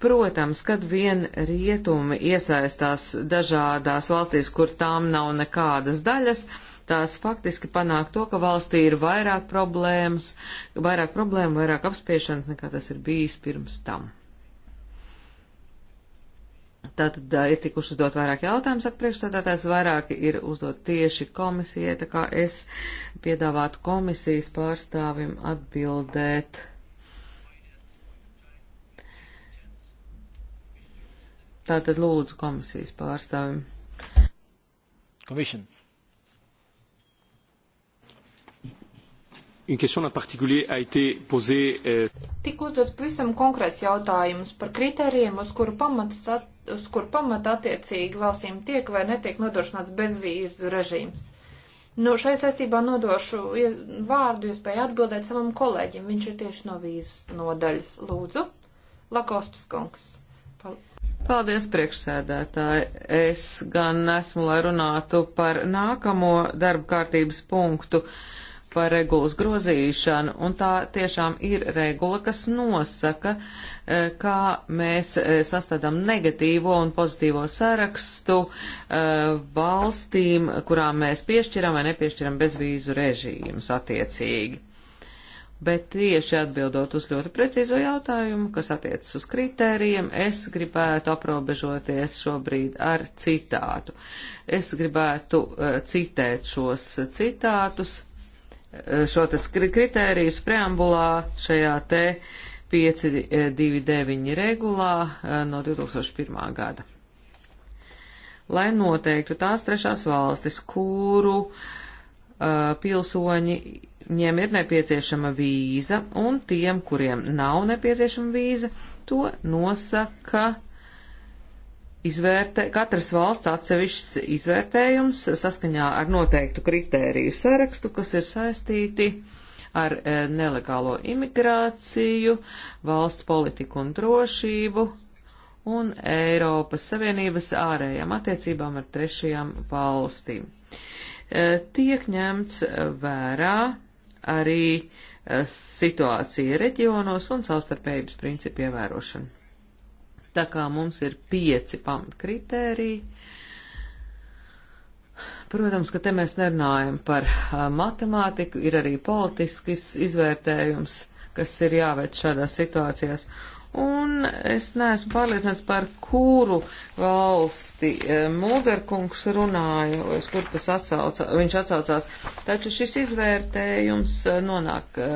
Protams, kad vien rietumi iesaistās dažādās valstīs, kur tām nav nekādas daļas, tās faktiski panāk to, ka valstī ir vairāk problēmas, vairāk problēmu, vairāk apspiešanas, nekā tas ir bijis pirms tam. Tātad ir tikuši uzdot vairāk jautājumu, saka priekšsēdētājs, vairāk ir uzdot tieši komisijai, tā kā es piedāvātu komisijas pārstāvim atbildēt Tātad lūdzu komisijas pārstāvim. Commission. Une question en particulier a été posée. Euh... Tik uzdots pavisam konkrēts jautājums par kritērijiem, uz kuru pamats, at, uz kur pamata attiecīgi valstīm tiek vai netiek nodrošināts bezvīzu režīms. Nu, šai saistībā nodošu vārdu iespēju atbildēt savam kolēģim. Viņš ir tieši no vīzas nodaļas. Lūdzu, Lakostas kungs. Paldies. Paldies, priekšsēdētāji. Es gan esmu, lai runātu par nākamo darba kārtības punktu par regulas grozīšanu, un tā tiešām ir regula, kas nosaka, eh, kā mēs eh, sastādām negatīvo un pozitīvo sarakstu eh, valstīm, kurām mēs piešķiram vai nepiešķiram bezvīzu režīmus attiecīgi. Bet tieši atbildot uz ļoti precīzo jautājumu, kas attiecas uz kritērijiem, es gribētu aprobežoties šobrīd ar citātu. Es gribētu uh, citēt šos citātus, eh, šo tas kritērijus preambulā šajā te 529 eh, regulā uh, no 2001. gada. Lai noteiktu tās trešās valstis, kuru uh, pilsoņi viņiem ir nepieciešama vīza, un tiem, kuriem nav nepieciešama vīza, to nosaka izvērtē, katras valsts atsevišķs izvērtējums saskaņā ar noteiktu kritēriju sarakstu, kas ir saistīti ar e, nelegālo imigrāciju, valsts politiku un drošību un Eiropas Savienības ārējām attiecībām ar trešajām valstīm. E, tiek ņemts vērā arī eh, situācija reģionos un savstarpējības principu ievērošana. Tā kā mums ir pieci pamatkritēriji, protams, ka te mēs nerunājam par eh, matemātiku, ir arī politisks izvērtējums, kas ir jāveic šādās situācijās, un es neesmu pārliecināts par kuru valsti e, Mūgerkungs runāja, uz kur tas atsauca, viņš atsaucās. Taču šis izvērtējums e, nonāk, e,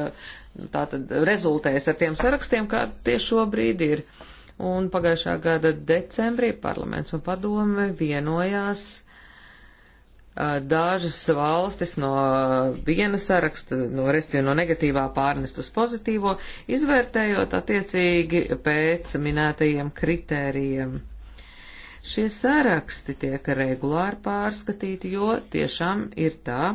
tātad rezultējas ar tiem sarakstiem, kā tie šobrīd ir. Un pagājušā gada decembrī parlaments un padome vienojās dažas valstis no viena saraksta, no restīvi no negatīvā pārnest uz pozitīvo, izvērtējot attiecīgi pēc minētajiem kritērijiem. Šie saraksti tiek regulāri pārskatīti, jo tiešām ir tā,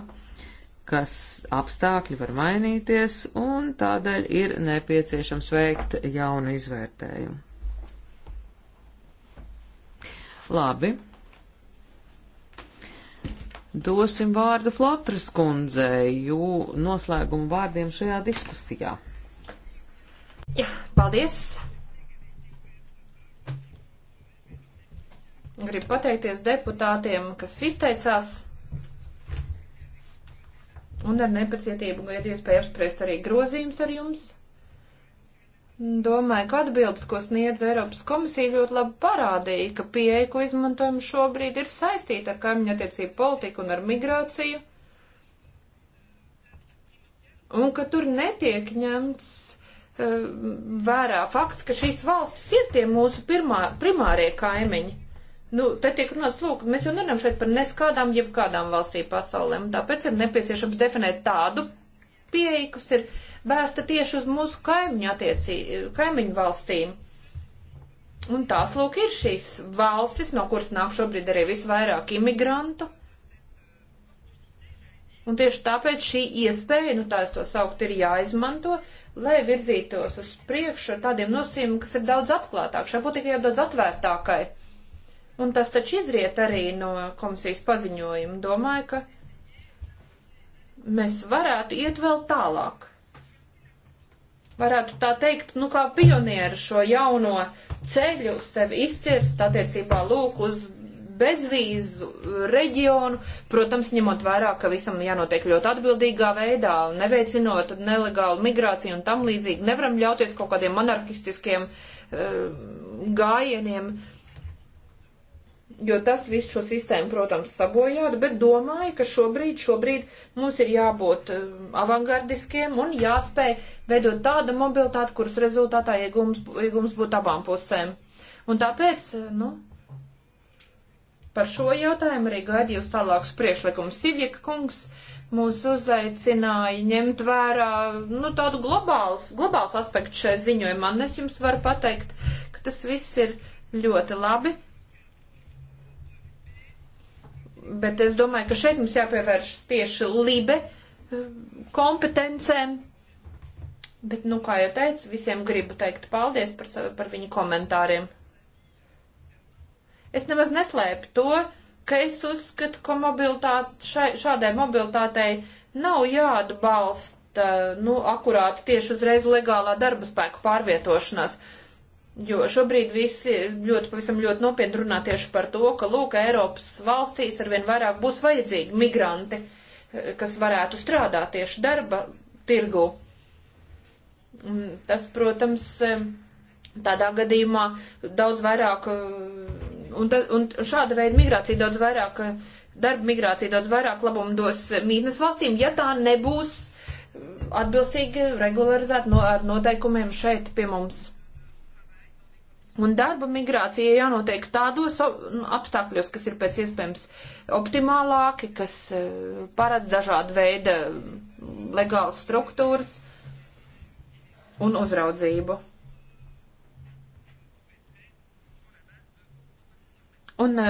kas apstākļi var mainīties, un tādēļ ir nepieciešams veikt jaunu izvērtējumu. Labi, Dosim vārdu Flotras kundzei, jo noslēguma vārdiem šajā diskusijā. Jā, paldies! Gribu pateikties deputātiem, kas izteicās un ar nepacietību gaidu iespēju apspriest arī grozījums ar jums. Domāju, ka atbildes, ko sniedz Eiropas komisija, ļoti labi parādīja, ka pieeja, ko izmantojam šobrīd, ir saistīta ar kaimiņu attiecību politiku un ar migrāciju, un ka tur netiek ņemts uh, vērā fakts, ka šīs valstis ir tie mūsu pirmā, primārie kaimiņi. Nu, te tiek runāts, lūk, mēs jau nerunājam šeit par neskādām jebkādām valstīm pasaulēm, tāpēc ir nepieciešams definēt tādu pieeja, kas ir vērsta tieši uz mūsu kaimiņu, attiecī, kaimiņu valstīm. Un tās, lūk, ir šīs valstis, no kuras nāk šobrīd arī visvairāk imigrantu. Un tieši tāpēc šī iespēja, nu tā es to saukt, ir jāizmanto, lai virzītos uz priekšu ar tādiem nosīmiem, kas ir daudz atklātāk, šai politikai ir daudz atvērtākai. Un tas taču izriet arī no komisijas paziņojuma. Domāju, ka mēs varētu iet vēl tālāk varētu tā teikt, nu kā pionieri šo jauno ceļu sev izcirst attiecībā lūk uz bezvīzu reģionu, protams, ņemot vērā, ka visam jānotiek ļoti atbildīgā veidā, neveicinot nelegālu migrāciju un tam līdzīgi, nevaram ļauties kaut kādiem anarchistiskiem uh, eh, gājieniem. Uh, jo tas visu šo sistēmu, protams, sabojātu, bet domāju, ka šobrīd, šobrīd mums ir jābūt um, avangardiskiem un jāspēj veidot tādu mobilitāti, kuras rezultātā iegums, iegums būtu abām pusēm. Un tāpēc, uh, nu, par šo jautājumu arī gaidīju uz tālākus priešlikumus. Sivjeka kungs mūs uzaicināja ņemt vērā, nu, tādu globāls, globāls aspektu šai ziņojumā, un es jums varu pateikt, ka tas viss ir ļoti labi bet es domāju, ka šeit mums jāpievērš tieši libe eh, kompetencēm. Bet, nu, kā jau teicu, visiem gribu teikt paldies par, savu, par viņu komentāriem. Es nemaz neslēpu to, ka es uzskatu, ka mobilitāte, šai, šādai mobilitātei nav jāatbalsta, nu, akurāti tieši uzreiz legālā darba spēka pārvietošanās. Uh, Jo šobrīd visi ļoti, pavisam ļoti nopietni runā tieši par to, ka, lūk, Eiropas valstīs arvien vairāk būs vajadzīgi migranti, kas varētu strādāt tieši darba tirgu. Tas, protams, tādā gadījumā daudz vairāk, un, ta, un šāda veida migrācija daudz vairāk, darba migrācija daudz vairāk labumu dos mītnes valstīm, ja tā nebūs atbilstīgi regularizēta no, ar noteikumiem šeit pie mums. Un darba migrācija jānotiek tādos nu, apstākļos, kas ir pēc iespējams optimālāki, kas e, paredz dažādu veidu legālas struktūras un uzraudzību. Un e,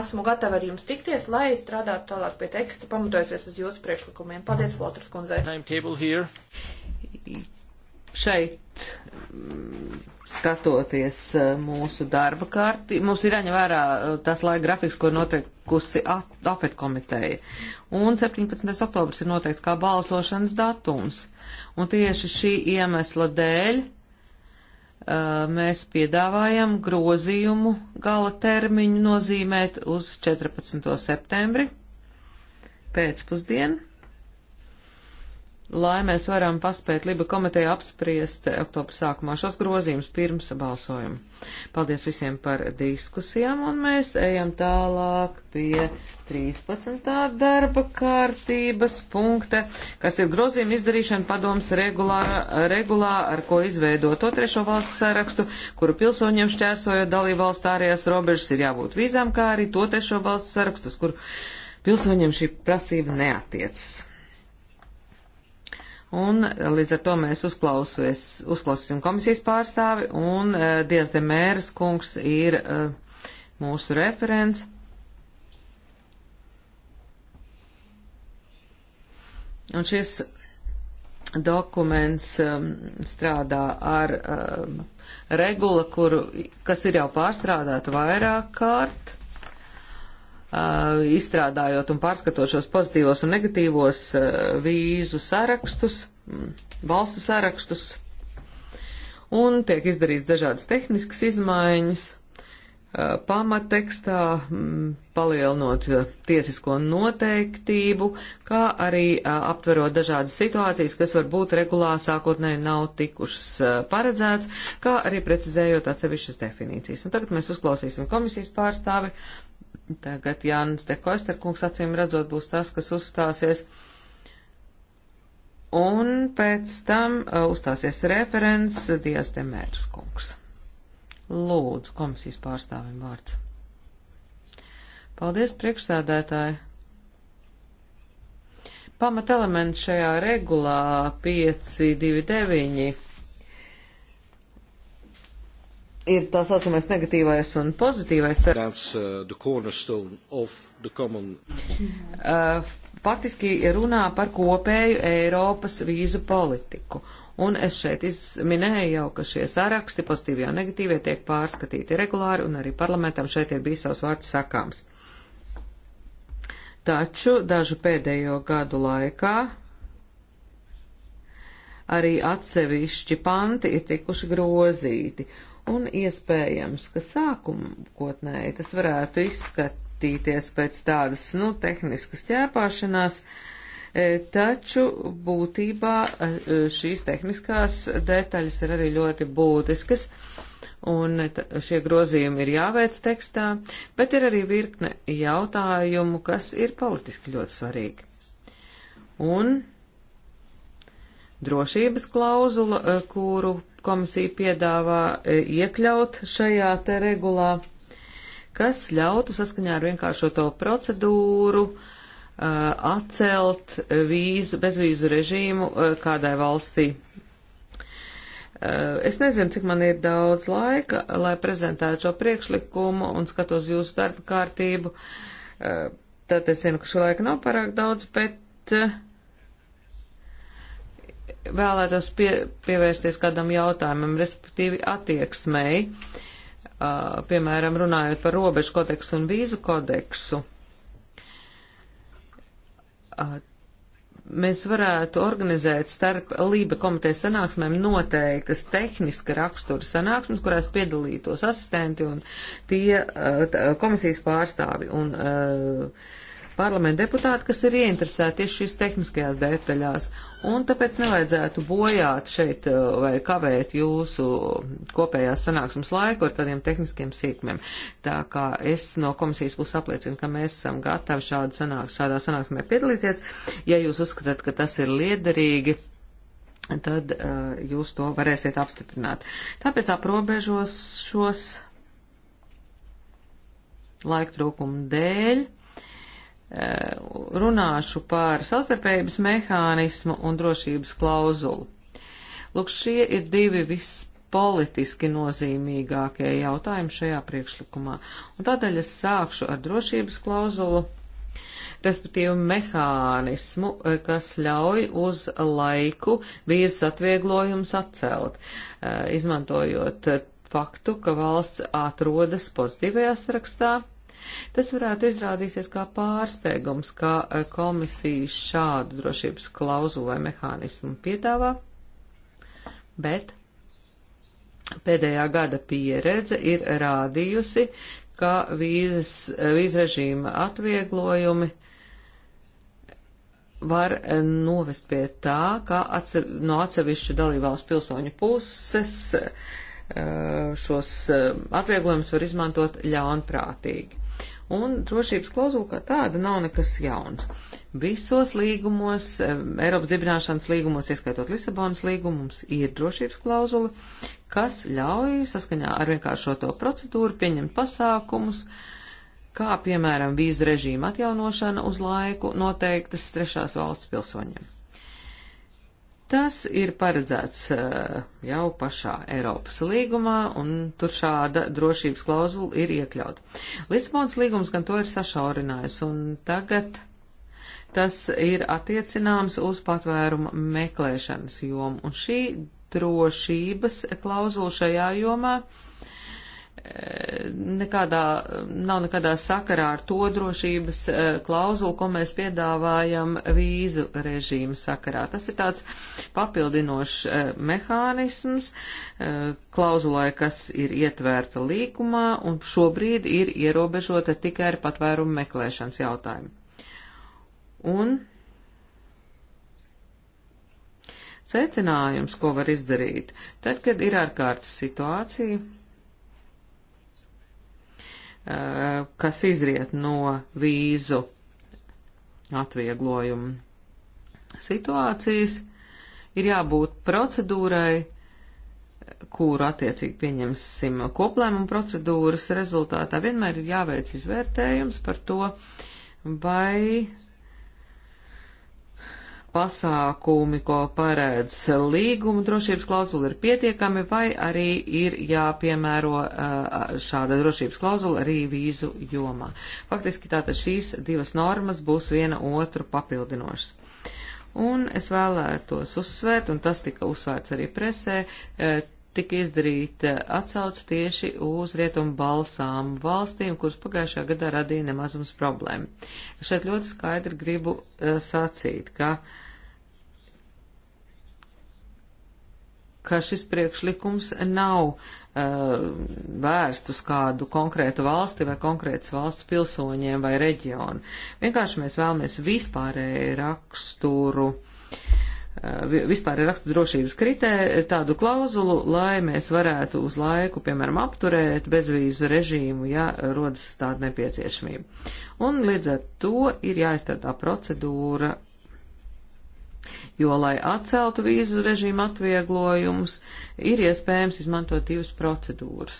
esmu gatava ar jums tikties, lai strādātu tālāk pie teksta, pamatojoties uz jūsu priekšlikumiem. Paldies, Flotras kundzei. Šeit skatoties eh, mūsu darba kārti, mums ir jāņem vērā eh, tas laika grafiks, ko noteikusi apet komiteja. Un 17. oktobris ir noteikts kā balsošanas datums. Un tieši šī iemesla dēļ eh, mēs piedāvājam grozījumu gala termiņu nozīmēt uz 14. septembri pēcpusdienu lai mēs varam paspēt Liba komiteja apspriest oktobra sākumā šos grozījumus pirms balsojuma. Paldies visiem par diskusijām, un mēs ejam tālāk pie 13. darba kārtības punkta, kas ir grozījuma izdarīšana padoms regulā, regulā ar ko izveido to trešo valstu sarakstu, kuru pilsoņiem šķērsojot dalību valstu ārējās robežas ir jābūt vīzām, kā arī to trešo valstu sarakstus, kur pilsoņiem šī prasība neatiecas. Un eh, līdz ar to mēs uzklausīsim komisijas pārstāvi, un uh, eh, Dievs Demēras kungs ir uh, mūsu referents. Un šis dokuments um, strādā ar um, regula, kuru, kas ir jau pārstrādāta vairāk kārt izstrādājot un pārskatot šos pozitīvos un negatīvos vīzu sarakstus, valstu sarakstus, un tiek izdarīts dažādas tehniskas izmaiņas pamatekstā, palielinot tiesisko noteiktību, kā arī aptverot dažādas situācijas, kas varbūt regulā sākotnēji nav tikušas paredzēts, kā arī precizējot atsevišķas definīcijas. Un tagad mēs uzklausīsim komisijas pārstāvi, Tagad Jānis de Koisterkungs acīm redzot būs tas, kas uzstāsies. Un pēc tam uh, uzstāsies referents Dijas Demērs kungs. Lūdzu, komisijas pārstāvim vārds. Paldies, priekšsēdētāji! Pamatelements šajā regulā 529 ir tā saucamais negatīvais un pozitīvais. That's, uh, common... uh, faktiski runā par kopēju Eiropas vīzu politiku. Un es šeit minēju jau, ka šie saraksti, pozitīvie un negatīvie, tiek pārskatīti regulāri, un arī parlamentam šeit ir bijis savs vārds sakāms. Taču dažu pēdējo gadu laikā arī atsevišķi panti ir tikuši grozīti, un iespējams, ka sākumkotnēji tas varētu izskatīties pēc tādas, nu, tehniskas ķēpāšanās, e, taču būtībā e, šīs tehniskās detaļas ir arī ļoti būtiskas, un e, šie grozījumi ir jāveic tekstā, bet ir arī virkne jautājumu, kas ir politiski ļoti svarīgi. Un drošības klauzula, kuru komisija piedāvā e, iekļaut šajā te regulā, kas ļautu saskaņā ar vienkāršoto procedūru e, atcelt vīzu, bezvīzu režīmu e, kādai valstī. Es nezinu, cik man ir daudz laika, lai prezentētu šo priekšlikumu un skatos jūsu darba kārtību. Tad es zinu, ka šī laika nav pārāk daudz, bet vēlētos pie, pievērsties kādam jautājumam, respektīvi attieksmei, uh, piemēram, runājot par robežu kodeksu un vīzu kodeksu. Uh, mēs varētu organizēt starp Lība komitejas sanāksmēm noteiktas tehniska rakstura sanāksmes, kurās piedalītos asistenti un tie uh, komisijas pārstāvi. Un, uh, parlamenta deputāti, kas ir ieinteresēti tieši šīs tehniskajās detaļās, un tāpēc nevajadzētu bojāt šeit eh, vai kavēt jūsu kopējās sanāksmes laiku ar tādiem tehniskiem sīkumiem. Tā kā es no komisijas puses apliecinu, ka mēs esam gatavi šādu sanāks, šādā sanāksmē piedalīties, ja jūs uzskatāt, ka tas ir liederīgi tad uh, jūs to varēsiet apstiprināt. Tāpēc aprobežos šos laika trūkumu dēļ Eh, runāšu par savstarpējības mehānismu un drošības klauzulu. Lūk, šie ir divi vispolitiski nozīmīgākie jautājumi šajā priekšlikumā. Un tādēļ es sākšu ar drošības klauzulu, respektīvi mehānismu, eh, kas ļauj uz laiku vīzas atvieglojums atcelt, eh, izmantojot faktu, ka valsts atrodas pozitīvajā sarakstā Tas varētu izrādīsies kā pārsteigums, ka e, komisija šādu drošības klauzulu vai mehānismu piedāvā, bet pēdējā gada pieredze ir rādījusi, ka vīzes, e, vīzrežīma atvieglojumi var e, novest pie tā, ka atse, no atsevišķu dalībvalstu pilsoņu puses šos atvieglojumus var izmantot ļaunprātīgi un drošības klauzula kā tāda nav nekas jauns. Visos līgumos, Eiropas dibināšanas līgumos, ieskaitot Lisabonas līgumu, mums ir drošības klauzula, kas ļauj saskaņā ar vienkāršoto procedūru pieņemt pasākumus, kā piemēram vīzu režīmu atjaunošana uz laiku noteiktas trešās valsts pilsoņiem. Tas ir paredzēts uh, jau pašā Eiropas līgumā, un tur šāda drošības klauzula ir iekļauta. Lisabons līgums gan to ir sašaurinājis, un tagad tas ir attiecināms uz patvērumu meklēšanas jomu, un šī drošības klauzula šajā jomā uh, nekādā, nav nekādā sakarā ar to drošības eh, klauzulu, ko mēs piedāvājam vīzu režīmu sakarā. Tas ir tāds papildinošs eh, mehānisms eh, klauzulai, kas ir ietvērta līkumā un šobrīd ir ierobežota tikai ar patvērumu meklēšanas jautājumu. Un secinājums, ko var izdarīt, tad, kad ir ārkārtas situācija, Eh, kas izriet no vīzu atvieglojumu situācijas, ir jābūt procedūrai, kuru attiecīgi pieņemsim koplēmumu procedūras rezultātā. Vienmēr ir jāveic izvērtējums par to, vai pasākumi, ko paredz līguma drošības klauzula, ir pietiekami, vai arī ir jāpiemēro eh, šāda drošības klauzula arī vīzu jomā. Faktiski tātad šīs divas normas būs viena otru papildinošas. Un es vēlētos uzsvērt, un tas tika uzsvērts arī presē, eh, tika izdarīta atsauca tieši uz rietumu balsām valstīm, kuras pagājušā gadā radīja nemazums problēmu. Šeit ļoti skaidri gribu eh, sacīt, ka uh, ka šis priekšlikums nav uh, vērsts uz kādu konkrētu valsti vai konkrētas valsts pilsoņiem vai reģionu. Vienkārši mēs vēlamies vispārēju raksturu, uh, vispārēju raksturu drošības kritē tādu klauzulu, lai mēs varētu uz laiku, piemēram, apturēt bezvīzu režīmu, ja rodas tāda nepieciešamība. Un līdz ar to ir jāizstrādā procedūra jo, lai atceltu vīzu režīmu atvieglojumus, ir iespējams izmantot divas procedūras.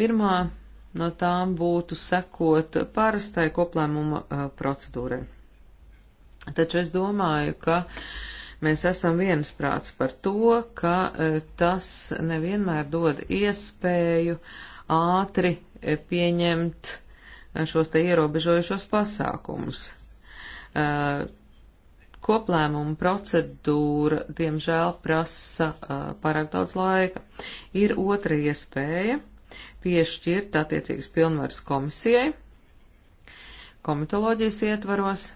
Pirmā no tām būtu sekot parastai koplēmuma uh, procedūrai. Taču es domāju, ka mēs esam viensprāts par to, ka uh, tas nevienmēr dod iespēju ātri pieņemt šos te ierobežojušos pasākumus. Uh, Koplēmuma procedūra, diemžēl, prasa uh, pārāk daudz laika. Ir otra iespēja piešķirt attiecīgas pilnvaras komisijai komitoloģijas ietvaros,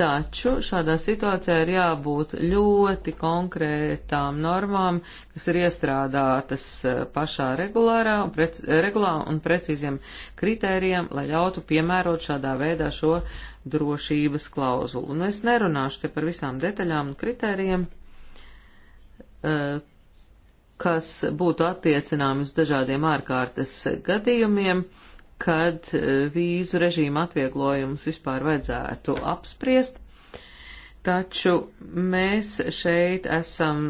Taču šādā situācijā ir jābūt ļoti konkrētām normām, kas ir iestrādātas eh, pašā regulārā un, prec, regulā un precīziem kritērijiem, lai ļautu piemērot šādā veidā šo drošības klauzulu. Un es nerunāšu te par visām detaļām un kritērijiem, eh, kas būtu attiecināmi uz dažādiem ārkārtas gadījumiem kad e, vīzu režīma atvieglojums vispār vajadzētu apspriest, taču mēs šeit esam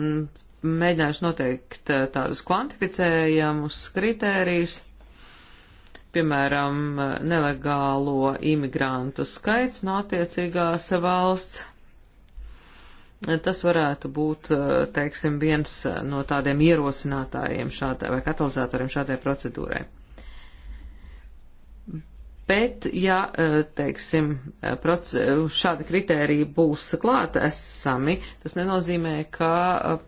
mēģinājuši noteikt e, tādus kvantificējamus kritērijus, piemēram, e, nelegālo imigrantu skaits no attiecīgās valsts. Tas varētu būt, teiksim, viens no tādiem ierosinātājiem šādai vai katalizatoriem šādai procedūrai. Bet, ja, eh, teiksim, eh, eh, šādi kriteriji būs klāt esami, tas nenozīmē, ka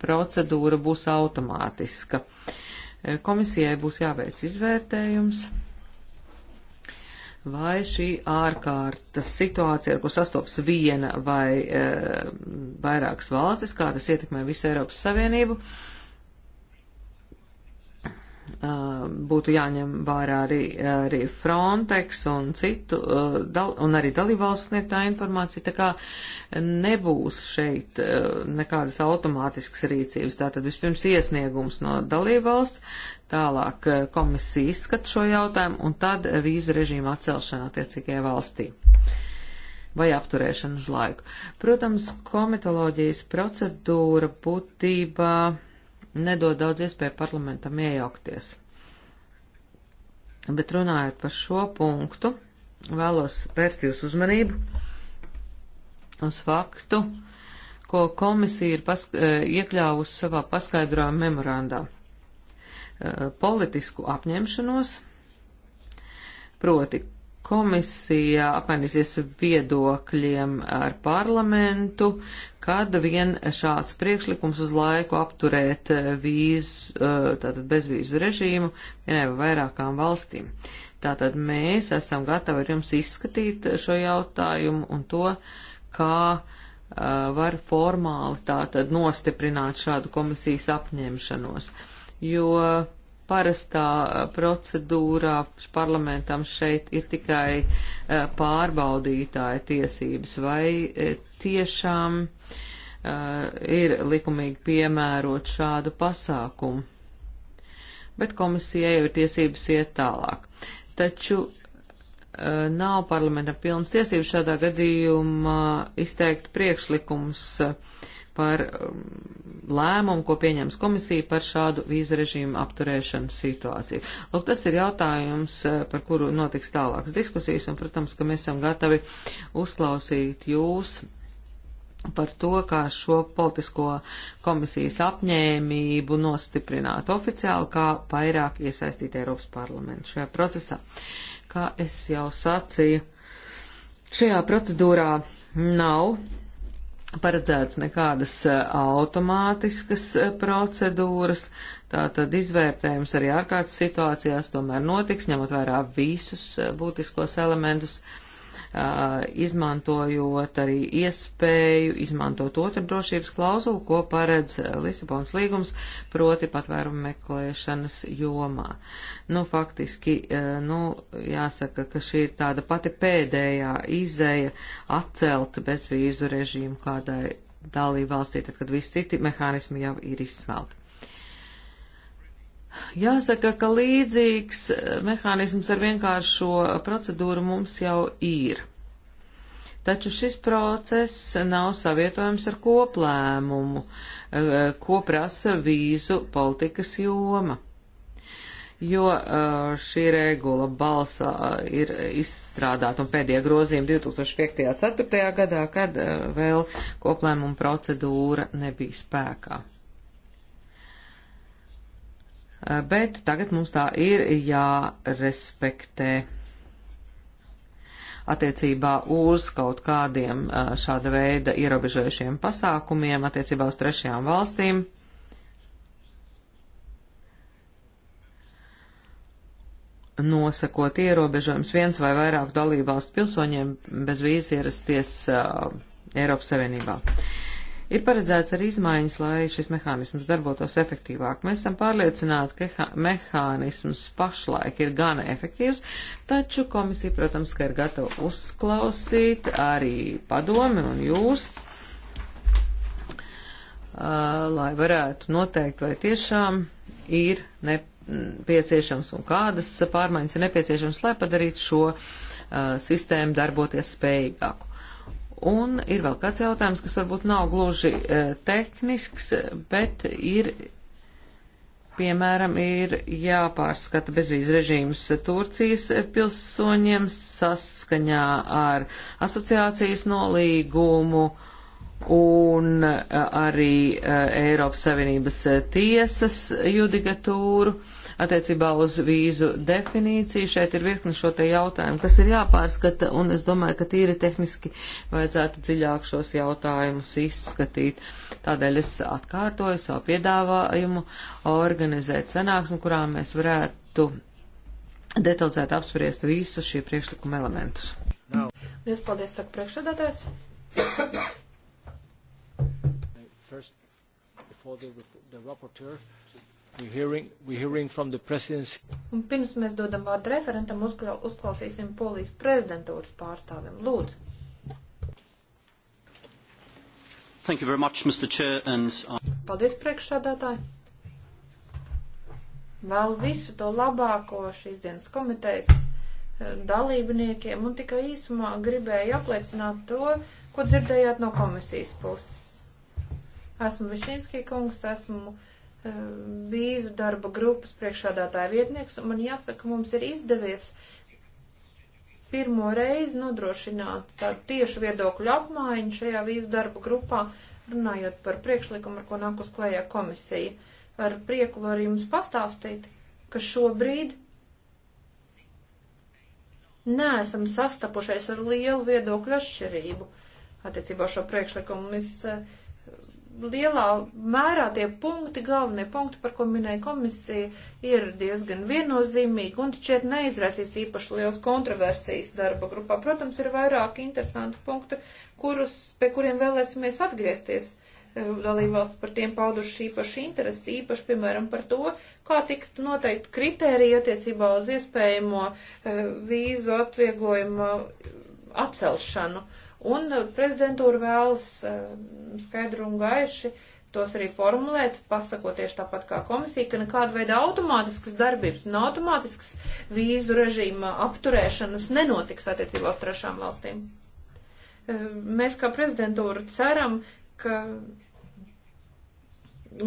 procedūra būs automātiska. Komisijai būs jāveic izvērtējums, vai šī ārkārtas situācija, ar ko sastops viena vai e, vairākas valstis, kā tas ietekmē visu Eiropas Savienību, e, Uh, būtu jāņem vērā arī, arī Frontex un citu, uh, dal, un arī dalībvalsts sniegtā informācija, tā kā nebūs šeit uh, nekādas automātiskas rīcības. Tātad vispirms iesniegums no dalībvalsts, tālāk komisija izskata šo jautājumu, un tad vīzu režīmu atcelšana attiecīgajā valstī vai apturēšanu uz laiku. Protams, komitoloģijas procedūra būtībā nedod daudz iespēju parlamentam iejaukties. Bet runājot par šo punktu, vēlos vērst jūs uzmanību uz faktu, ko komisija ir pask eh, iekļāvusi savā paskaidrojuma memorandā. Eh, politisku apņemšanos, proti, Komisija apmainīsies viedokļiem ar parlamentu, kad vien šāds priekšlikums uz laiku apturēt vīzu, eh, tātad bezvīzu režīmu vienai vai vairākām valstīm. Tātad mēs esam gatavi ar jums izskatīt šo jautājumu un to, kā eh, var formāli tātad nostiprināt šādu komisijas apņemšanos. Jo parastā eh, procedūrā parlamentam šeit ir tikai eh, pārbaudītāja tiesības, vai eh, tiešām ir likumīgi piemērot šādu pasākumu. Bet komisijai jau ir tiesības iet tālāk. Taču nav parlamentam pilnas tiesības šādā gadījumā izteikt priekšlikums uh, par um, lēmumu, ko pieņems komisija par šādu vīza režīmu apturēšanas situāciju. Lūk, tas ir jautājums, eh, par kuru notiks tālākas diskusijas, un, protams, ka mēs esam gatavi uzklausīt jūs par to, kā šo politisko komisijas apņēmību nostiprināt oficiāli, kā vairāk iesaistīt Eiropas parlamentu šajā procesā. Kā es jau sacīju, šajā procedūrā nav paredzēts nekādas automātiskas procedūras, tātad izvērtējums arī ārkārtas situācijās tomēr notiks, ņemot vairāk visus būtiskos elementus. Uh, izmantojot arī iespēju izmantot otru drošības klauzulu, ko paredz Lisabons līgums, proti patvērumu meklēšanas jomā. Nu, faktiski, nu, jāsaka, ka šī ir tāda pati pēdējā izēja atcelt bezvīzu režīmu kādai dalību valstī, tad, kad visi citi mehānismi jau ir izsmelti. Jāsaka, ka līdzīgs eh, mehānisms ar vienkāršo procedūru mums jau ir. Taču šis process nav savietojams ar koplēmumu, eh, ko prasa vīzu politikas joma. Jo eh, šī regula balsā ir izstrādāta un pēdējā grozījuma 2005. 4. gadā, kad vēl koplēmuma procedūra nebija spēkā. Eh, bet tagad mums tā ir jārespektē attiecībā uz kaut kādiem eh, šāda veida ierobežojušiem pasākumiem attiecībā uz trešajām valstīm. Nosakot ierobežojums viens vai vairāku dalībvalstu pilsoņiem bez vīzes ierasties uh, eh, Eiropas Savienībā. Uh, Ir paredzēts arī izmaiņas, lai šis mehānisms darbotos efektīvāk. Mēs esam pārliecināti, ka mehānisms pašlaik ir gana efektīvs, taču komisija, protams, ka ir gatava uzklausīt arī padomi un jūs, lai varētu noteikt, vai tiešām ir nepieciešams un kādas pārmaiņas ir nepieciešams, lai padarītu šo sistēmu darboties spējīgāku. Un ir vēl kāds jautājums, kas varbūt nav gluži e, tehnisks, bet ir, piemēram, ir jāpārskata bezvīz režīms Turcijas pilsoņiem saskaņā ar asociācijas nolīgumu un e, arī e, Eiropas Savienības tiesas judikatūru. Attiecībā uz vīzu definīciju šeit ir virkni šo te jautājumu, kas ir jāpārskata, un es domāju, ka tīri tehniski vajadzētu dziļāk šos jautājumus izskatīt. Tādēļ es atkārtoju savu piedāvājumu organizēt sanāksmi, kurā mēs varētu detalizēt apspriest visus šī priekšlikuma elementus. No. Lies paldies, saka priekšsēdētājs. First, before the, the rapporteur, Hearing, hearing Un pirms mēs dodam vārdu referentam, uzklausīsim polijas prezidentūras pārstāvim. Lūdzu. Thank you very much, Mr. Chair, and... Paldies, priekšsādātāji. Vēl visu to labāko šīs dienas komitejas eh, dalībniekiem un tikai īsumā gribēju apliecināt to, ko dzirdējāt no komisijas puses. Esmu Višinskī kungs, esmu uh, bīzu darba grupas priekšādātāja vietnieks, un man jāsaka, mums ir izdevies pirmo reizi nodrošināt tādu tiešu viedokļu apmaiņu šajā vīzu darba grupā, runājot par priekšlikumu, ar ko nāk uz klējā komisija. Ar prieku var jums pastāstīt, ka šobrīd neesam sastapušies ar lielu viedokļu atšķirību attiecībā šo priekšlikumu. Mēs, uh, lielā mērā tie punkti, galvenie punkti, par ko minēja komisija, ir diezgan viennozīmīgi un šķiet neizraisīs īpaši liels kontroversijas darba grupā. Protams, ir vairāk interesanti punkti, kurus, pie kuriem vēlēsimies atgriezties e, dalībvalsts par tiem paudušas īpaši interesi, īpaši, piemēram, par to, kā tiks noteikti kritērija attiecībā uz iespējamo e, vīzu atvieglojumu atcelšanu. Un prezidentūra vēlas eh, skaidru un gaiši tos arī formulēt, pasakot tieši tāpat kā komisija, ka nekāda veida automātiskas darbības un automātiskas vīzu režīma apturēšanas nenotiks attiecībā uz trešām valstīm. Eh, mēs kā prezidentūra ceram, ka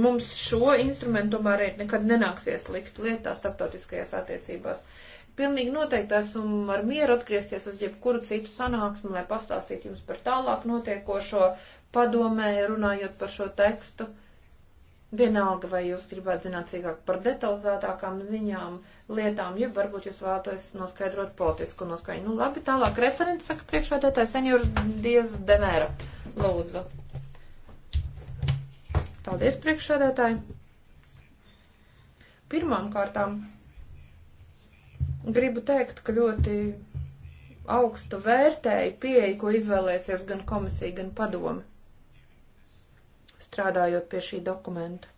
mums šo instrumentu tomēr nekad nenāksies likt lietā starptautiskajās attiecībās. Uh, Pilnīgi noteikti esmu ar mieru atgriezties uz jebkuru citu sanāksmi, lai pastāstītu jums par tālāk notiekošo padomē, runājot par šo tekstu. Vienalga, vai jūs gribētu zināt cīkāk par detalizētākām ziņām, lietām, ja varbūt jūs vēlaties noskaidrot politisku noskaņu. Nu, labi, tālāk referents saka priekšādētāji senjors Diez Demēra. Lūdzu. Paldies priekšādētāji. Pirmām kārtām gribu teikt, ka ļoti augstu vērtēju pieeju, ko izvēlēsies gan komisija, gan padome, strādājot pie šī dokumenta.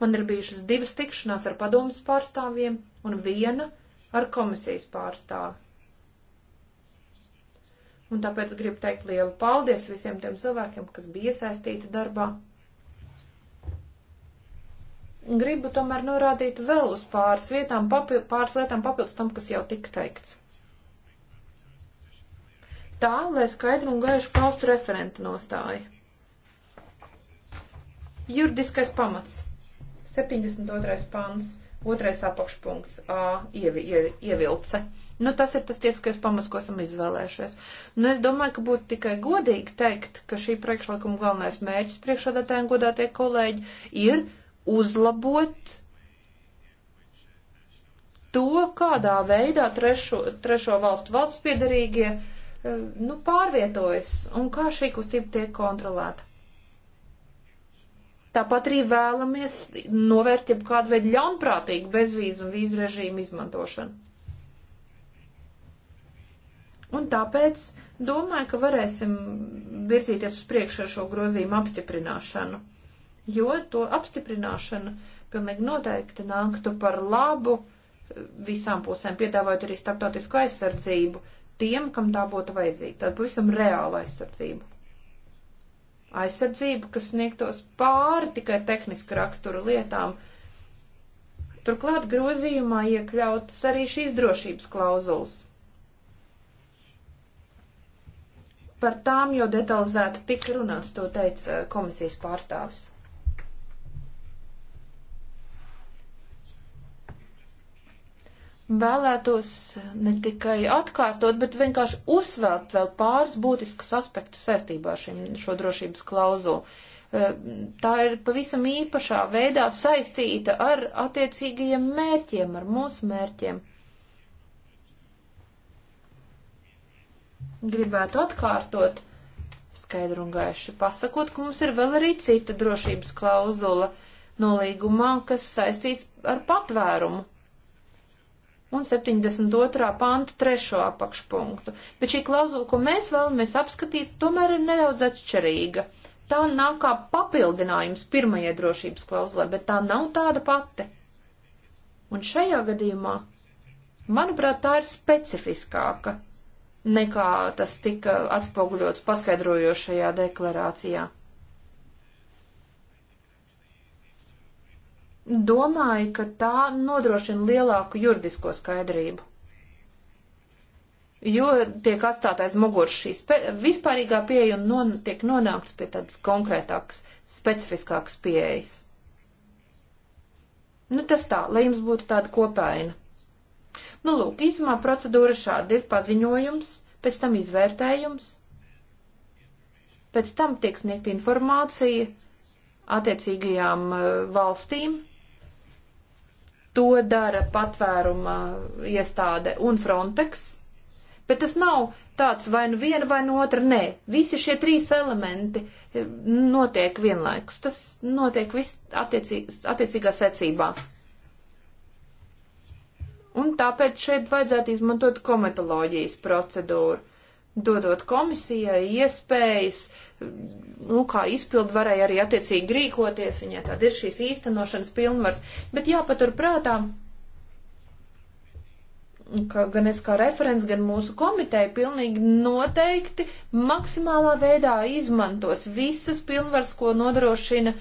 Man ir bijušas divas tikšanās ar padomas pārstāvjiem un viena ar komisijas pārstāvi. Un tāpēc gribu teikt lielu paldies visiem tiem cilvēkiem, kas bija iesaistīti darbā gribu tomēr norādīt vēl uz pāris vietām, papil, pāris lietām papildus tam, kas jau tika teikts. Tā, lai skaidru un gaišu paustu referenta nostāja. Juridiskais pamats. 72. pāns, 2. apakšpunkts A ievi, ievi, ievilce. Nu, tas ir tas tiesiskais pamats, ko esam izvēlējušies. Nu, es domāju, ka būtu tikai godīgi teikt, ka šī priekšlikuma galvenais mērķis priekšādātājiem godātie kolēģi ir uzlabot to, kādā veidā trešo, trešo valstu valsts piedarīgie eh, nu, pārvietojas un kā šī kustība tiek kontrolēta. Tāpat arī vēlamies novērt jau kādu veidu ļaunprātīgu bezvīzu un vīzu režīmu izmantošanu. Un tāpēc domāju, ka varēsim virzīties uz priekšu ar šo grozījumu apstiprināšanu jo to apstiprināšana pilnīgi noteikti nāktu par labu eh, visām pusēm, piedāvājot arī starptautisku aizsardzību tiem, kam tā būtu vajadzīga. Tāda pavisam reāla aizsardzība. Aizsardzība, kas sniegtos pāri tikai tehniska rakstura lietām. Turklāt grozījumā iekļautas arī šīs drošības klauzulas. Par tām jau detalizēti tika runāts, to teica eh, komisijas pārstāvis. vēlētos ne tikai atkārtot, bet vienkārši uzsvērt vēl pāris būtiskus aspektus saistībā ar šim, šo drošības klauzulu. Eh, tā ir pavisam īpašā veidā saistīta ar attiecīgajiem mērķiem, ar mūsu mērķiem. Gribētu atkārtot, skaidru un gaišu pasakot, ka mums ir vēl arī cita drošības klauzula nolīgumā, kas saistīts ar patvērumu un 72. panta trešo apakšpunktu. Bet šī klauzula, ko mēs vēlamies apskatīt, tomēr ir nedaudz atšķirīga. Tā nav kā papildinājums pirmajai drošības klauzulai, bet tā nav tāda pati. Un šajā gadījumā, manuprāt, tā ir specifiskāka nekā tas tika atspoguļots paskaidrojošajā deklarācijā. domāju, ka tā nodrošina lielāku juridisko skaidrību. Jo tiek atstātais mugurs šīs vispārīgā pieeja un non, tiek nonākts pie tādas konkrētākas, specifiskākas pieejas. Nu, tas tā, lai jums būtu tāda kopaina. Nu, lūk, īsumā procedūra šāda ir paziņojums, pēc tam izvērtējums, pēc tam tiek sniegta informācija attiecīgajām eh, valstīm, To dara patvēruma iestāde un Frontex. Bet tas nav tāds vai nu viena vai nu otra, nē. Visi šie trīs elementi eh, notiek vienlaikus. Tas notiek viss attiecī, attiecīgā secībā. Un tāpēc šeit vajadzētu izmantot kometoloģijas procedūru, dodot komisijai iespējas nu, kā izpildu varēja arī attiecīgi rīkoties, viņai tāda ir šīs īstenošanas pilnvars, bet jāpaturprātā, ka gan es kā referents, gan mūsu komiteja pilnīgi noteikti maksimālā veidā izmantos visas pilnvars, ko nodrošina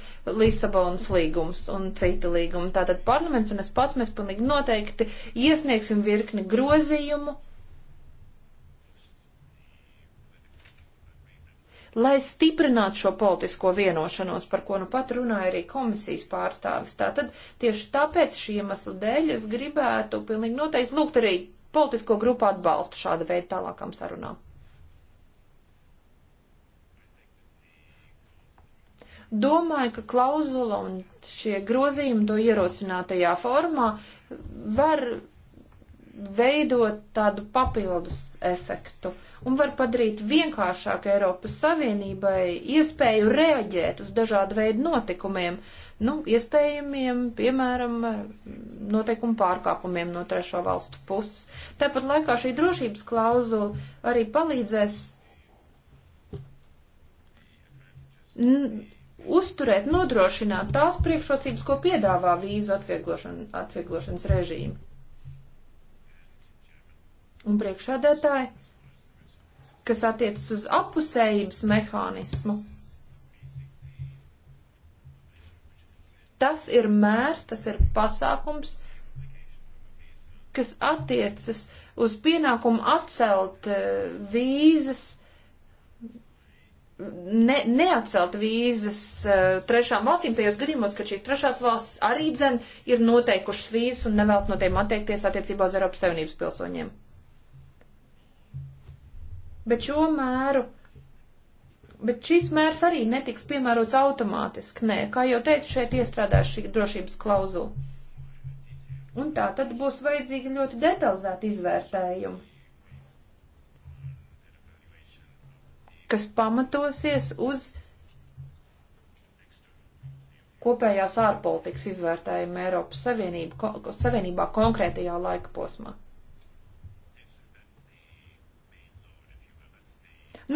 Lisabonas līgums un cita līguma. Tātad parlaments un es pats mēs pilnīgi noteikti iesniegsim virkni grozījumu lai stiprinātu šo politisko vienošanos, par ko nu pat runāja arī komisijas pārstāvis. Tātad tieši tāpēc šī iemesla dēļ es gribētu pilnīgi noteikti lūgt arī politisko grupu atbalstu šāda veida tālākām sarunām. Domāju, ka klauzula un šie grozījumi to ierosinātajā formā var veidot tādu papildus efektu. Uh, un var padarīt vienkāršāk Eiropas Savienībai iespēju reaģēt uz dažādu veidu notikumiem, nu, iespējamiem, piemēram, noteikumu pārkāpumiem no trešo valstu puses. Tāpat laikā šī drošības klauzula arī palīdzēs uzturēt, nodrošināt tās priekšrocības, ko piedāvā vīzu atvieglošana, atvieglošanas režīmi. Un priekšādētāji, kas attiecas uz apusējības mehānismu. Tas ir mērs, tas ir pasākums, kas attiecas uz pienākumu atcelt eh, vīzas, ne, neatcelt vīzas eh, trešām valstīm, tajos gadījumos, ka šīs trešās valstis arī dzen ir noteikušas vīzas un nevēlas no tiem attiekties attiecībā uz Eiropas Savienības pilsoņiem. Bet šo mēru, bet šis mērs arī netiks piemērots automātiski, nē, kā jau teicu, šeit iestrādās šī drošības klauzula. Un tā tad būs vajadzīgi ļoti detalizēti izvērtējumi. kas pamatosies uz kopējās ārpolitikas izvērtējumu Eiropas Savienību, ko, Savienībā konkrētajā laika posmā.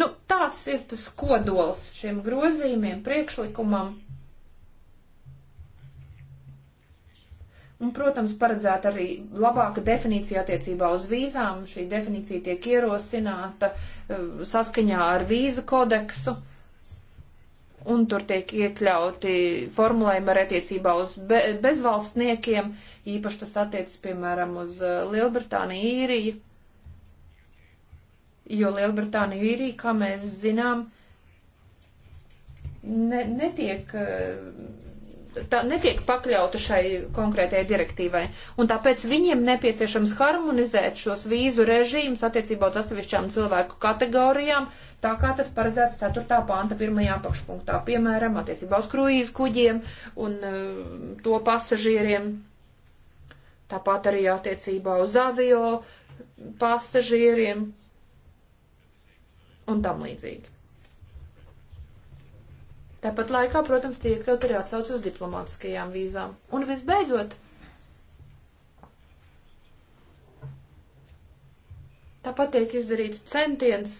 Nu, tāds ir tas kodols šiem grozījumiem, priekšlikumam. Un, protams, paredzēta arī labāka definīcija attiecībā uz vīzām. Šī definīcija tiek ierosināta eh, saskaņā ar vīzu kodeksu. Un tur tiek iekļauti formulējumi ar attiecībā uz be bezvalstniekiem, īpaši tas attiecas, piemēram, uz eh, Lielbritāniju, Īriju jo Lielbritānija īrī, kā mēs zinām, ne, netiek, eh, tā, netiek pakļauta šai konkrētajai direktīvai. Un tāpēc viņiem nepieciešams harmonizēt šos vīzu režīmus attiecībā uz atsevišķām cilvēku kategorijām, tā kā tas paredzēts 4. panta 1. apakšpunktā, piemēram, attiecībā uz kruīzu kuģiem un eh, to pasažieriem. Tāpat arī attiecībā uz avio pasažieriem un tam līdzīgi. Tāpat laikā, protams, tiek iekļaut arī atsauc uz diplomātiskajām vīzām. Un visbeidzot, tāpat tiek izdarīts centiens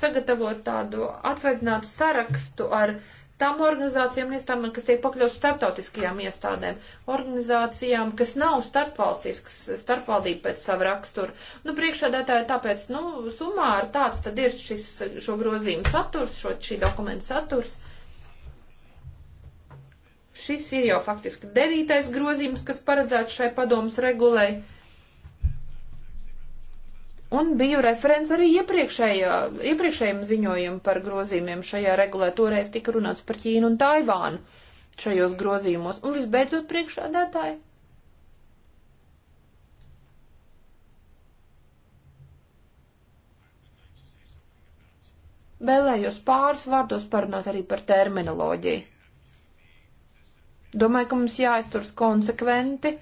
sagatavot tādu atvaļinātu sarakstu ar uh, tām organizācijām un iestādēm, kas tiek pakļauts starptautiskajām iestādēm, organizācijām, kas nav starpvalstiskas, starpvaldība pēc sava rakstura. Nu, priekšādātāji, tāpēc, nu, summā ar tāds tad ir šis, šo grozījumu saturs, šo, šī dokumenta saturs. Šis ir jau faktiski devītais grozījums, kas paredzēts šai padomas regulai un biju referents arī iepriekšējā, iepriekšējiem ziņojumam par grozījumiem šajā regulē. Toreiz tika runāts par Ķīnu un Taivānu šajos grozījumos. Un visbeidzot priekšādātāji. Vēlējos pāris vārdos parunāt arī par terminoloģiju. Domāju, ka mums jāizturas konsekventi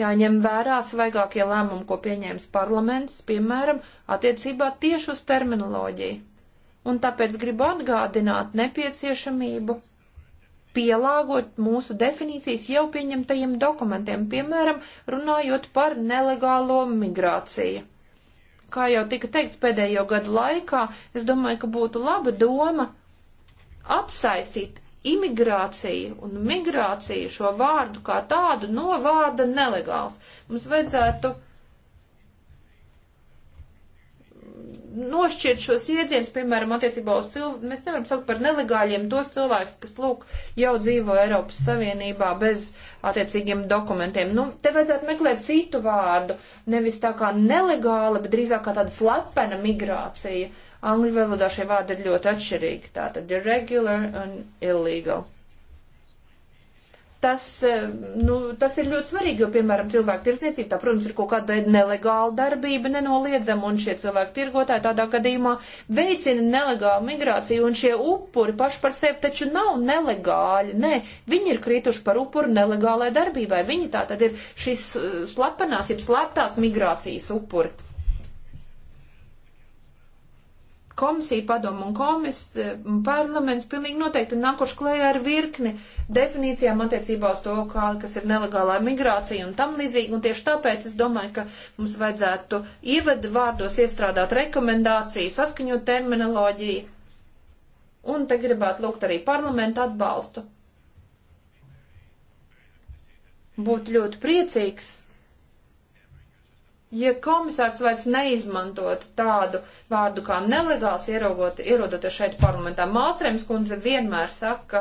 jāņem vērā svaigākie lēmumi, ko pieņēmis parlaments, piemēram, attiecībā tieši uz terminoloģiju. Un tāpēc gribu atgādināt nepieciešamību pielāgot mūsu definīcijas jau pieņemtajiem dokumentiem, piemēram, runājot par nelegālo migrāciju. Kā jau tika teikts pēdējo gadu laikā, es domāju, ka būtu laba doma atsaistīt imigrācija un migrācija šo vārdu kā tādu no vārda nelegāls. Mums vajadzētu nošķirt šos iedzienus, piemēram, attiecībā uz cilvēku. Mēs nevaram saukt par nelegāļiem tos cilvēkus, kas, lūk, jau dzīvo Eiropas Savienībā bez attiecīgiem dokumentiem. Nu, te vajadzētu meklēt citu vārdu, nevis tā kā nelegāla, bet drīzāk kā tāda slepena migrācija. Angļu valodā šie vārdi ir ļoti atšķirīgi. Tātad irregular un illegal. Tas, eh, nu, tas ir ļoti svarīgi, jo, piemēram, cilvēku tirdzniecība, tā, protams, ir kaut kāda nelegāla darbība, nenoliedzama, un šie cilvēki tirgotāji tādā gadījumā veicina nelegālu migrāciju, un šie upuri paši par sevi taču nav nelegāli, nē, viņi ir krituši par upuru nelegālai darbībai, viņi tā tad ir šīs eh, slepenās, jeb slēptās migrācijas upuri komisija, padomu un komis, e, un parlaments pilnīgi noteikti nākuši klējā ar virkni definīcijām attiecībā uz to, kā, kas ir nelegālā migrācija un tam līdzīgi. Un tieši tāpēc es domāju, ka mums vajadzētu ievadu vārdos iestrādāt rekomendāciju, saskaņot terminoloģiju. Un te gribētu lūgt arī parlamentu atbalstu. Būtu ļoti priecīgs ja komisārs vairs neizmantotu tādu vārdu kā nelegāls ierogot, ierodoties šeit parlamentā. Mālstrēms kundze vienmēr saka,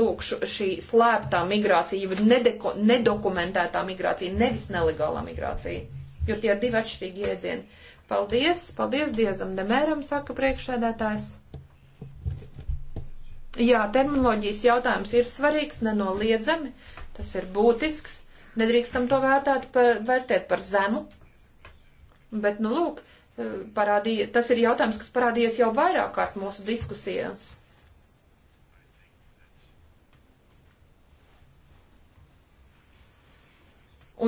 lūk, šī slēptā migrācija, nedeko, nedokumentētā migrācija, nevis nelegālā migrācija, jo tie ir divi atšķirīgi iedzieni. Paldies, paldies Diezam Demēram, saka priekšsēdētājs. Jā, terminoloģijas jautājums ir svarīgs, nenoliedzami, tas ir būtisks Nedrīkstam to vērtēt par, vērtēt par zemu. Bet, nu, lūk, e, parādīja, tas ir jautājums, kas parādījies jau vairāk kārt mūsu diskusijās.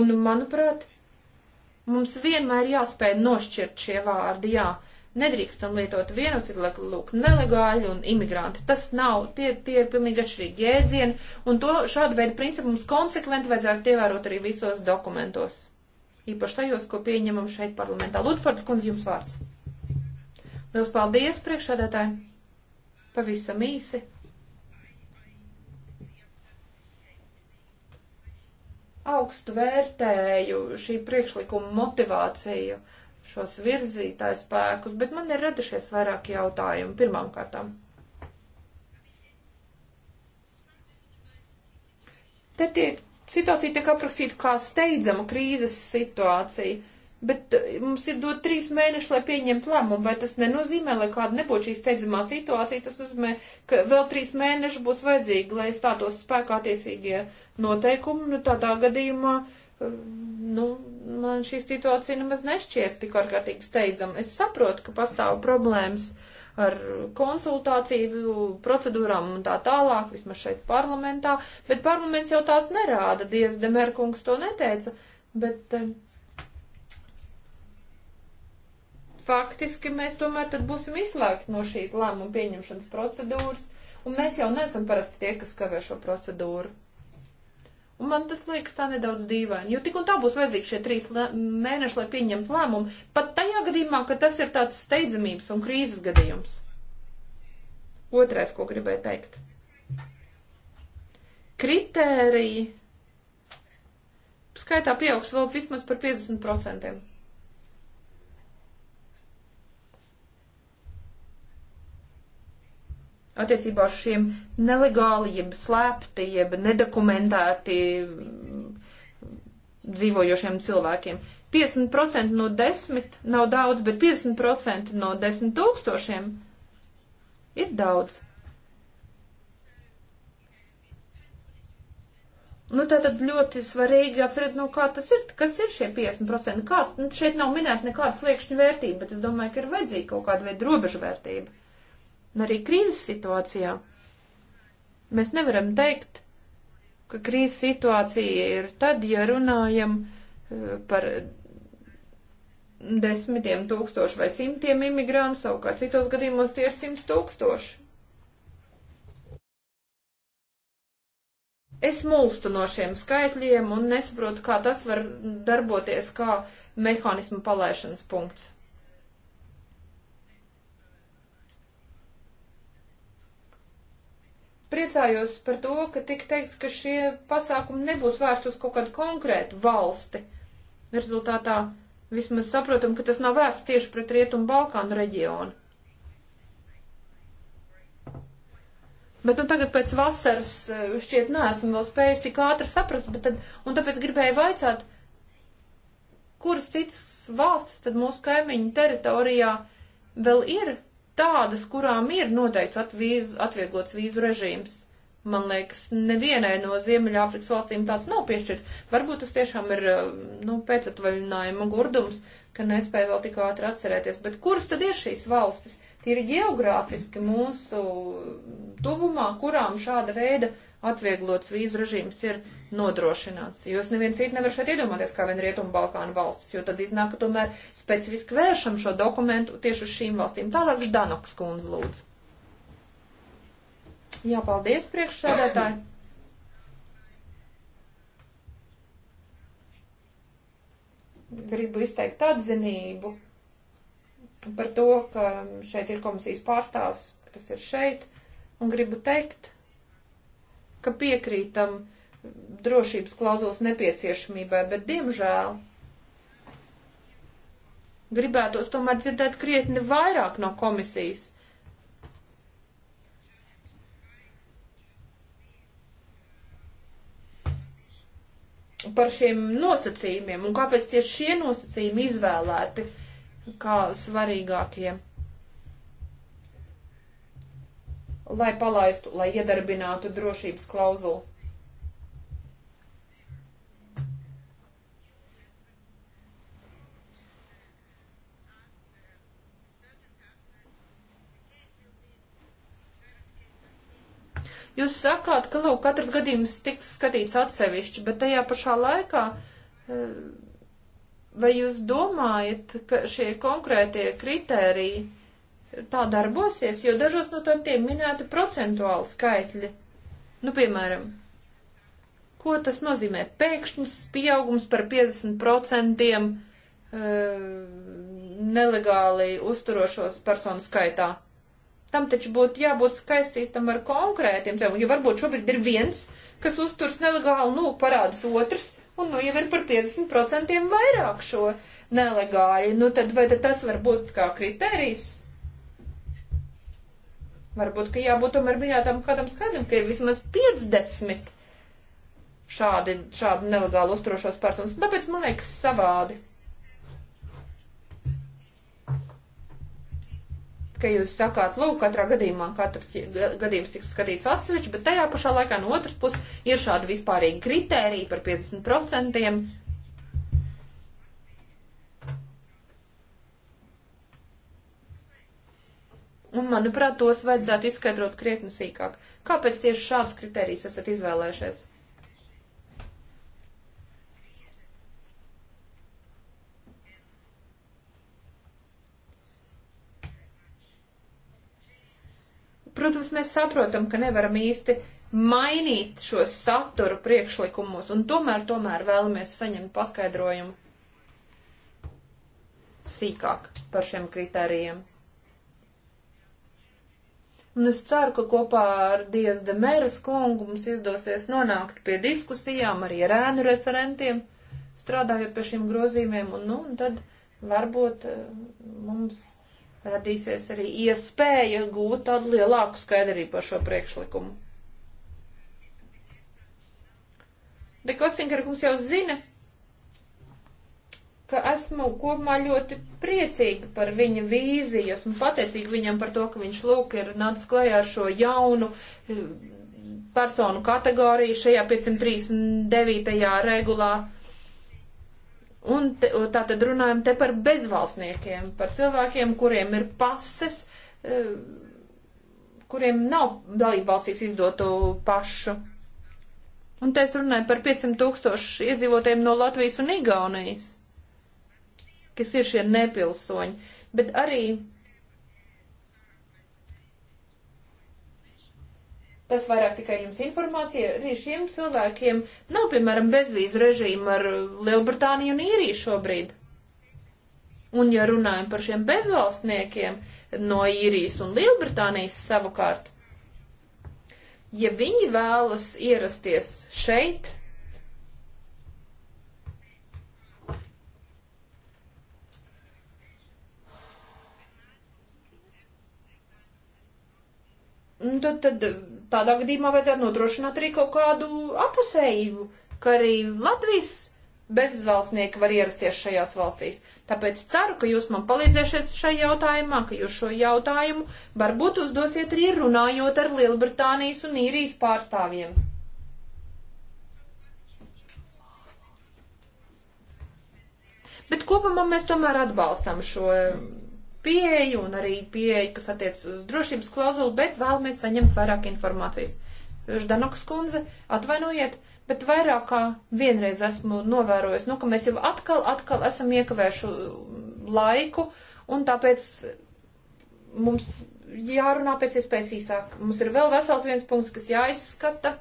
Un, manuprāt, mums vienmēr jāspēj nošķirt šie vārdi, jā. Uh, Nedrīkstam lietot vienu cilvēku, lūk, nelegāļi un imigranti. Tas nav, tie, tie ir pilnīgi atšķirīgi jēdzieni, un to šādu veidu principu mums konsekventi vajadzētu ievērot arī visos dokumentos. Īpaši tajos, ko pieņemam šeit parlamentā. Lutfords kundze, jums vārds. Liels paldies, priekšādātāji. Pavisam īsi. augstu vērtēju šī priekšlikuma motivāciju šos virzītājs spēkus, bet man ir radušies vairāki jautājumi pirmām kārtām. Te tiek, situācija tiek aprakstīta kā steidzama krīzes situācija, bet eh, mums ir dot trīs mēneši, lai pieņemtu lēmumu, vai tas nenozīmē, lai kāda nebūtu šī steidzamā situācija, tas nozīmē, ka vēl trīs mēneši būs vajadzīgi, lai stātos spēkā tiesīgie noteikumi, nu tādā gadījumā, eh, nu, man šī situācija nemaz nešķiet tik ārkārtīgi steidzama. Es saprotu, ka pastāv problēmas ar konsultāciju procedūrām un tā tālāk, vismaz šeit parlamentā, bet parlaments jau tās nerāda, Dievs Demerkungs to neteica, bet eh, faktiski mēs tomēr tad būsim izslēgti no šī lēmuma pieņemšanas procedūras, un mēs jau nesam parasti tie, kas kavē šo procedūru. Un man tas liekas tā nedaudz dīvaini, jo tik un tā būs vajadzīgi šie trīs mēneši, lai pieņemtu lēmumu, pat tajā gadījumā, ka tas ir tāds steidzamības un krīzes gadījums. Otrais, ko gribēju teikt. Kritēriji skaitā pieaugs vēl vismaz par 50%. attiecībā uz šiem nelegāli, jeb slēpti, jeb nedokumentēti dzīvojošiem cilvēkiem. 50% no desmit nav daudz, bet 50% no desmit tūkstošiem ir daudz. Nu, tā tad ļoti svarīgi atcerēt, nu, kā tas ir, kas ir šie 50%. Kā, nu, šeit nav minēta nekāda sliekšņa vērtība, bet es domāju, ka ir vajadzīga kaut kāda veida robežu vērtība. Un arī krīzes situācijā mēs nevaram teikt, ka krīzes situācija ir tad, ja runājam eh, par desmitiem tūkstošu vai simtiem imigrantu, savukārt citos gadījumos tie ir simts tūkstoši. Es mulstu no šiem skaitļiem un nesaprotu, kā tas var darboties kā mehānismu palaišanas punkts. priecājos par to, ka tika teikts, ka šie pasākumi nebūs vērsti uz kaut kādu konkrētu valsti. Rezultātā vismaz saprotam, ka tas nav vērsts tieši pret Rietumu Balkānu reģionu. Bet nu tagad pēc vasaras eh, šķiet neesmu vēl spējis tik ātri saprast, bet tad, un tāpēc gribēju vaicāt, kuras citas valstis tad mūsu kaimiņu teritorijā vēl ir tādas, kurām ir noteikts atvīz, atvieglots vīzu režīms. Man liekas, nevienai no Ziemeļāfrikas valstīm tāds nav piešķirts. Varbūt tas tiešām ir, eh, nu, pēcatvaļinājuma gurdums, ka nespēja vēl tik ātri atcerēties. Bet kuras tad ir šīs valstis? tīri geogrāfiski mūsu tuvumā, kurām šāda veida atvieglots vīzu režīms ir nodrošināts. Jūs neviens cits nevar šeit iedomāties, kā vien Rietumu Balkānu valstis, jo tad iznāk, ka tomēr specifiski vēršam šo dokumentu tieši uz šīm valstīm. Tālāk Ždanoks kundz lūdzu. Jā, paldies priekšsēdētāji. Gribu izteikt atzinību par to, ka šeit ir komisijas pārstāvs, kas ir šeit, un gribu teikt, ka piekrītam drošības klauzulas nepieciešamībai, bet diemžēl gribētos tomēr dzirdēt krietni vairāk no komisijas. Par šiem nosacījumiem un kāpēc tieši šie nosacījumi izvēlēti kā svarīgākie, lai palaistu, lai iedarbinātu drošības klauzulu. Jūs sakāt, ka, lūk, katrs gadījums tiks skatīts atsevišķi, bet tajā pašā laikā uh, Vai jūs domājat, ka šie konkrētie kritēriji tā darbosies, jo dažos no tad tiek minēti procentuāli skaitļi? Nu, piemēram, ko tas nozīmē? Pēkšņs pieaugums par 50% eh, nelegāli uzturošos personu skaitā. Tam taču būtu jābūt skaistītam ar konkrētiem tēmām, jo varbūt šobrīd ir viens, kas uzturs nelegāli, nu, parādās otrs, un nu jau ir par 50% vairāk šo nelegāļu. Nu tad vai tad tas var būt kā kriterijs? Varbūt, ka jābūt tomēr bijā tam kādam skaidram, ka ir vismaz 50 šādi, šādi nelegāli uzturošos personas. Tāpēc man liekas savādi ka jūs sakāt, lūk, katrā gadījumā katrs gadījums tiks skatīts atsevišķi, bet tajā pašā laikā no otras puses ir šādi vispārīgi kritēriji par 50%. Un, manuprāt, tos vajadzētu izskaidrot krietni sīkāk. Kāpēc tieši šādus kritērijus esat izvēlējušies? Protams, mēs saprotam, ka nevaram īsti mainīt šo saturu priekšlikumus, un tomēr, tomēr vēlamies saņemt paskaidrojumu sīkāk par šiem kritērijiem. Un es ceru, ka kopā ar Dievs de Meres kungu mums izdosies nonākt pie diskusijām arī ar ēnu referentiem, strādājot pie šiem grozījumiem, un, nu, un tad varbūt eh, mums radīsies arī iespēja gūt tādu lielāku skaidrību par šo priekšlikumu. Dekostinkar kungs jau zina, ka esmu kopumā ļoti priecīga par viņa vīziju, esmu pateicīga viņam par to, ka viņš lūk ir nācis klajā ar šo jaunu eh, personu kategoriju šajā 539. regulā Un te, tā tad runājam te par bezvalstniekiem, par cilvēkiem, kuriem ir pases, e, kuriem nav dalību valstīs izdotu pašu. Un te es runāju par 500 tūkstošu iedzīvotājiem no Latvijas un Igaunijas, kas ir šie nepilsoņi. Bet arī Tas vairāk tikai jums informācija. Arī šiem cilvēkiem nav, piemēram, bezvīzu režīma ar uh, Lielbritāniju un Īriju šobrīd. Un ja runājam par šiem bezvalstniekiem no Īrijas un Lielbritānijas savukārt, ja viņi vēlas ierasties šeit, nu, tad, tad tādā gadījumā vajadzētu nodrošināt arī kaut kādu apusējību, ka arī Latvijas bezvalstnieki var ierasties šajās valstīs. Tāpēc ceru, ka jūs man palīdzēsiet šajā jautājumā, ka jūs šo jautājumu varbūt uzdosiet arī runājot ar Lielbritānijas un īrijas pārstāvjiem. Bet kopumā mēs tomēr atbalstam šo pieeju un arī pieeju, kas attiec uz drošības klauzulu, bet vēlamies saņemt vairāk informācijas. Ždanoks kundze, atvainojiet, bet vairāk kā vienreiz esmu novērojis, nu, ka mēs jau atkal, atkal esam iekavējuši laiku, un tāpēc mums jārunā pēc iespējas īsāk. Mums ir vēl vesels viens punkts, kas jāizskata.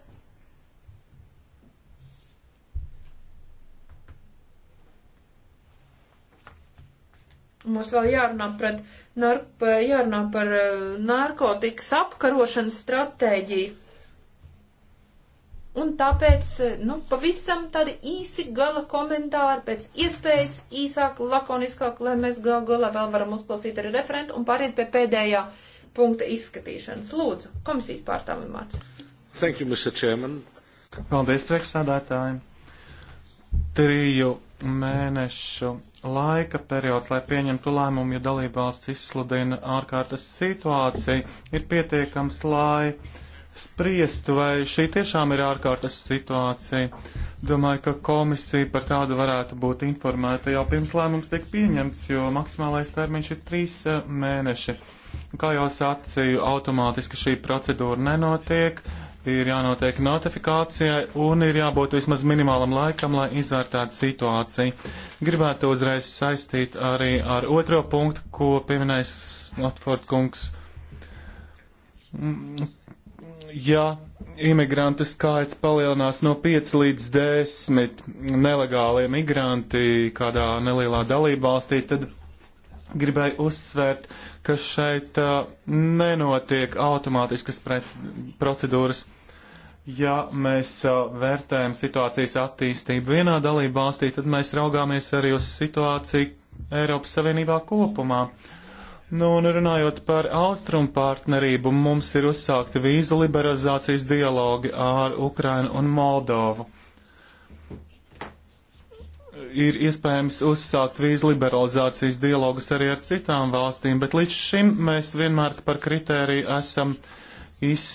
Mums vēl jārunā, pret, nar, jārunā par eh, narkotikas apkarošanas stratēģiju. Un tāpēc, eh, nu, pavisam tādi īsi gala komentāri, pēc iespējas īsāk, lakoniskāk, lai mēs gal galā vēl varam uzklausīt arī referentu un pāriet pie pēdējā punkta izskatīšanas. Lūdzu, komisijas pārstāvim vārds. Thank you, Mr. Chairman. Paldies, priekšsādātājiem. Triju mēnešu laika periods, lai pieņemtu lēmumu, ja dalībvalsts izsludina ārkārtas situāciju, ir pietiekams, lai spriestu, vai šī tiešām ir ārkārtas situācija. Domāju, ka komisija par tādu varētu būt informēta jau pirms lēmums tiek pieņemts, jo maksimālais termiņš ir trīs eh, mēneši. Kā jau sacīju, automātiski šī procedūra nenotiek. Uh, ir jānotiek notifikācijai un ir jābūt vismaz minimālam laikam, lai izvērtētu situāciju. Gribētu uzreiz saistīt arī ar otro punktu, ko pieminēs Latford kungs. Ja imigrantu skaits palielinās no 5 līdz 10 nelegālie migranti kādā nelielā dalībvalstī, tad gribēju uzsvērt, ka šeit uh, nenotiek automātiskas procedūras. Ja mēs uh, vērtējam situācijas attīstību vienā dalību valstī, tad mēs raugāmies arī uz situāciju Eiropas Savienībā kopumā. Nu, un runājot par austrumu partnerību, mums ir uzsākti vīzu liberalizācijas dialogi ar Ukrainu un Moldovu ir iespējams uzsākt vīzu liberalizācijas dialogus arī ar citām valstīm, bet līdz šim mēs vienmēr par kritēriju esam iz,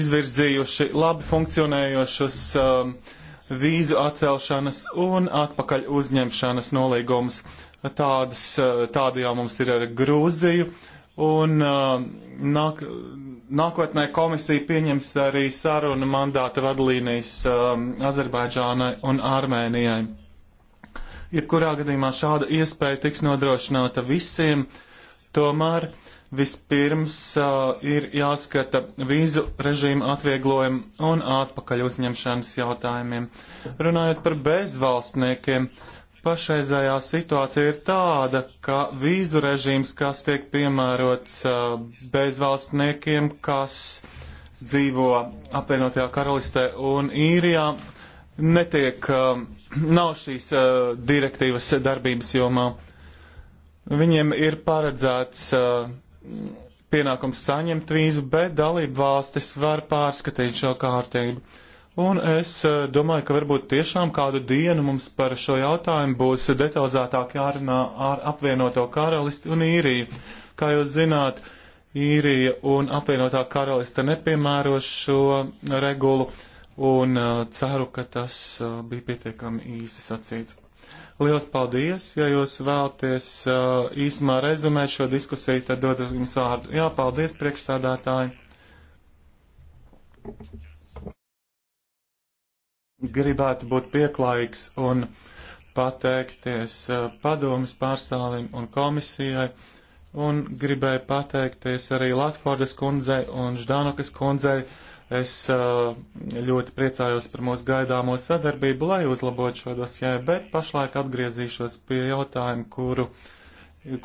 izvirzījuši labi funkcionējošus um, vīzu atcelšanas un atpakaļ uzņemšanas nolīgumus. Tādas, uh, tādi jau mums ir ar Grūziju, un um, nāk, nākotnē komisija pieņems arī sarunu mandāta vadlīnijas um, Azerbaidžānai un Armēnijai. Jebkurā gadījumā šāda iespēja tiks nodrošināta visiem, tomēr vispirms uh, ir jāskata vīzu režīmu atvieglojumu un atpakaļ uzņemšanas jautājumiem. Runājot par bezvalstniekiem, pašreizējā situācija ir tāda, ka vīzu režīms, kas tiek piemērots uh, bezvalstniekiem, kas dzīvo apvienotajā karalistē un īrijā, netiek, um, nav šīs uh, direktīvas darbības jomā. Viņiem ir paredzēts uh, pienākums saņemt vīzu, bet dalību valstis var pārskatīt šo kārtību. Un es uh, domāju, ka varbūt tiešām kādu dienu mums par šo jautājumu būs detalizētāk jārunā ar apvienoto karalisti un īriju. Kā jūs zināt, īrija un apvienotā karaliste nepiemēro šo regulu. Uh, un uh, ceru, ka tas uh, bija pietiekami īsi sacīts. Liels paldies! Ja jūs vēlaties uh, īsumā rezumēt šo diskusiju, tad dodu jums vārdu. Jā, paldies, priekšstādātāji! Gribētu būt pieklājīgs un pateikties uh, padomas pārstāvim un komisijai, un gribēju pateikties arī Latvordas kundzei un Ždānokas kundzei Es uh, ļoti priecājos par mūsu gaidāmo sadarbību, lai uzlabotu šo dosjē, bet pašlaik atgriezīšos pie jautājuma, kuru,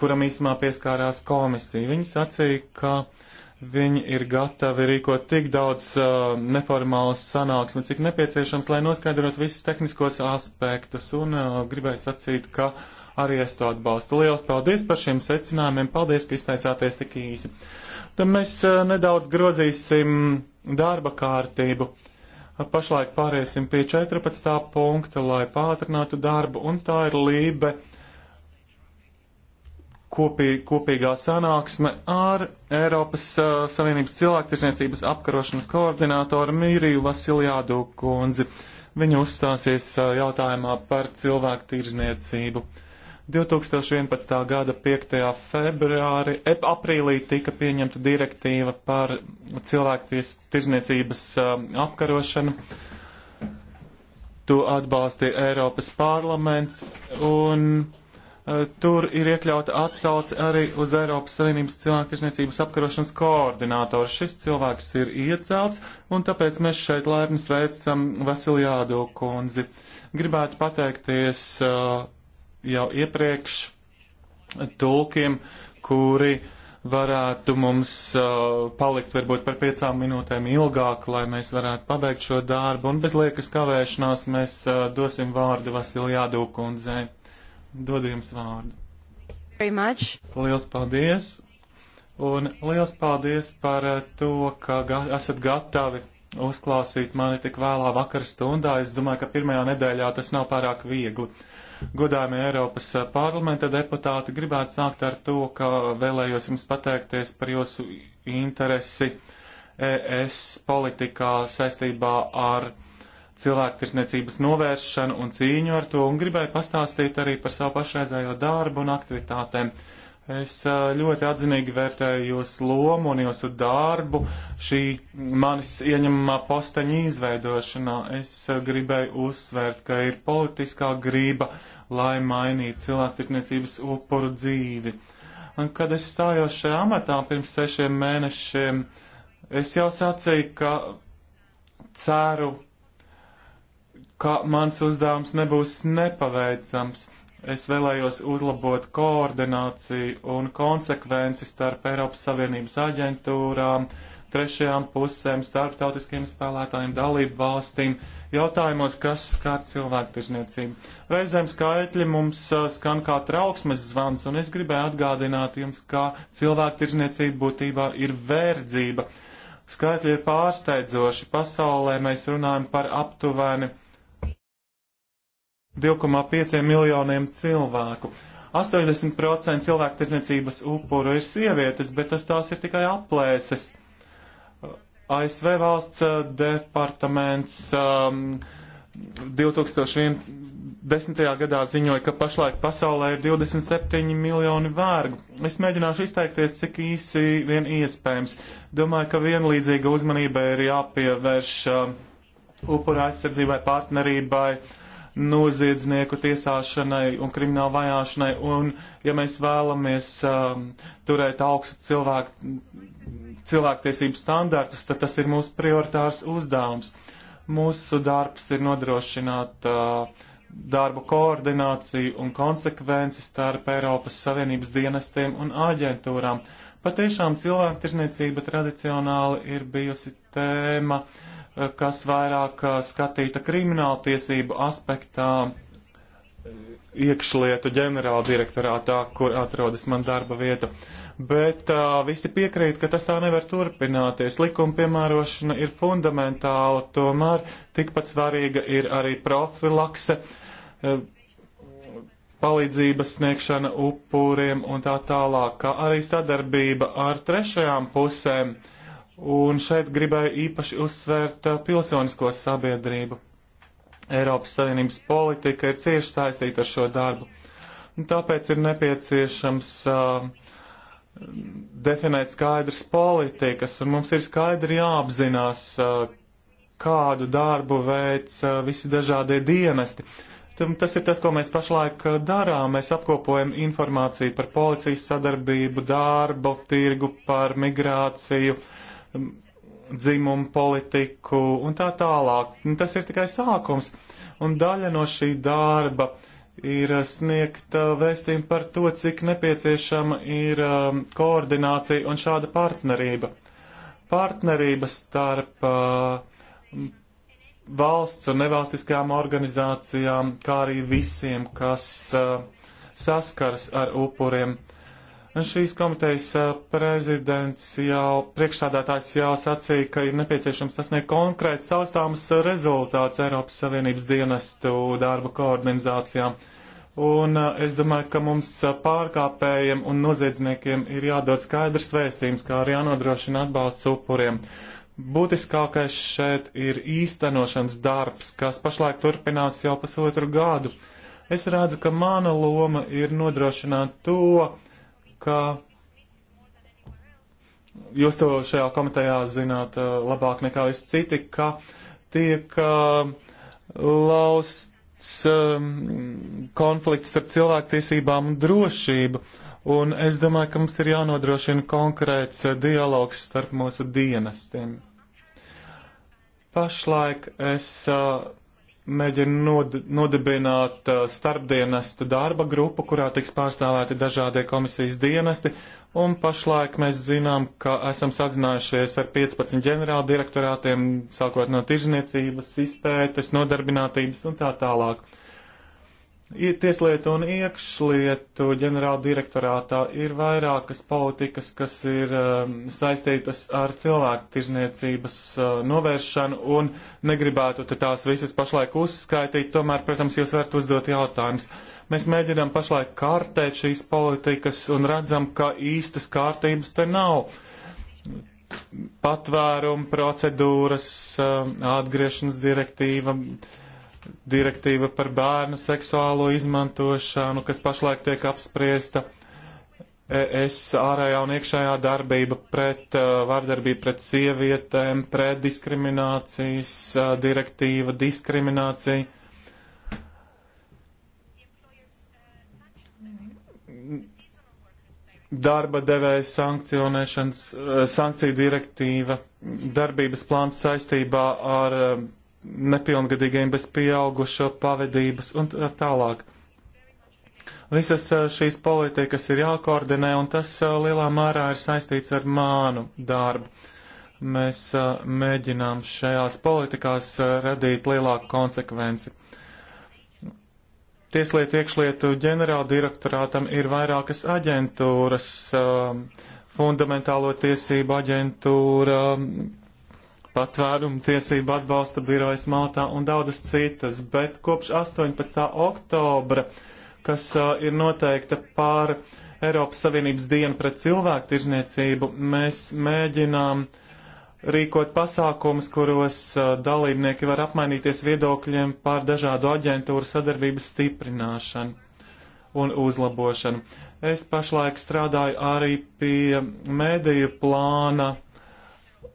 kuram īsumā pieskārās komisija. Viņi sacīja, ka viņi ir gatavi rīkot tik daudz uh, neformālas sanāksmes, cik nepieciešams, lai noskaidrot visus tehniskos aspektus. Un uh, gribēju sacīt, ka arī es to atbalstu. Lielas paldies par šiem secinājumiem. Paldies, ka izteicāties tik īsi. Tad mēs uh, nedaudz grozīsim darba kārtību. Pašlaik pāriesim pie 14. punkta, lai pātrinātu darbu, un tā ir lībe kopī, kopīgā sanāksme ar Eiropas uh, Savienības cilvēktiesniecības apkarošanas koordinātoru Mīriju Vasiljādu kundzi. Viņa uzstāsies uh, jautājumā par cilvēktirzniecību. Uh, 2011. gada 5. februāri, ep, aprīlī tika pieņemta direktīva par cilvēkties tirzniecības um, apkarošanu. To atbalstīja Eiropas parlaments, un uh, tur ir iekļauta atsauce arī uz Eiropas Savienības cilvēktiesniecības apkarošanas koordinātoru. Šis cilvēks ir iecelts, un tāpēc mēs šeit laipni sveicam Vasiljādu kundzi. Gribētu pateikties uh, jau iepriekš tulkiem, kuri varētu mums uh, palikt varbūt par piecām minūtēm ilgāk, lai mēs varētu pabeigt šo darbu, un bez liekas kavēšanās mēs uh, dosim vārdu Vasiljādu kundzei. Dodu jums vārdu. Liels paldies! Un liels paldies par uh, to, ka ga esat gatavi uzklausīt mani tik vēlā vakara stundā. Es domāju, ka pirmajā nedēļā tas nav pārāk viegli. Uh, Godājumie Eiropas eh, parlamenta deputāti, gribētu sākt ar to, ka vēlējos jums pateikties par jūsu interesi ES politikā saistībā ar cilvēktirsniecības novēršanu un cīņu ar to, un gribēju pastāstīt arī par savu pašreizējo darbu un aktivitātēm. Uh, Es ļoti atzinīgi vērtēju jūsu lomu un jūsu darbu šī manis ieņemamā posteņa izveidošanā. Es gribēju uzsvērt, ka ir politiskā grība, lai mainītu cilvēktirdzniecības upuru dzīvi. Un, kad es stājos šajā amatā pirms sešiem mēnešiem, es jau sacīju, ka ceru, ka mans uzdevums nebūs nepaveicams Es vēlējos uzlabot koordināciju un konsekvenci starp Eiropas Savienības aģentūrām, trešajām pusēm, starptautiskiem spēlētājiem, dalību valstīm jautājumos, kas skar cilvēku tirzniecību. Reizēm skaitļi mums skan kā trauksmes zvans, un es gribēju atgādināt jums, ka cilvēku tirzniecība būtībā ir verdzība. Skaitļi ir pārsteidzoši. Pasaulē mēs runājam par aptuveni 2,5 miljoniem cilvēku. 80% cilvēku tirniecības upuru ir sievietes, bet tas tās ir tikai aplēses. ASV valsts departaments um, 2010. gadā ziņoja, ka pašlaik pasaulē ir 27 miljoni vērgu. Es mēģināšu izteikties, cik īsi vien iespējams. Domāju, ka vienlīdzīga uzmanība ir jāpievērš uh, upura aizsardzībai, partnerībai. Uh, noziedznieku tiesāšanai un kriminālu vajāšanai, un ja mēs vēlamies um, turēt augstu cilvēku, cilvēktiesību standartus, tad tas ir mūsu prioritārs uzdevums. Mūsu darbs ir nodrošināt uh, darbu koordināciju un konsekvenci starp Eiropas Savienības dienestiem un āģentūrām. Patiešām cilvēktirzniecība tradicionāli ir bijusi tēma. Uh, kas vairāk skatīta krimināltiesību aspektā iekšlietu ģenerāla direktorātā, kur atrodas man darba vieta. Bet uh, visi piekrīt, ka tas tā nevar turpināties. Likuma piemērošana ir fundamentāla, tomēr tikpat svarīga ir arī profilakse, uh, palīdzības sniegšana upuriem un tā tālāk, kā arī sadarbība ar trešajām pusēm. Uh, Un šeit gribēju īpaši uzsvērt uh, pilsonisko sabiedrību. Eiropas Savienības politika ir cieši saistīta ar šo darbu. Tāpēc ir nepieciešams uh, definēt skaidrs politikas, un mums ir skaidri jāapzinās, uh, kādu darbu veic uh, visi dažādie dienesti. Tas ir tas, ko mēs pašlaik uh, darām. Mēs apkopojam informāciju par policijas sadarbību, darbu, tirgu, par migrāciju, uh, dzimumu politiku un tā tālāk. Nu, tas ir tikai sākums. Un daļa no šī darba ir sniegt vēstījumu par to, cik nepieciešama ir um, koordinācija un šāda partnerība. Partnerība starp uh, valsts un nevalstiskajām organizācijām, kā arī visiem, kas uh, saskaras ar upuriem. Šīs komitejas prezidents jau priekšstādātājs jau sacīja, ka ir nepieciešams sasniegt konkrēts saustāms rezultāts Eiropas Savienības dienestu darba koordinizācijām. Un es domāju, ka mums pārkāpējiem un noziedzniekiem ir jādod skaidrs vēstījums, kā arī jānodrošina atbalsts upuriem. Būtiskākais šeit ir īstenošanas darbs, kas pašlaik turpinās jau pusotru gadu. Es redzu, ka mana loma ir nodrošināt to, ka jūs to šajā komitejā zināt uh, labāk nekā visi citi, ka tiek uh, lausts um, konflikts starp cilvēktiesībām un drošību. Un es domāju, ka mums ir jānodrošina konkrēts uh, dialogs starp mūsu dienestiem. Pašlaik es uh, mēģina nod, nodibināt starpdienesta darba grupu, kurā tiks pārstāvēti dažādie komisijas dienesti, un pašlaik mēs zinām, ka esam sazinājušies ar 15 ģenerāla direktorātiem, sākot no tirzniecības, izpētes, nodarbinātības un tā tālāk. Tieslietu un iekšlietu ģenerāla direktorātā ir vairākas politikas, kas ir um, saistītas ar cilvēku tirzniecības uh, novēršanu un negribētu tās visas pašlaik uzskaitīt, tomēr, protams, jūs varat uzdot jautājumus. Mēs mēģinām pašlaik kārtēt šīs politikas un redzam, ka īstas kārtības te nav. Patvērumu procedūras, uh, atgriešanas direktīva. Uh, direktīva par bērnu seksuālo izmantošanu, kas pašlaik tiek apspriesta, es ārējā un iekšējā darbība pret uh, vardarbību pret sievietēm, pret diskriminācijas uh, direktīva, diskriminācija. Darba devēja sankcionēšanas, uh, sankciju direktīva, darbības plāns saistībā ar um, nepilngadīgiem bez pieaugušo pavadības un tālāk. Visas šīs politikas ir jākoordinē, un tas lielā mērā ir saistīts ar mānu darbu. Mēs mēģinām šajās politikās radīt lielāku konsekvenci. Tieslietu iekšlietu ģenerāla direktorātam ir vairākas aģentūras, fundamentālo tiesību aģentūra, patvērumu tiesību atbalsta birojas Maltā un daudzas citas, bet kopš 18. oktobra, kas uh, ir noteikta pār Eiropas Savienības dienu pret cilvēku tirzniecību, mēs mēģinām rīkot pasākumus, kuros uh, dalībnieki var apmainīties viedokļiem par dažādu aģentūru sadarbības stiprināšanu un uzlabošanu. Es pašlaik strādāju arī pie mēdīju plāna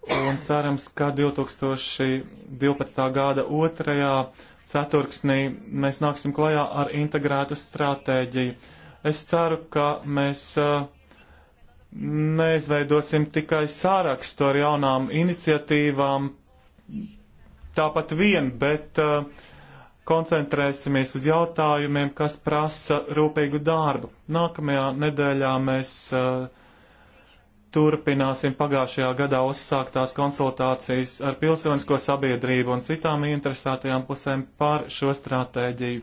un cerams, ka 2012. gada otrajā ceturksnī mēs nāksim klajā ar integrētu stratēģiju. Es ceru, ka mēs uh, neizveidosim tikai sārakstu ar jaunām iniciatīvām tāpat vien, bet uh, koncentrēsimies uz jautājumiem, kas prasa rūpīgu darbu. Nākamajā nedēļā mēs uh, turpināsim pagājušajā gadā uzsāktās konsultācijas ar pilsonisko sabiedrību un citām interesētajām pusēm par šo stratēģiju.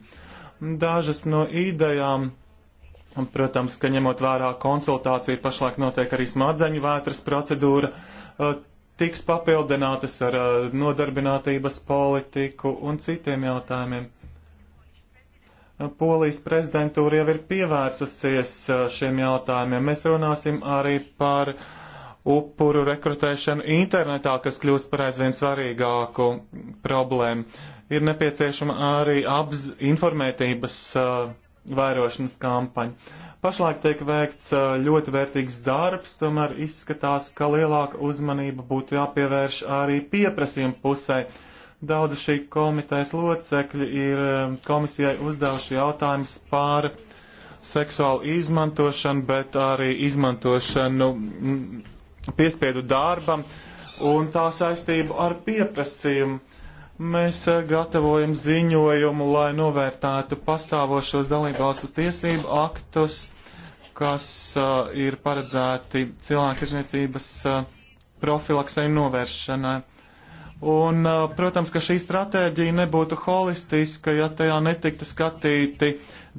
Dažas no idejām, protams, ka ņemot vērā konsultāciju, pašlaik notiek arī smadzeņu vētras procedūra, eh, tiks papildinātas ar eh, nodarbinātības politiku un citiem jautājumiem. Polijas prezidentūra jau ir pievērsusies šiem jautājumiem. Mēs runāsim arī par upuru rekrutēšanu internetā, kas kļūst par aizvien svarīgāku problēmu. Ir nepieciešama arī apz informētības uh, vērošanas kampaņa. Pašlaik tiek veikts uh, ļoti vērtīgs darbs, tomēr izskatās, ka lielāka uzmanība būtu jāpievērš arī pieprasījuma pusē. Uh, Daudz šī komitejas locekļi ir um, komisijai uzdevuši jautājumus par seksuālu izmantošanu, bet arī izmantošanu piespiedu darbam un tā saistību ar pieprasījumu. Mēs uh, gatavojam ziņojumu, lai novērtētu pastāvošos dalībvalstu tiesību aktus, kas uh, ir paredzēti cilvēku tirzniecības uh, profilaksai novēršanai. Un, uh, protams, ka šī stratēģija nebūtu holistiska, ja tajā netiktu skatīti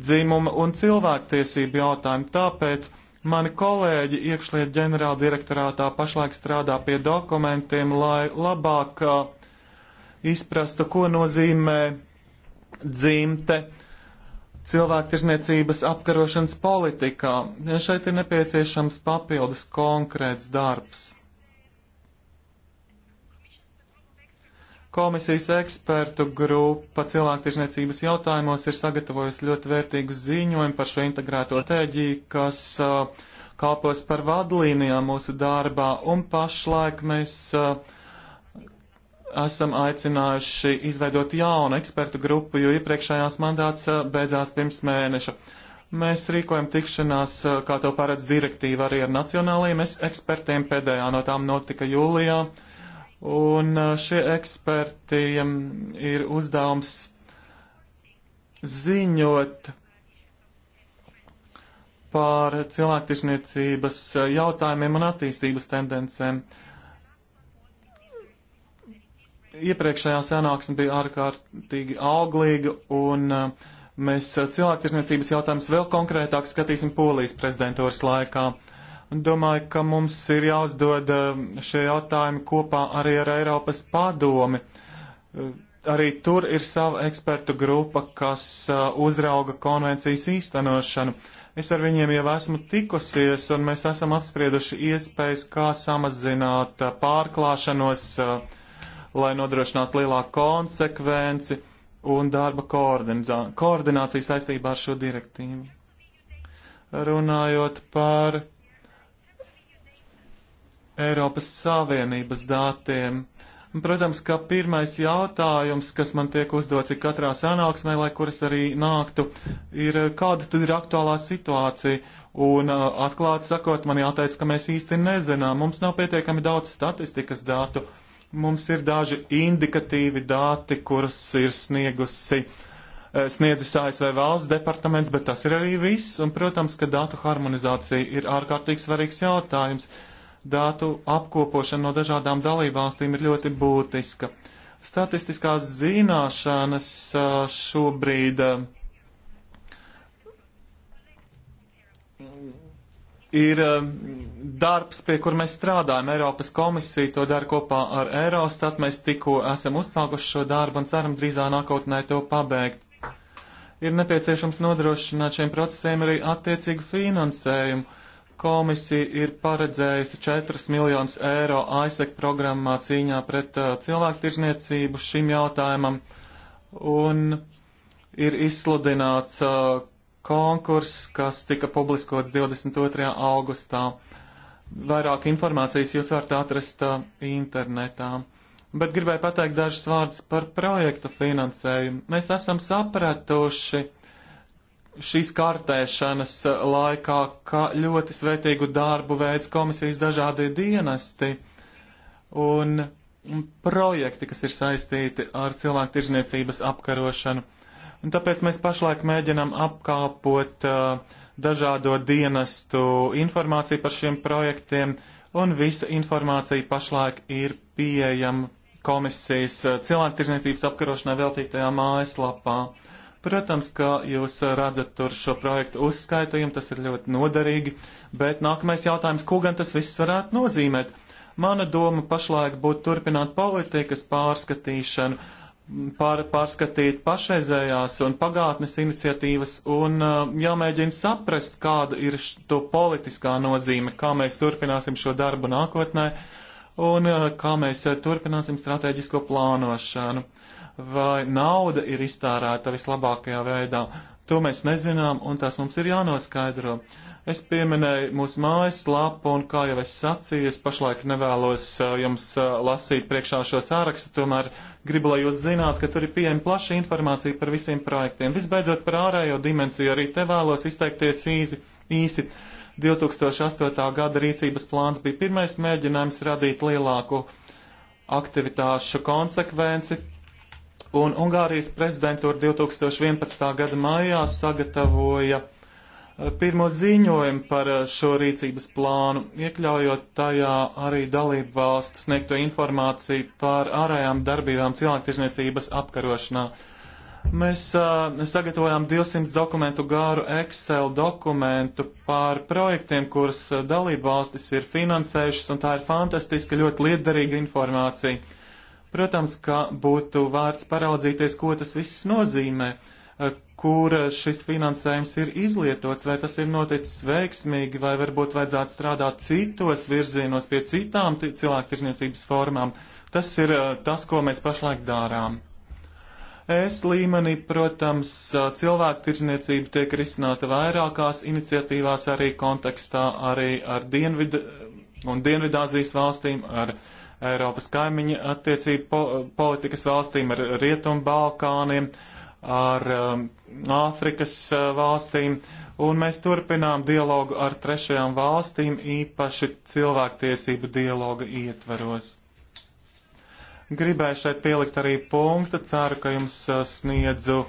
dzimuma un cilvēktiesību jautājumi. Tāpēc mani kolēģi iekšliet ģenerāla direktorātā pašlaik strādā pie dokumentiem, lai labāk uh, izprastu, ko nozīmē dzimte cilvēktirzniecības apkarošanas politikā. Šeit ir nepieciešams papildus konkrēts darbs. Komisijas ekspertu grupa cilvēktiesniecības jautājumos ir sagatavojusi ļoti vērtīgu ziņojumu par šo integrēto tēģiju, kas uh, kalpos par vadlīnijām mūsu darbā, un pašlaik mēs uh, esam aicinājuši izveidot jaunu ekspertu grupu, jo iepriekšējās mandāts uh, beidzās pirms mēneša. Mēs rīkojam tikšanās, uh, kā to paredz direktīva, arī ar nacionālajiem ekspertiem. Pēdējā no tām notika jūlijā. Uh, Un uh, šie ekspertiem ir uzdevums ziņot par cilvēktiesniecības jautājumiem un attīstības tendencēm. Iepriekšējā sanāksme bija ārkārtīgi auglīga, un uh, mēs cilvēktiesniecības jautājumus vēl konkrētāk skatīsim Polijas prezidentūras laikā. Uh, Domāju, ka mums ir jāuzdod um, šie jautājumi kopā arī ar Eiropas padomi. Uh, arī tur ir sava ekspertu grupa, kas uh, uzrauga konvencijas īstenošanu. Es ar viņiem jau esmu tikusies, un mēs esam apsprieduši iespējas, kā samazināt uh, pārklāšanos, lai nodrošinātu lielāku konsekvenci un darba koordināciju saistībā ar šo direktīvu. Runājot par Eiropas Savienības datiem. Protams, ka pirmais jautājums, kas man tiek uzdots ir katrā sanāksmē, lai kuras arī nāktu, ir kāda tad ir aktuālā situācija. Un uh, atklāti sakot, man jāteic, ka mēs īsti nezinām. Mums nav pietiekami daudz statistikas datu. Mums ir daži indikatīvi dati, kurus ir sniegusi, eh, sniedzis ASV valsts departaments, bet tas ir arī viss. Un, protams, ka datu harmonizācija ir ārkārtīgi svarīgs jautājums Dātu apkopošana no dažādām dalībvalstīm ir ļoti būtiska. Statistiskās zināšanas šobrīd ir darbs, pie kur mēs strādājam. Eiropas komisija to dara kopā ar Eurostat. Mēs tikko esam uzsākuši šo darbu un ceram drīzā nākotnē to pabeigt. Ir nepieciešams nodrošināt šiem procesiem arī attiecīgu finansējumu. Komisija ir paredzējusi 4 miljonus eiro AISEK programmā cīņā pret uh, cilvēktirzniecību šim jautājumam un ir izsludināts uh, konkurss, kas tika publiskots 22. augustā. Vairāk informācijas jūs varat atrast uh, internetā. Bet gribēju pateikt dažus vārdus par projektu finansējumu. Mēs esam sapratuši, šīs kartēšanas laikā, kā ļoti svētīgu darbu veids komisijas dažādie dienesti un projekti, kas ir saistīti ar cilvēku tirzniecības apkarošanu. Un tāpēc mēs pašlaik mēģinam apkāpot uh, dažādo dienestu informāciju par šiem projektiem, un visa informācija pašlaik ir pieejama komisijas uh, cilvēku tirzniecības apkarošanai veltītajā mājaslapā. Uh, Protams, ka jūs redzat tur šo projektu uzskaitījumu, tas ir ļoti noderīgi, bet nākamais jautājums, ko gan tas viss varētu nozīmēt? Mana doma pašlaik būtu turpināt politikas pārskatīšanu, pār, pārskatīt pašreizējās un pagātnes iniciatīvas un uh, jāmēģina saprast, kāda ir to politiskā nozīme, kā mēs turpināsim šo darbu nākotnē un uh, kā mēs uh, turpināsim strateģisko plānošanu. Uh, vai nauda ir iztērēta vislabākajā veidā. To mēs nezinām, un tas mums ir jānoskaidro. Es pieminēju mūsu mājaslapu, un kā jau es sacīju, es pašlaik nevēlos uh, jums uh, lasīt priekšā šo sārakstu, tomēr gribu, lai jūs zinātu, ka tur ir pieejama plaša informācija par visiem projektiem. Visbeidzot, par ārējo dimensiju arī te vēlos izteikties īsi. īsi. 2008. gada rīcības plāns bija pirmais mēģinājums radīt lielāku aktivitāšu konsekvenci, un Ungārijas prezidentūra 2011. gada maijā sagatavoja eh, pirmo ziņojumu par eh, šo rīcības plānu, iekļaujot tajā arī dalību valstu sniegto informāciju par ārējām darbībām cilvēktiesniecības apkarošanā. Mēs uh, sagatavojām 200 dokumentu gāru Excel dokumentu par projektiem, kuras dalību valstis ir finansējušas, un tā ir fantastiska, ļoti lietderīga informācija Protams, ka būtu vērts paraudzīties, ko tas viss nozīmē, eh, kur eh, šis finansējums ir izlietots, vai tas ir noticis veiksmīgi, vai varbūt vajadzētu strādāt citos virzienos pie citām cilvēktirzniecības formām. Tas ir eh, tas, ko mēs pašlaik dārām. Es līmenī, protams, cilvēktirzniecība tiek risināta vairākās iniciatīvās arī kontekstā, arī ar Dienvidu un Dienvidāzijas valstīm, ar uh, Eiropas kaimiņa attiecību po politikas valstīm, ar Rietumu Balkāniem, ar um, Āfrikas uh, valstīm, un mēs turpinām dialogu ar trešajām valstīm, īpaši cilvēktiesību dialoga ietvaros. Gribēju šeit pielikt arī punktu, ceru, ka jums uh, sniedzu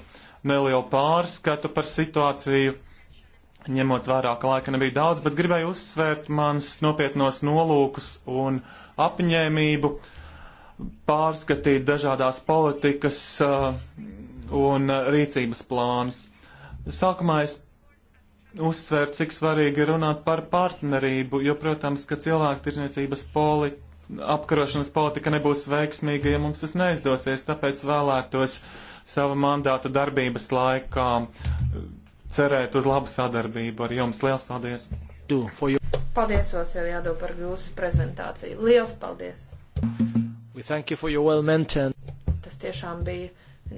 nelielu pārskatu par situāciju, ņemot vērā, ka laika nebija daudz, bet gribēju uzsvērt mans nopietnos nolūkus un apņēmību pārskatīt dažādās politikas uh, un uh, rīcības plānus. Sākumā es uzsvēru, cik svarīgi ir runāt par partnerību, jo, protams, ka cilvēku tirzniecības politika apkarošanas politika nebūs veiksmīga, ja mums tas neizdosies. Tāpēc vēlētos sava mandāta darbības laikā cerēt uz labu sadarbību ar jums. Lielas paldies! Paldies, Vasiljādo, par jūsu prezentāciju. Liels paldies! We thank you for your well-maintained. Tas tiešām bija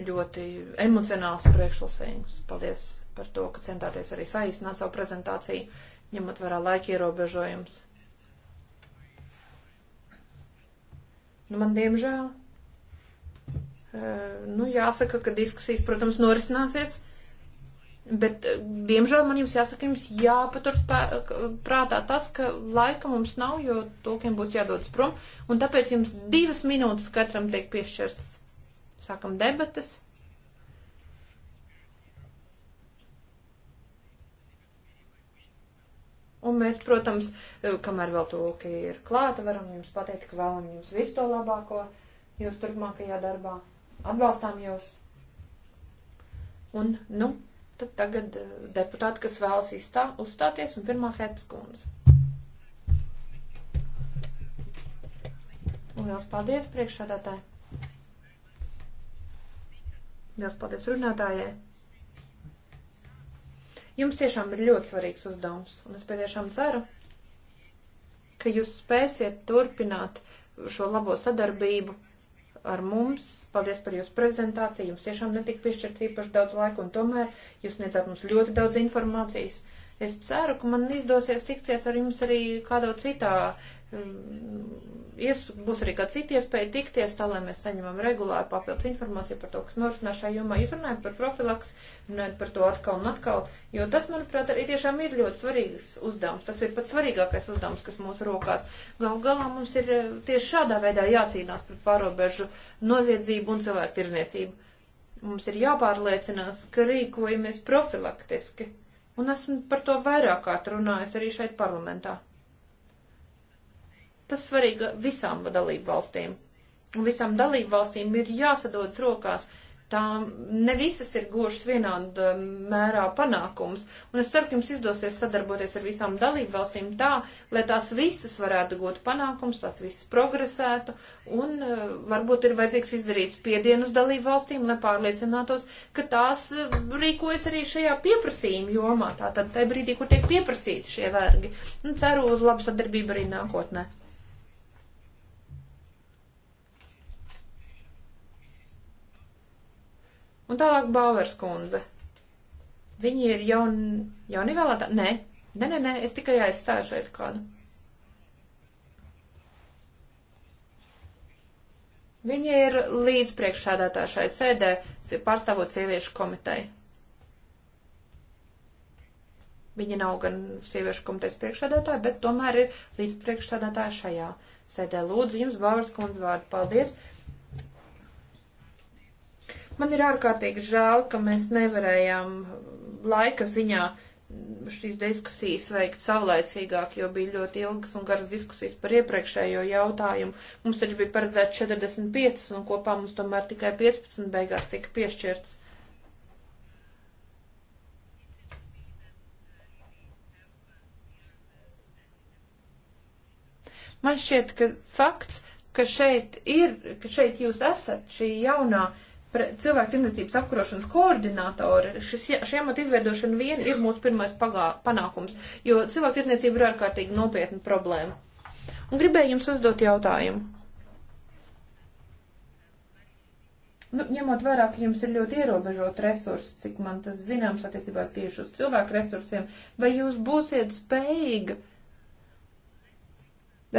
ļoti emocionāls priekšlasījums. Paldies par to, ka centāties arī saīsināt savu prezentāciju, ņemot vērā laika ierobežojums. Nu, man diemžēl, eh, nu, jāsaka, ka diskusijas, protams, norisināsies Bet, eh, diemžēl, man jums jāsaka, jums jāpatur prātā tas, ka laika mums nav, jo tūkiem būs jādodas prom, un tāpēc jums divas minūtes katram tiek piešķirtas. Sākam debatas. Un mēs, protams, eh, kamēr vēl tūki ir klāta, varam jums pateikt, ka vēlam jums visu to labāko jūs turpmākajā darbā. Atbalstām jūs. Un, nu, Tad tagad eh, deputāti, kas vēlas izstā, uzstāties, un pirmā Hetas kundze. Lielas paldies priekšsādātāji. Lielas paldies runātājai. Jums tiešām ir ļoti svarīgs uzdevums, un es patiešām ceru, ka jūs spēsiet turpināt šo labo sadarbību ar mums. Paldies par jūsu prezentāciju. Jums tiešām netika piešķirts īpaši daudz laika, un tomēr jūs sniedzāt mums ļoti daudz informācijas. Es ceru, ka man izdosies tikties ar jums arī kādā citā Mm, ies, būs arī kāda cita iespēja tikties, tā lai mēs saņemam regulāri papildus informāciju par to, kas norisinās šajā jomā. Jūs runājat par profilaks, runājat par to atkal un atkal, jo tas, manuprāt, arī tiešām ir ļoti svarīgs uzdevums. Tas ir pats svarīgākais uzdevums, kas mūsu rokās. Gal galā mums ir eh, tieši šādā veidā jācīnās pret pārobežu noziedzību un cilvēku tirzniecību. Mums ir jāpārliecinās, ka rīkojamies profilaktiski. Un esmu par to vairāk kārt runājis arī šeit parlamentā. Tas svarīgi visām dalību valstīm. Un visām dalību valstīm ir jāsadodas rokās. Tā ne visas ir gošas vienāda mērā panākums, un es ceru, ka jums izdosies sadarboties ar visām dalību valstīm tā, lai tās visas varētu gūt panākums, tās visas progresētu, un eh, varbūt ir vajadzīgs izdarīt spiedienu uz dalību valstīm, lai pārliecinātos, ka tās eh, rīkojas arī šajā pieprasījuma jomā, tātad tajā brīdī, kur tiek pieprasīti šie vergi, un ceru uz labu sadarbību arī nākotnē. Un tālāk Bauers kundze. Viņi ir jaun, jauni vēlētā? Nē, nē, nē, nē, es tikai aizstāju šeit kādu. Viņa ir līdzpriekšsādātā šai sēdē, pārstāvot sieviešu komiteju. Viņa nav gan sieviešu komitejas priekšsādātāja, bet tomēr ir līdzpriekšsādātāja šajā sēdē. Lūdzu, jums Bauers kundze vārdu. Paldies! Man ir ārkārtīgi žēl, ka mēs nevarējām laika ziņā šīs diskusijas veikt saulēcīgāk, jo bija ļoti ilgas un garas diskusijas par iepriekšējo jautājumu. Mums taču bija paredzēts 45, un kopā mums tomēr tikai 15 beigās tika piešķirts. Man šķiet, ka fakts, ka šeit ir, ka šeit jūs esat šī jaunā uh, cilvēku tirdzniecības apkarošanas koordinātori, šis, šī amata izveidošana vien ir mūsu pirmais pagā, panākums, jo cilvēku tirdzniecība ir ārkārtīgi nopietna problēma. Un gribēju jums uzdot jautājumu. Nu, ņemot vērā, ka jums ir ļoti ierobežot resursi, cik man tas zināms attiecībā tieši uz cilvēku resursiem, vai jūs būsiet spējīgi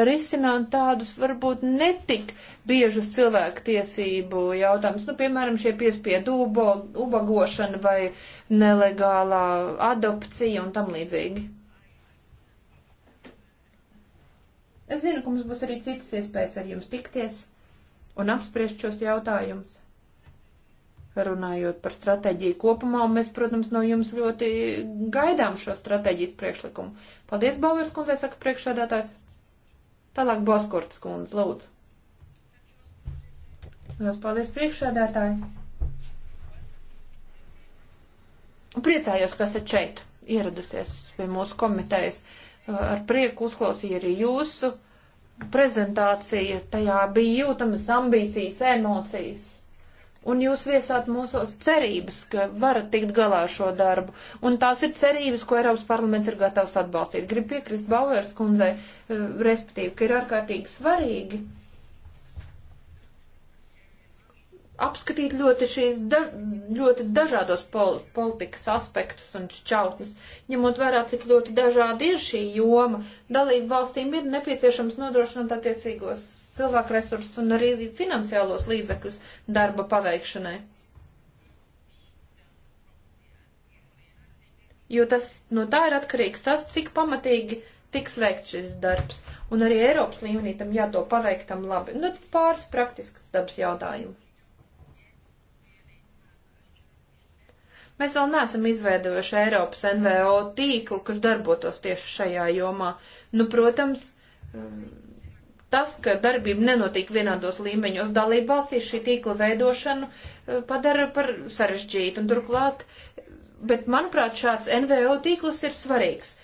risināt tādus varbūt netik biežus cilvēku tiesību jautājumus, nu, piemēram, šie piespiedu ubo, ubagošana vai nelegālā adopcija un tam līdzīgi. Es zinu, ka mums būs arī citas iespējas ar jums tikties un apspriest šos jautājumus. Runājot par stratēģiju kopumā, un mēs, protams, no jums ļoti gaidām šo stratēģijas priekšlikumu. Paldies, Bauers kundzei, saka priekšsēdētājs. Tālāk Boskurts kundze, lūdzu. Lielas paldies priekšsēdētāji. Priecājos, ka esat šeit ieradusies pie mūsu komitejas. Ar prieku uzklausīju arī jūsu prezentāciju. Tajā bija jūtamas ambīcijas, emocijas un jūs viesāt mūsos cerības, ka varat tikt galā ar šo darbu. Un tās ir cerības, ko Eiropas parlaments ir gatavs atbalstīt. Gribu piekrist Bauers kundzei, eh, respektīvi, ka ir ārkārtīgi svarīgi apskatīt ļoti šīs da, ļoti dažādos pol, politikas aspektus un šķautnes, ņemot vērā, cik ļoti dažādi ir šī joma. Dalību valstīm ir nepieciešams nodrošināt attiecīgos cilvēku resursus un arī finansiālos līdzekļus darba paveikšanai. Jo tas no tā ir atkarīgs tas, cik pamatīgi tiks veikts šis darbs. Un arī Eiropas līmenī tam jāto paveiktam labi. Nu, pāris praktisks dabas jautājumu. Mēs vēl neesam izveidojuši Eiropas NVO tīklu, kas darbotos tieši šajā jomā. Nu, protams, tas, ka darbība nenotiek vienādos līmeņos dalību valstīs, šī tīkla veidošanu eh, padara par sarežģītu. Un turklāt, bet manuprāt, šāds NVO tīkls ir svarīgs.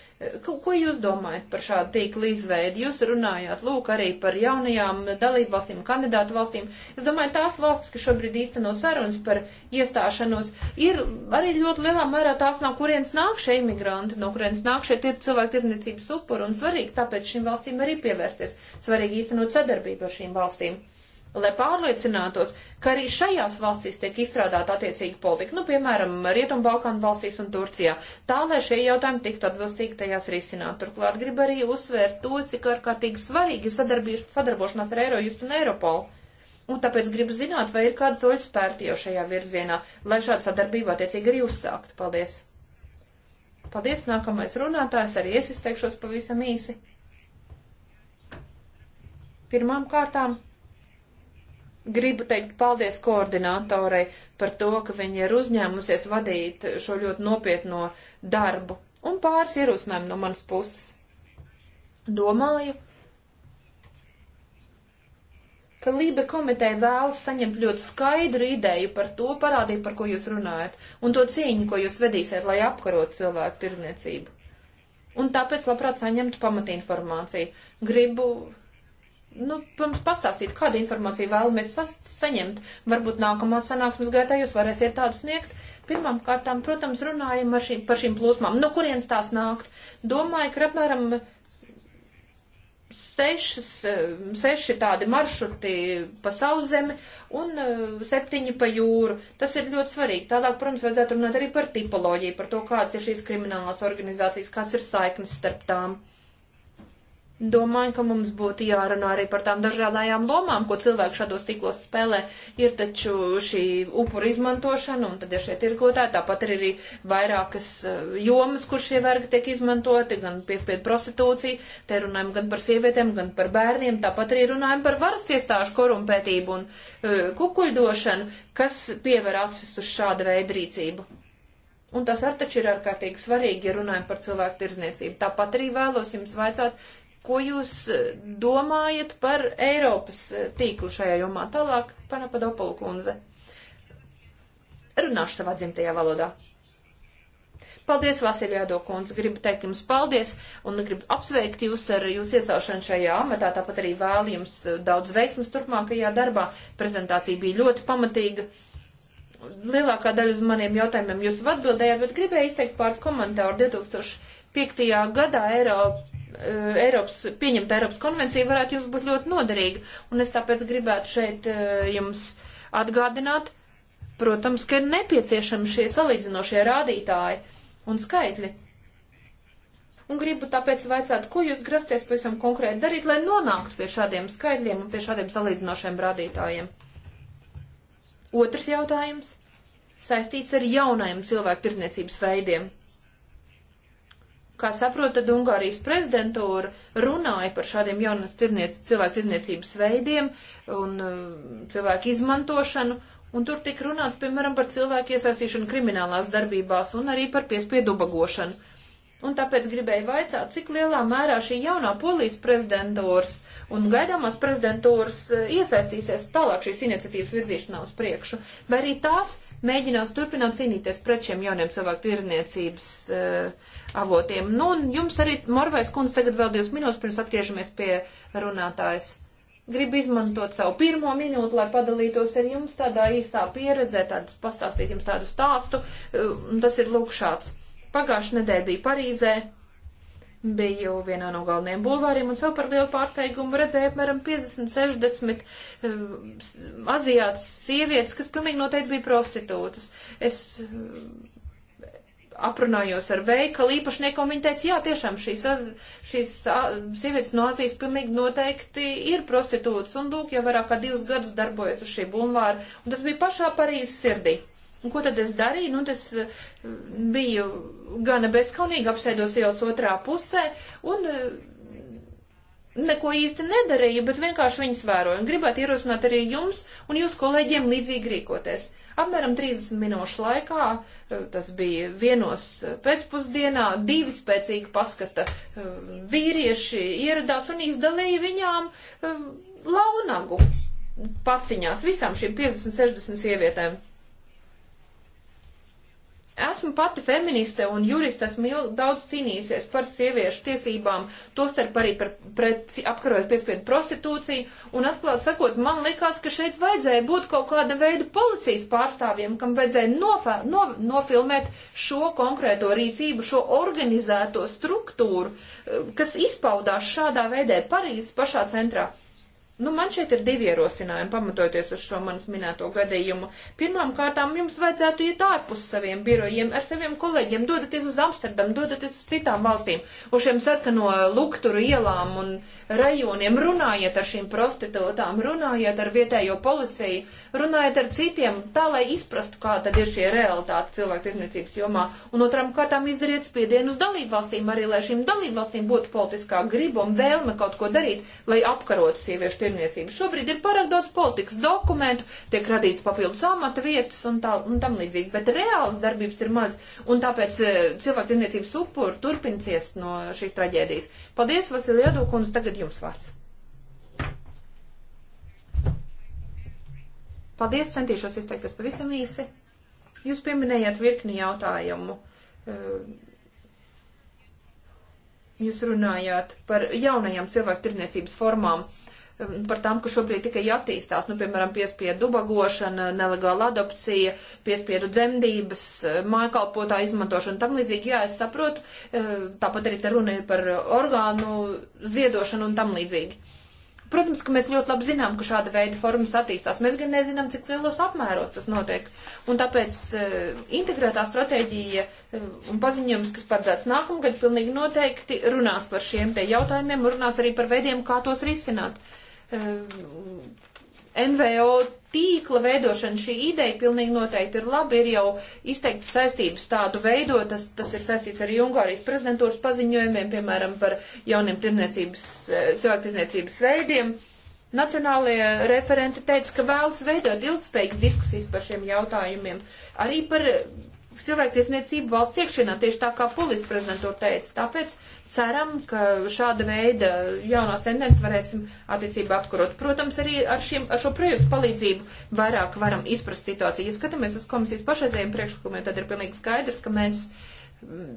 Ko, ko jūs domājat par šādu tīklu izveidi? Jūs runājāt, lūk, arī par jaunajām dalību valstīm, kandidātu valstīm. Es domāju, tās valstis, kas šobrīd īsteno sarunas par iestāšanos, ir arī ļoti lielā mērā tās, no kurienes nāk šie imigranti, no kurienes nāk šie tirp cilvēku tirzniecības upuri un svarīgi, tāpēc šīm valstīm arī pievērties. Svarīgi īstenot sadarbību ar šīm valstīm lai pārliecinātos, ka arī šajās valstīs tiek izstrādāta attiecīga politika, nu, piemēram, Rietumbalkānu valstīs un Turcijā, tā, lai šie jautājumi tiktu atbilstīgi tajās risināt. Turklāt grib arī uzsvērt to, cik ārkārtīgi svarīgi sadarbošanās ar Eirojust un Eiropolu. Un tāpēc gribu zināt, vai ir kāda soļa spērti jau šajā virzienā, lai šāda sadarbība attiecīgi arī uzsākt. Paldies! Paldies, nākamais runātājs, arī es izteikšos pavisam īsi. Pirmām kārtām gribu teikt paldies koordinātorei par to, ka viņi ir uzņēmusies vadīt šo ļoti nopietno darbu un pāris ierosinājumu no manas puses. Domāju, ka Lība komiteja vēlas saņemt ļoti skaidru ideju par to parādību, par ko jūs runājat, un to cīņu, ko jūs vedīsiet, lai apkarot cilvēku tirdzniecību. Un tāpēc labprāt saņemtu pamatinformāciju. Gribu Nu, mums pastāstīt, kādu informāciju vēlamies saņemt. Varbūt nākamā sanāksmes gaitā jūs varēsiet tādu sniegt. Pirmām kārtām, protams, runājam ar šīm, par šīm plūsmām. No nu, kurienes tās nākt? Domāju, ka apmēram sešas, seši tādi maršruti pa sauszemi un eh, septiņi pa jūru. Tas ir ļoti svarīgi. Tālāk, protams, vajadzētu runāt arī par tipoloģiju, par to, kādas ir šīs kriminālās organizācijas, kāds ir saiknes starp tām. Uh, Domāju, ka mums būtu jārunā arī par tām dažādajām lomām, ko cilvēki šādos tīklos spēlē. Ir taču šī upura izmantošana, un tad ir šie tirgotāji, tāpat ir arī vairākas eh, jomas, kur šie vergi tiek izmantoti, gan piespiedu prostitūcija, te runājam gan par sievietēm, gan par bērniem, tāpat arī runājam par varas iestāžu korumpētību un uh, kukuļdošanu, kas piever acis uz šāda veida rīcību. Un tas ar taču ir ārkārtīgi svarīgi, ja runājam par cilvēku tirzniecību. Tāpat arī vēlos jums vaicāt, Ko jūs e, domājat par Eiropas e, tīklu šajā jomā? Tālāk, Panapadopalu kundze. Runāšu savā dzimtajā valodā. Paldies, Vasiljādo kundze. Gribu teikt jums paldies un gribu apsveikt jūs ar jūsu iecelšanu šajā amatā. Tāpat arī vēlu jums e, daudz veiksmas turpmākajā darbā. Prezentācija bija ļoti pamatīga. Lielākā daļa uz maniem jautājumiem jūs atbildējāt, bet gribēju izteikt pāris komentāru. 2005. gadā Eiropa Eh, Eiropas, pieņemta Eiropas konvencija varētu jums būt ļoti noderīga. Un es tāpēc gribētu šeit eh, jums atgādināt, protams, ka ir nepieciešami šie salīdzinošie rādītāji un skaitļi. Un gribu tāpēc vaicāt, ko jūs grasties pavisam konkrēti darīt, lai nonāktu pie šādiem skaitļiem un pie šādiem salīdzinošiem rādītājiem. Otrs jautājums saistīts ar jaunajiem cilvēku tirdzniecības veidiem. Kā saprot, tad Ungārijas prezidentūra runāja par šādiem jaunas cilvēku tirniecības veidiem un uh, cilvēku izmantošanu, un tur tika runāts, piemēram, par cilvēku iesaistīšanu kriminālās darbībās un arī par piespiedu ubagošanu. Un tāpēc gribēju vaicāt, cik lielā mērā šī jaunā polijas prezidentūras un gaidāmās prezidentūras uh, iesaistīsies tālāk šīs iniciatīvas virzīšanā uz priekšu, vai arī tās mēģinās turpināt cīnīties pret šiem jauniem cilvēku tirzniecības uh, avotiem. Nu, un jums arī, Morvais kundze, tagad vēl divas minūtes, pirms atgriežamies pie runātājs. Gribu izmantot savu pirmo minūtu, lai padalītos ar jums tādā īsā pieredzē, tādus pastāstīt jums tādu stāstu. Uh, tas ir lūk šāds. Pagājušajā nedēļā bija Parīzē, biju vienā no galvenajiem bulvāriem un savu par lielu pārsteigumu redzēju apmēram 50-60 um, azijātas sievietes, kas pilnīgi noteikti bija prostitūtas. Es um, aprunājos ar veikalu īpašnieku un viņi teica, jā, tiešām šīs, az, šīs a, sievietes no Azijas pilnīgi noteikti ir prostitūtas un lūk, jau vairāk kā divus gadus darbojas uz šī bulvāra un tas bija pašā Parīzes sirdī. Un ko tad es darīju? Nu, es eh, biju gana bezskaunīgi, apsēdos ielas otrā pusē un eh, neko īsti nedarīju, bet vienkārši viņas vēroju un gribētu ierosināt arī jums un jūs kolēģiem līdzīgi rīkoties. Apmēram 30 minūšu laikā, eh, tas bija vienos pēcpusdienā, divi spēcīgi paskata vīrieši ieradās un izdalīja viņām launagu paciņās visām šīm 50-60 sievietēm. Esmu pati feministe un juriste, esmu daudz cīnījusies par sieviešu tiesībām, tostarp arī par, pret apkarojot piespiedu prostitūciju, un atklāt sakot, man likās, ka šeit vajadzēja būt kaut kāda veida policijas pārstāvjiem, kam vajadzēja nofē, no, nofilmēt šo konkrēto rīcību, šo organizēto struktūru, eh, kas izpaudās šādā veidē Parīzes pašā centrā. Nu, man šeit ir divi ierosinājumi, pamatojoties uz šo manis minēto gadījumu. Pirmām kārtām jums vajadzētu iet ārpus saviem birojiem, ar saviem kolēģiem, dodaties uz Amsterdam, dodaties uz citām valstīm, uz šiem sarkano lukturu ielām un rajoniem, runājiet ar šīm prostitūtām, runājiet ar vietējo policiju, runājiet ar citiem, tā lai izprastu, kā tad ir šie realitāti cilvēku izniecības jomā. Un otram kārtām izdariet spiedienu uz dalību valstīm, arī lai šīm dalību valstīm būtu politiskā griba un vēlme kaut ko darīt, lai apkarotu sieviešu zivniecību. Šobrīd ir pārāk daudz politikas dokumentu, tiek radīts papildus amata vietas un, tā, un tam līdzīgi, bet reāls darbības ir maz, un tāpēc e, cilvēku zivniecības upuri turpin ciest no šīs traģēdijas. Paldies, Vasilija Dūkuns, tagad jums vārds. Paldies, centīšos izteikties pavisam īsi. Jūs pieminējāt virkni jautājumu. E, Jūs runājāt par jaunajām cilvēku tirdzniecības formām. Uh, par tām, kas šobrīd tikai attīstās, nu, piemēram, piespiedu dubagošana, nelegāla adopcija, piespiedu dzemdības, eh, mājkalpotā izmantošana, tam līdzīgi, jā, es saprotu, eh, tāpat arī te runa ir par orgānu ziedošanu un tam līdzīgi. Protams, ka mēs ļoti labi zinām, ka šāda veida formas attīstās. Mēs gan nezinām, cik lielos apmēros tas notiek. Un tāpēc uh, integrētā stratēģija uh, un paziņojums, kas paredzēts nākamgad, pilnīgi noteikti runās par šiem te jautājumiem, runās arī par veidiem, kā tos risināt. Eh, NVO tīkla veidošana, šī ideja pilnīgi noteikti ir laba, ir jau izteikti saistības tādu veidot, tas, tas ir saistīts arī Ungārijas prezidentūras paziņojumiem, piemēram, par jauniem tirniecības, eh, cilvēktirniecības veidiem. Nacionālajie referenti teica, ka vēlas veidot ilgspējīgas diskusijas par šiem jautājumiem, arī par cilvēktiesniecību valsts iekšienā, tieši tā kā polijas prezidentūra teica. Tāpēc ceram, ka šāda veida jaunās tendences varēsim attiecībā apkarot. Protams, arī ar, šiem, ar šo projektu palīdzību vairāk varam izprast situāciju. Ja skatāmies uz komisijas pašreizējiem priekšlikumiem, tad ir pilnīgi skaidrs, ka mēs mm,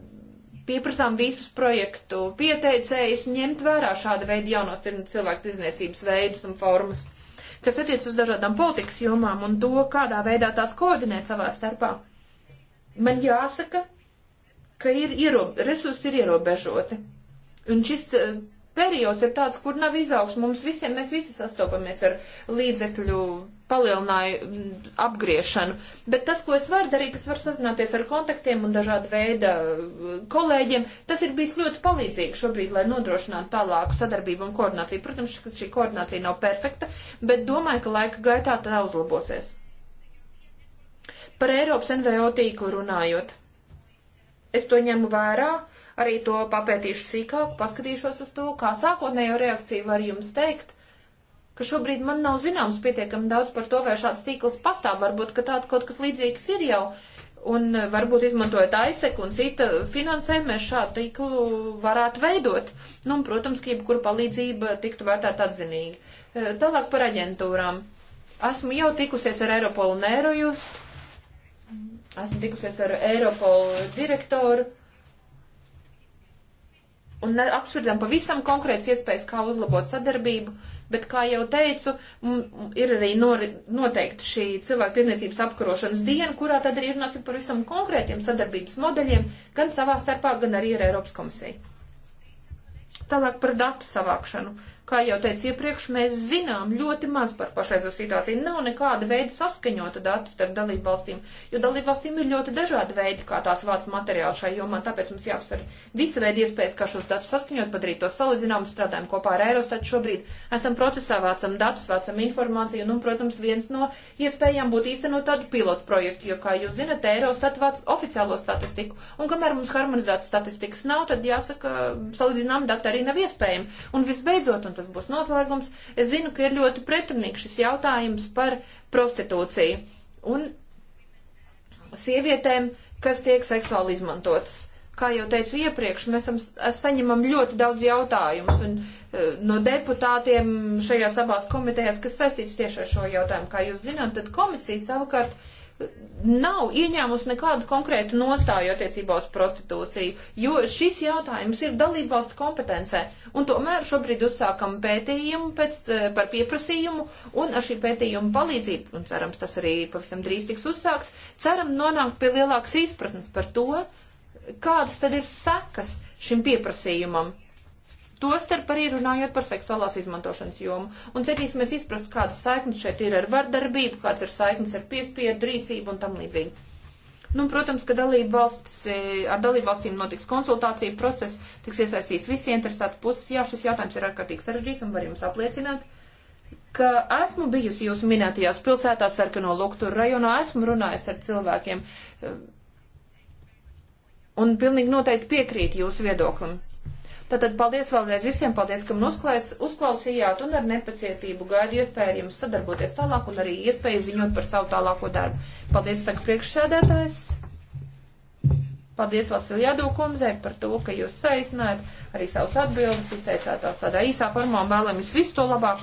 pieprasām visus projektu pieteicējus ņemt vērā šāda veida jaunos cilvēku tirzniecības veidus un formas, kas attiec uz dažādām politikas jomām un to, kādā veidā tās koordinēt savā starpā man jāsaka, ka ir iero, resursi ir ierobežoti. Un šis eh, periods ir tāds, kur nav izaugs. Mums visiem, mēs visi sastopamies ar līdzekļu palielināju apgriešanu. Bet tas, ko es varu darīt, es varu sazināties ar kontaktiem un dažādu veidu eh, kolēģiem. Tas ir bijis ļoti palīdzīgi šobrīd, lai nodrošinātu tālāku sadarbību un koordināciju. Protams, ka šī koordinācija nav perfekta, bet domāju, ka laika gaitā tā uzlabosies. Par Eiropas NVO tīklu runājot. Es to ņemu vērā, arī to papētīšu sīkāk, paskatīšos uz to, kā sākotnējo reakciju var jums teikt, ka šobrīd man nav zināms pietiekami daudz par to, vai šāds tīkls pastāv, varbūt, ka tāds kaut kas līdzīgs ir jau, un e, varbūt izmantojot AISEK un cita finansējumu, mēs šādu tīklu varētu veidot. Nu, un, protams, ka jebkura palīdzība tiktu vērtēta atzinīgi. E, tālāk par aģentūrām. Esmu jau tikusies ar Eiropolu un Eirojust Esmu tikusies ar Eiropolu direktoru un apspriedām pavisam konkrēts iespējas, kā uzlabot sadarbību, bet, kā jau teicu, ir arī nori, noteikti šī cilvēku tirniecības apkarošanas diena, kurā tad arī runāsim par visam konkrētiem sadarbības modeļiem, gan savā starpā, gan arī ar Eiropas komisiju. Tālāk par datu savākšanu. Kā jau teicu iepriekš, mēs zinām ļoti maz par pašreizo situāciju. Nav nekāda veida saskaņota datu starp dalību valstīm, jo dalību valstīm ir ļoti dažādi veidi, kā tās vāc materiāli šai jomā, tāpēc mums jāapsver visa veida iespējas, kā šos datus saskaņot, padarīt to salīdzinām, strādājam kopā ar Eirostatu šobrīd. Esam procesā, vācam datus, vācam informāciju, nu, un, nu, protams, viens no iespējām būtu īstenot tādu pilotu projektu, jo, kā jūs zinat, Eirostat vāc oficiālo statistiku, un kamēr mums harmonizētas statistikas nav, tad jāsaka, salīdzinām dati arī nav iespējami. Un visbeidzot, un tas būs noslēgums. Es zinu, ka ir ļoti pretrunīgs šis jautājums par prostitūciju un sievietēm, kas tiek seksuāli izmantotas. Kā jau teicu iepriekš, mēs esam, es saņemam ļoti daudz jautājumus un eh, no deputātiem šajās abās komitejās, kas saistīts tieši ar šo jautājumu. Kā jūs zināt, tad komisija savukārt nav ieņēmusi nekādu konkrētu nostāju attiecībā uz prostitūciju, jo šis jautājums ir dalībvalstu kompetencē. Un tomēr šobrīd uzsākam pētījumu pēc, e, par pieprasījumu, un ar šī pētījuma palīdzību, un cerams, tas arī pavisam drīz tiks uzsāks, ceram nonākt pie lielākas izpratnes par to, kādas tad ir sekas šim pieprasījumam. Tostarp arī runājot par seksuālās izmantošanas jomu. Un centīsimies izprast, kādas saiknes šeit ir ar vardarbību, kāds ir saiknes ar piespiedu rīcību un tam līdzīgi. Nu, protams, ka dalību valsts, e, ar dalību valstīm notiks konsultācija process, tiks iesaistīts visi interesēti puses. Jā, šis jautājums ir ārkārtīgi sarežģīts un var jums apliecināt, ka esmu bijusi jūsu minētajās pilsētās sarkano lukturu rajonā, esmu runājis ar cilvēkiem e, un pilnīgi noteikti piekrīt jūsu viedoklim. Tātad paldies vēlreiz visiem, paldies, ka man uzklājas, uzklausījāt un ar nepacietību gaidu iespēju jums sadarboties tālāk un arī iespēju ziņot par savu tālāko darbu. Paldies, saka priekšsēdētājs. Paldies Vasiljādu kundzei par to, ka jūs saīsinājāt arī savus atbildes, izteicāt tās tādā īsā formā un vēlam jums visu to labāk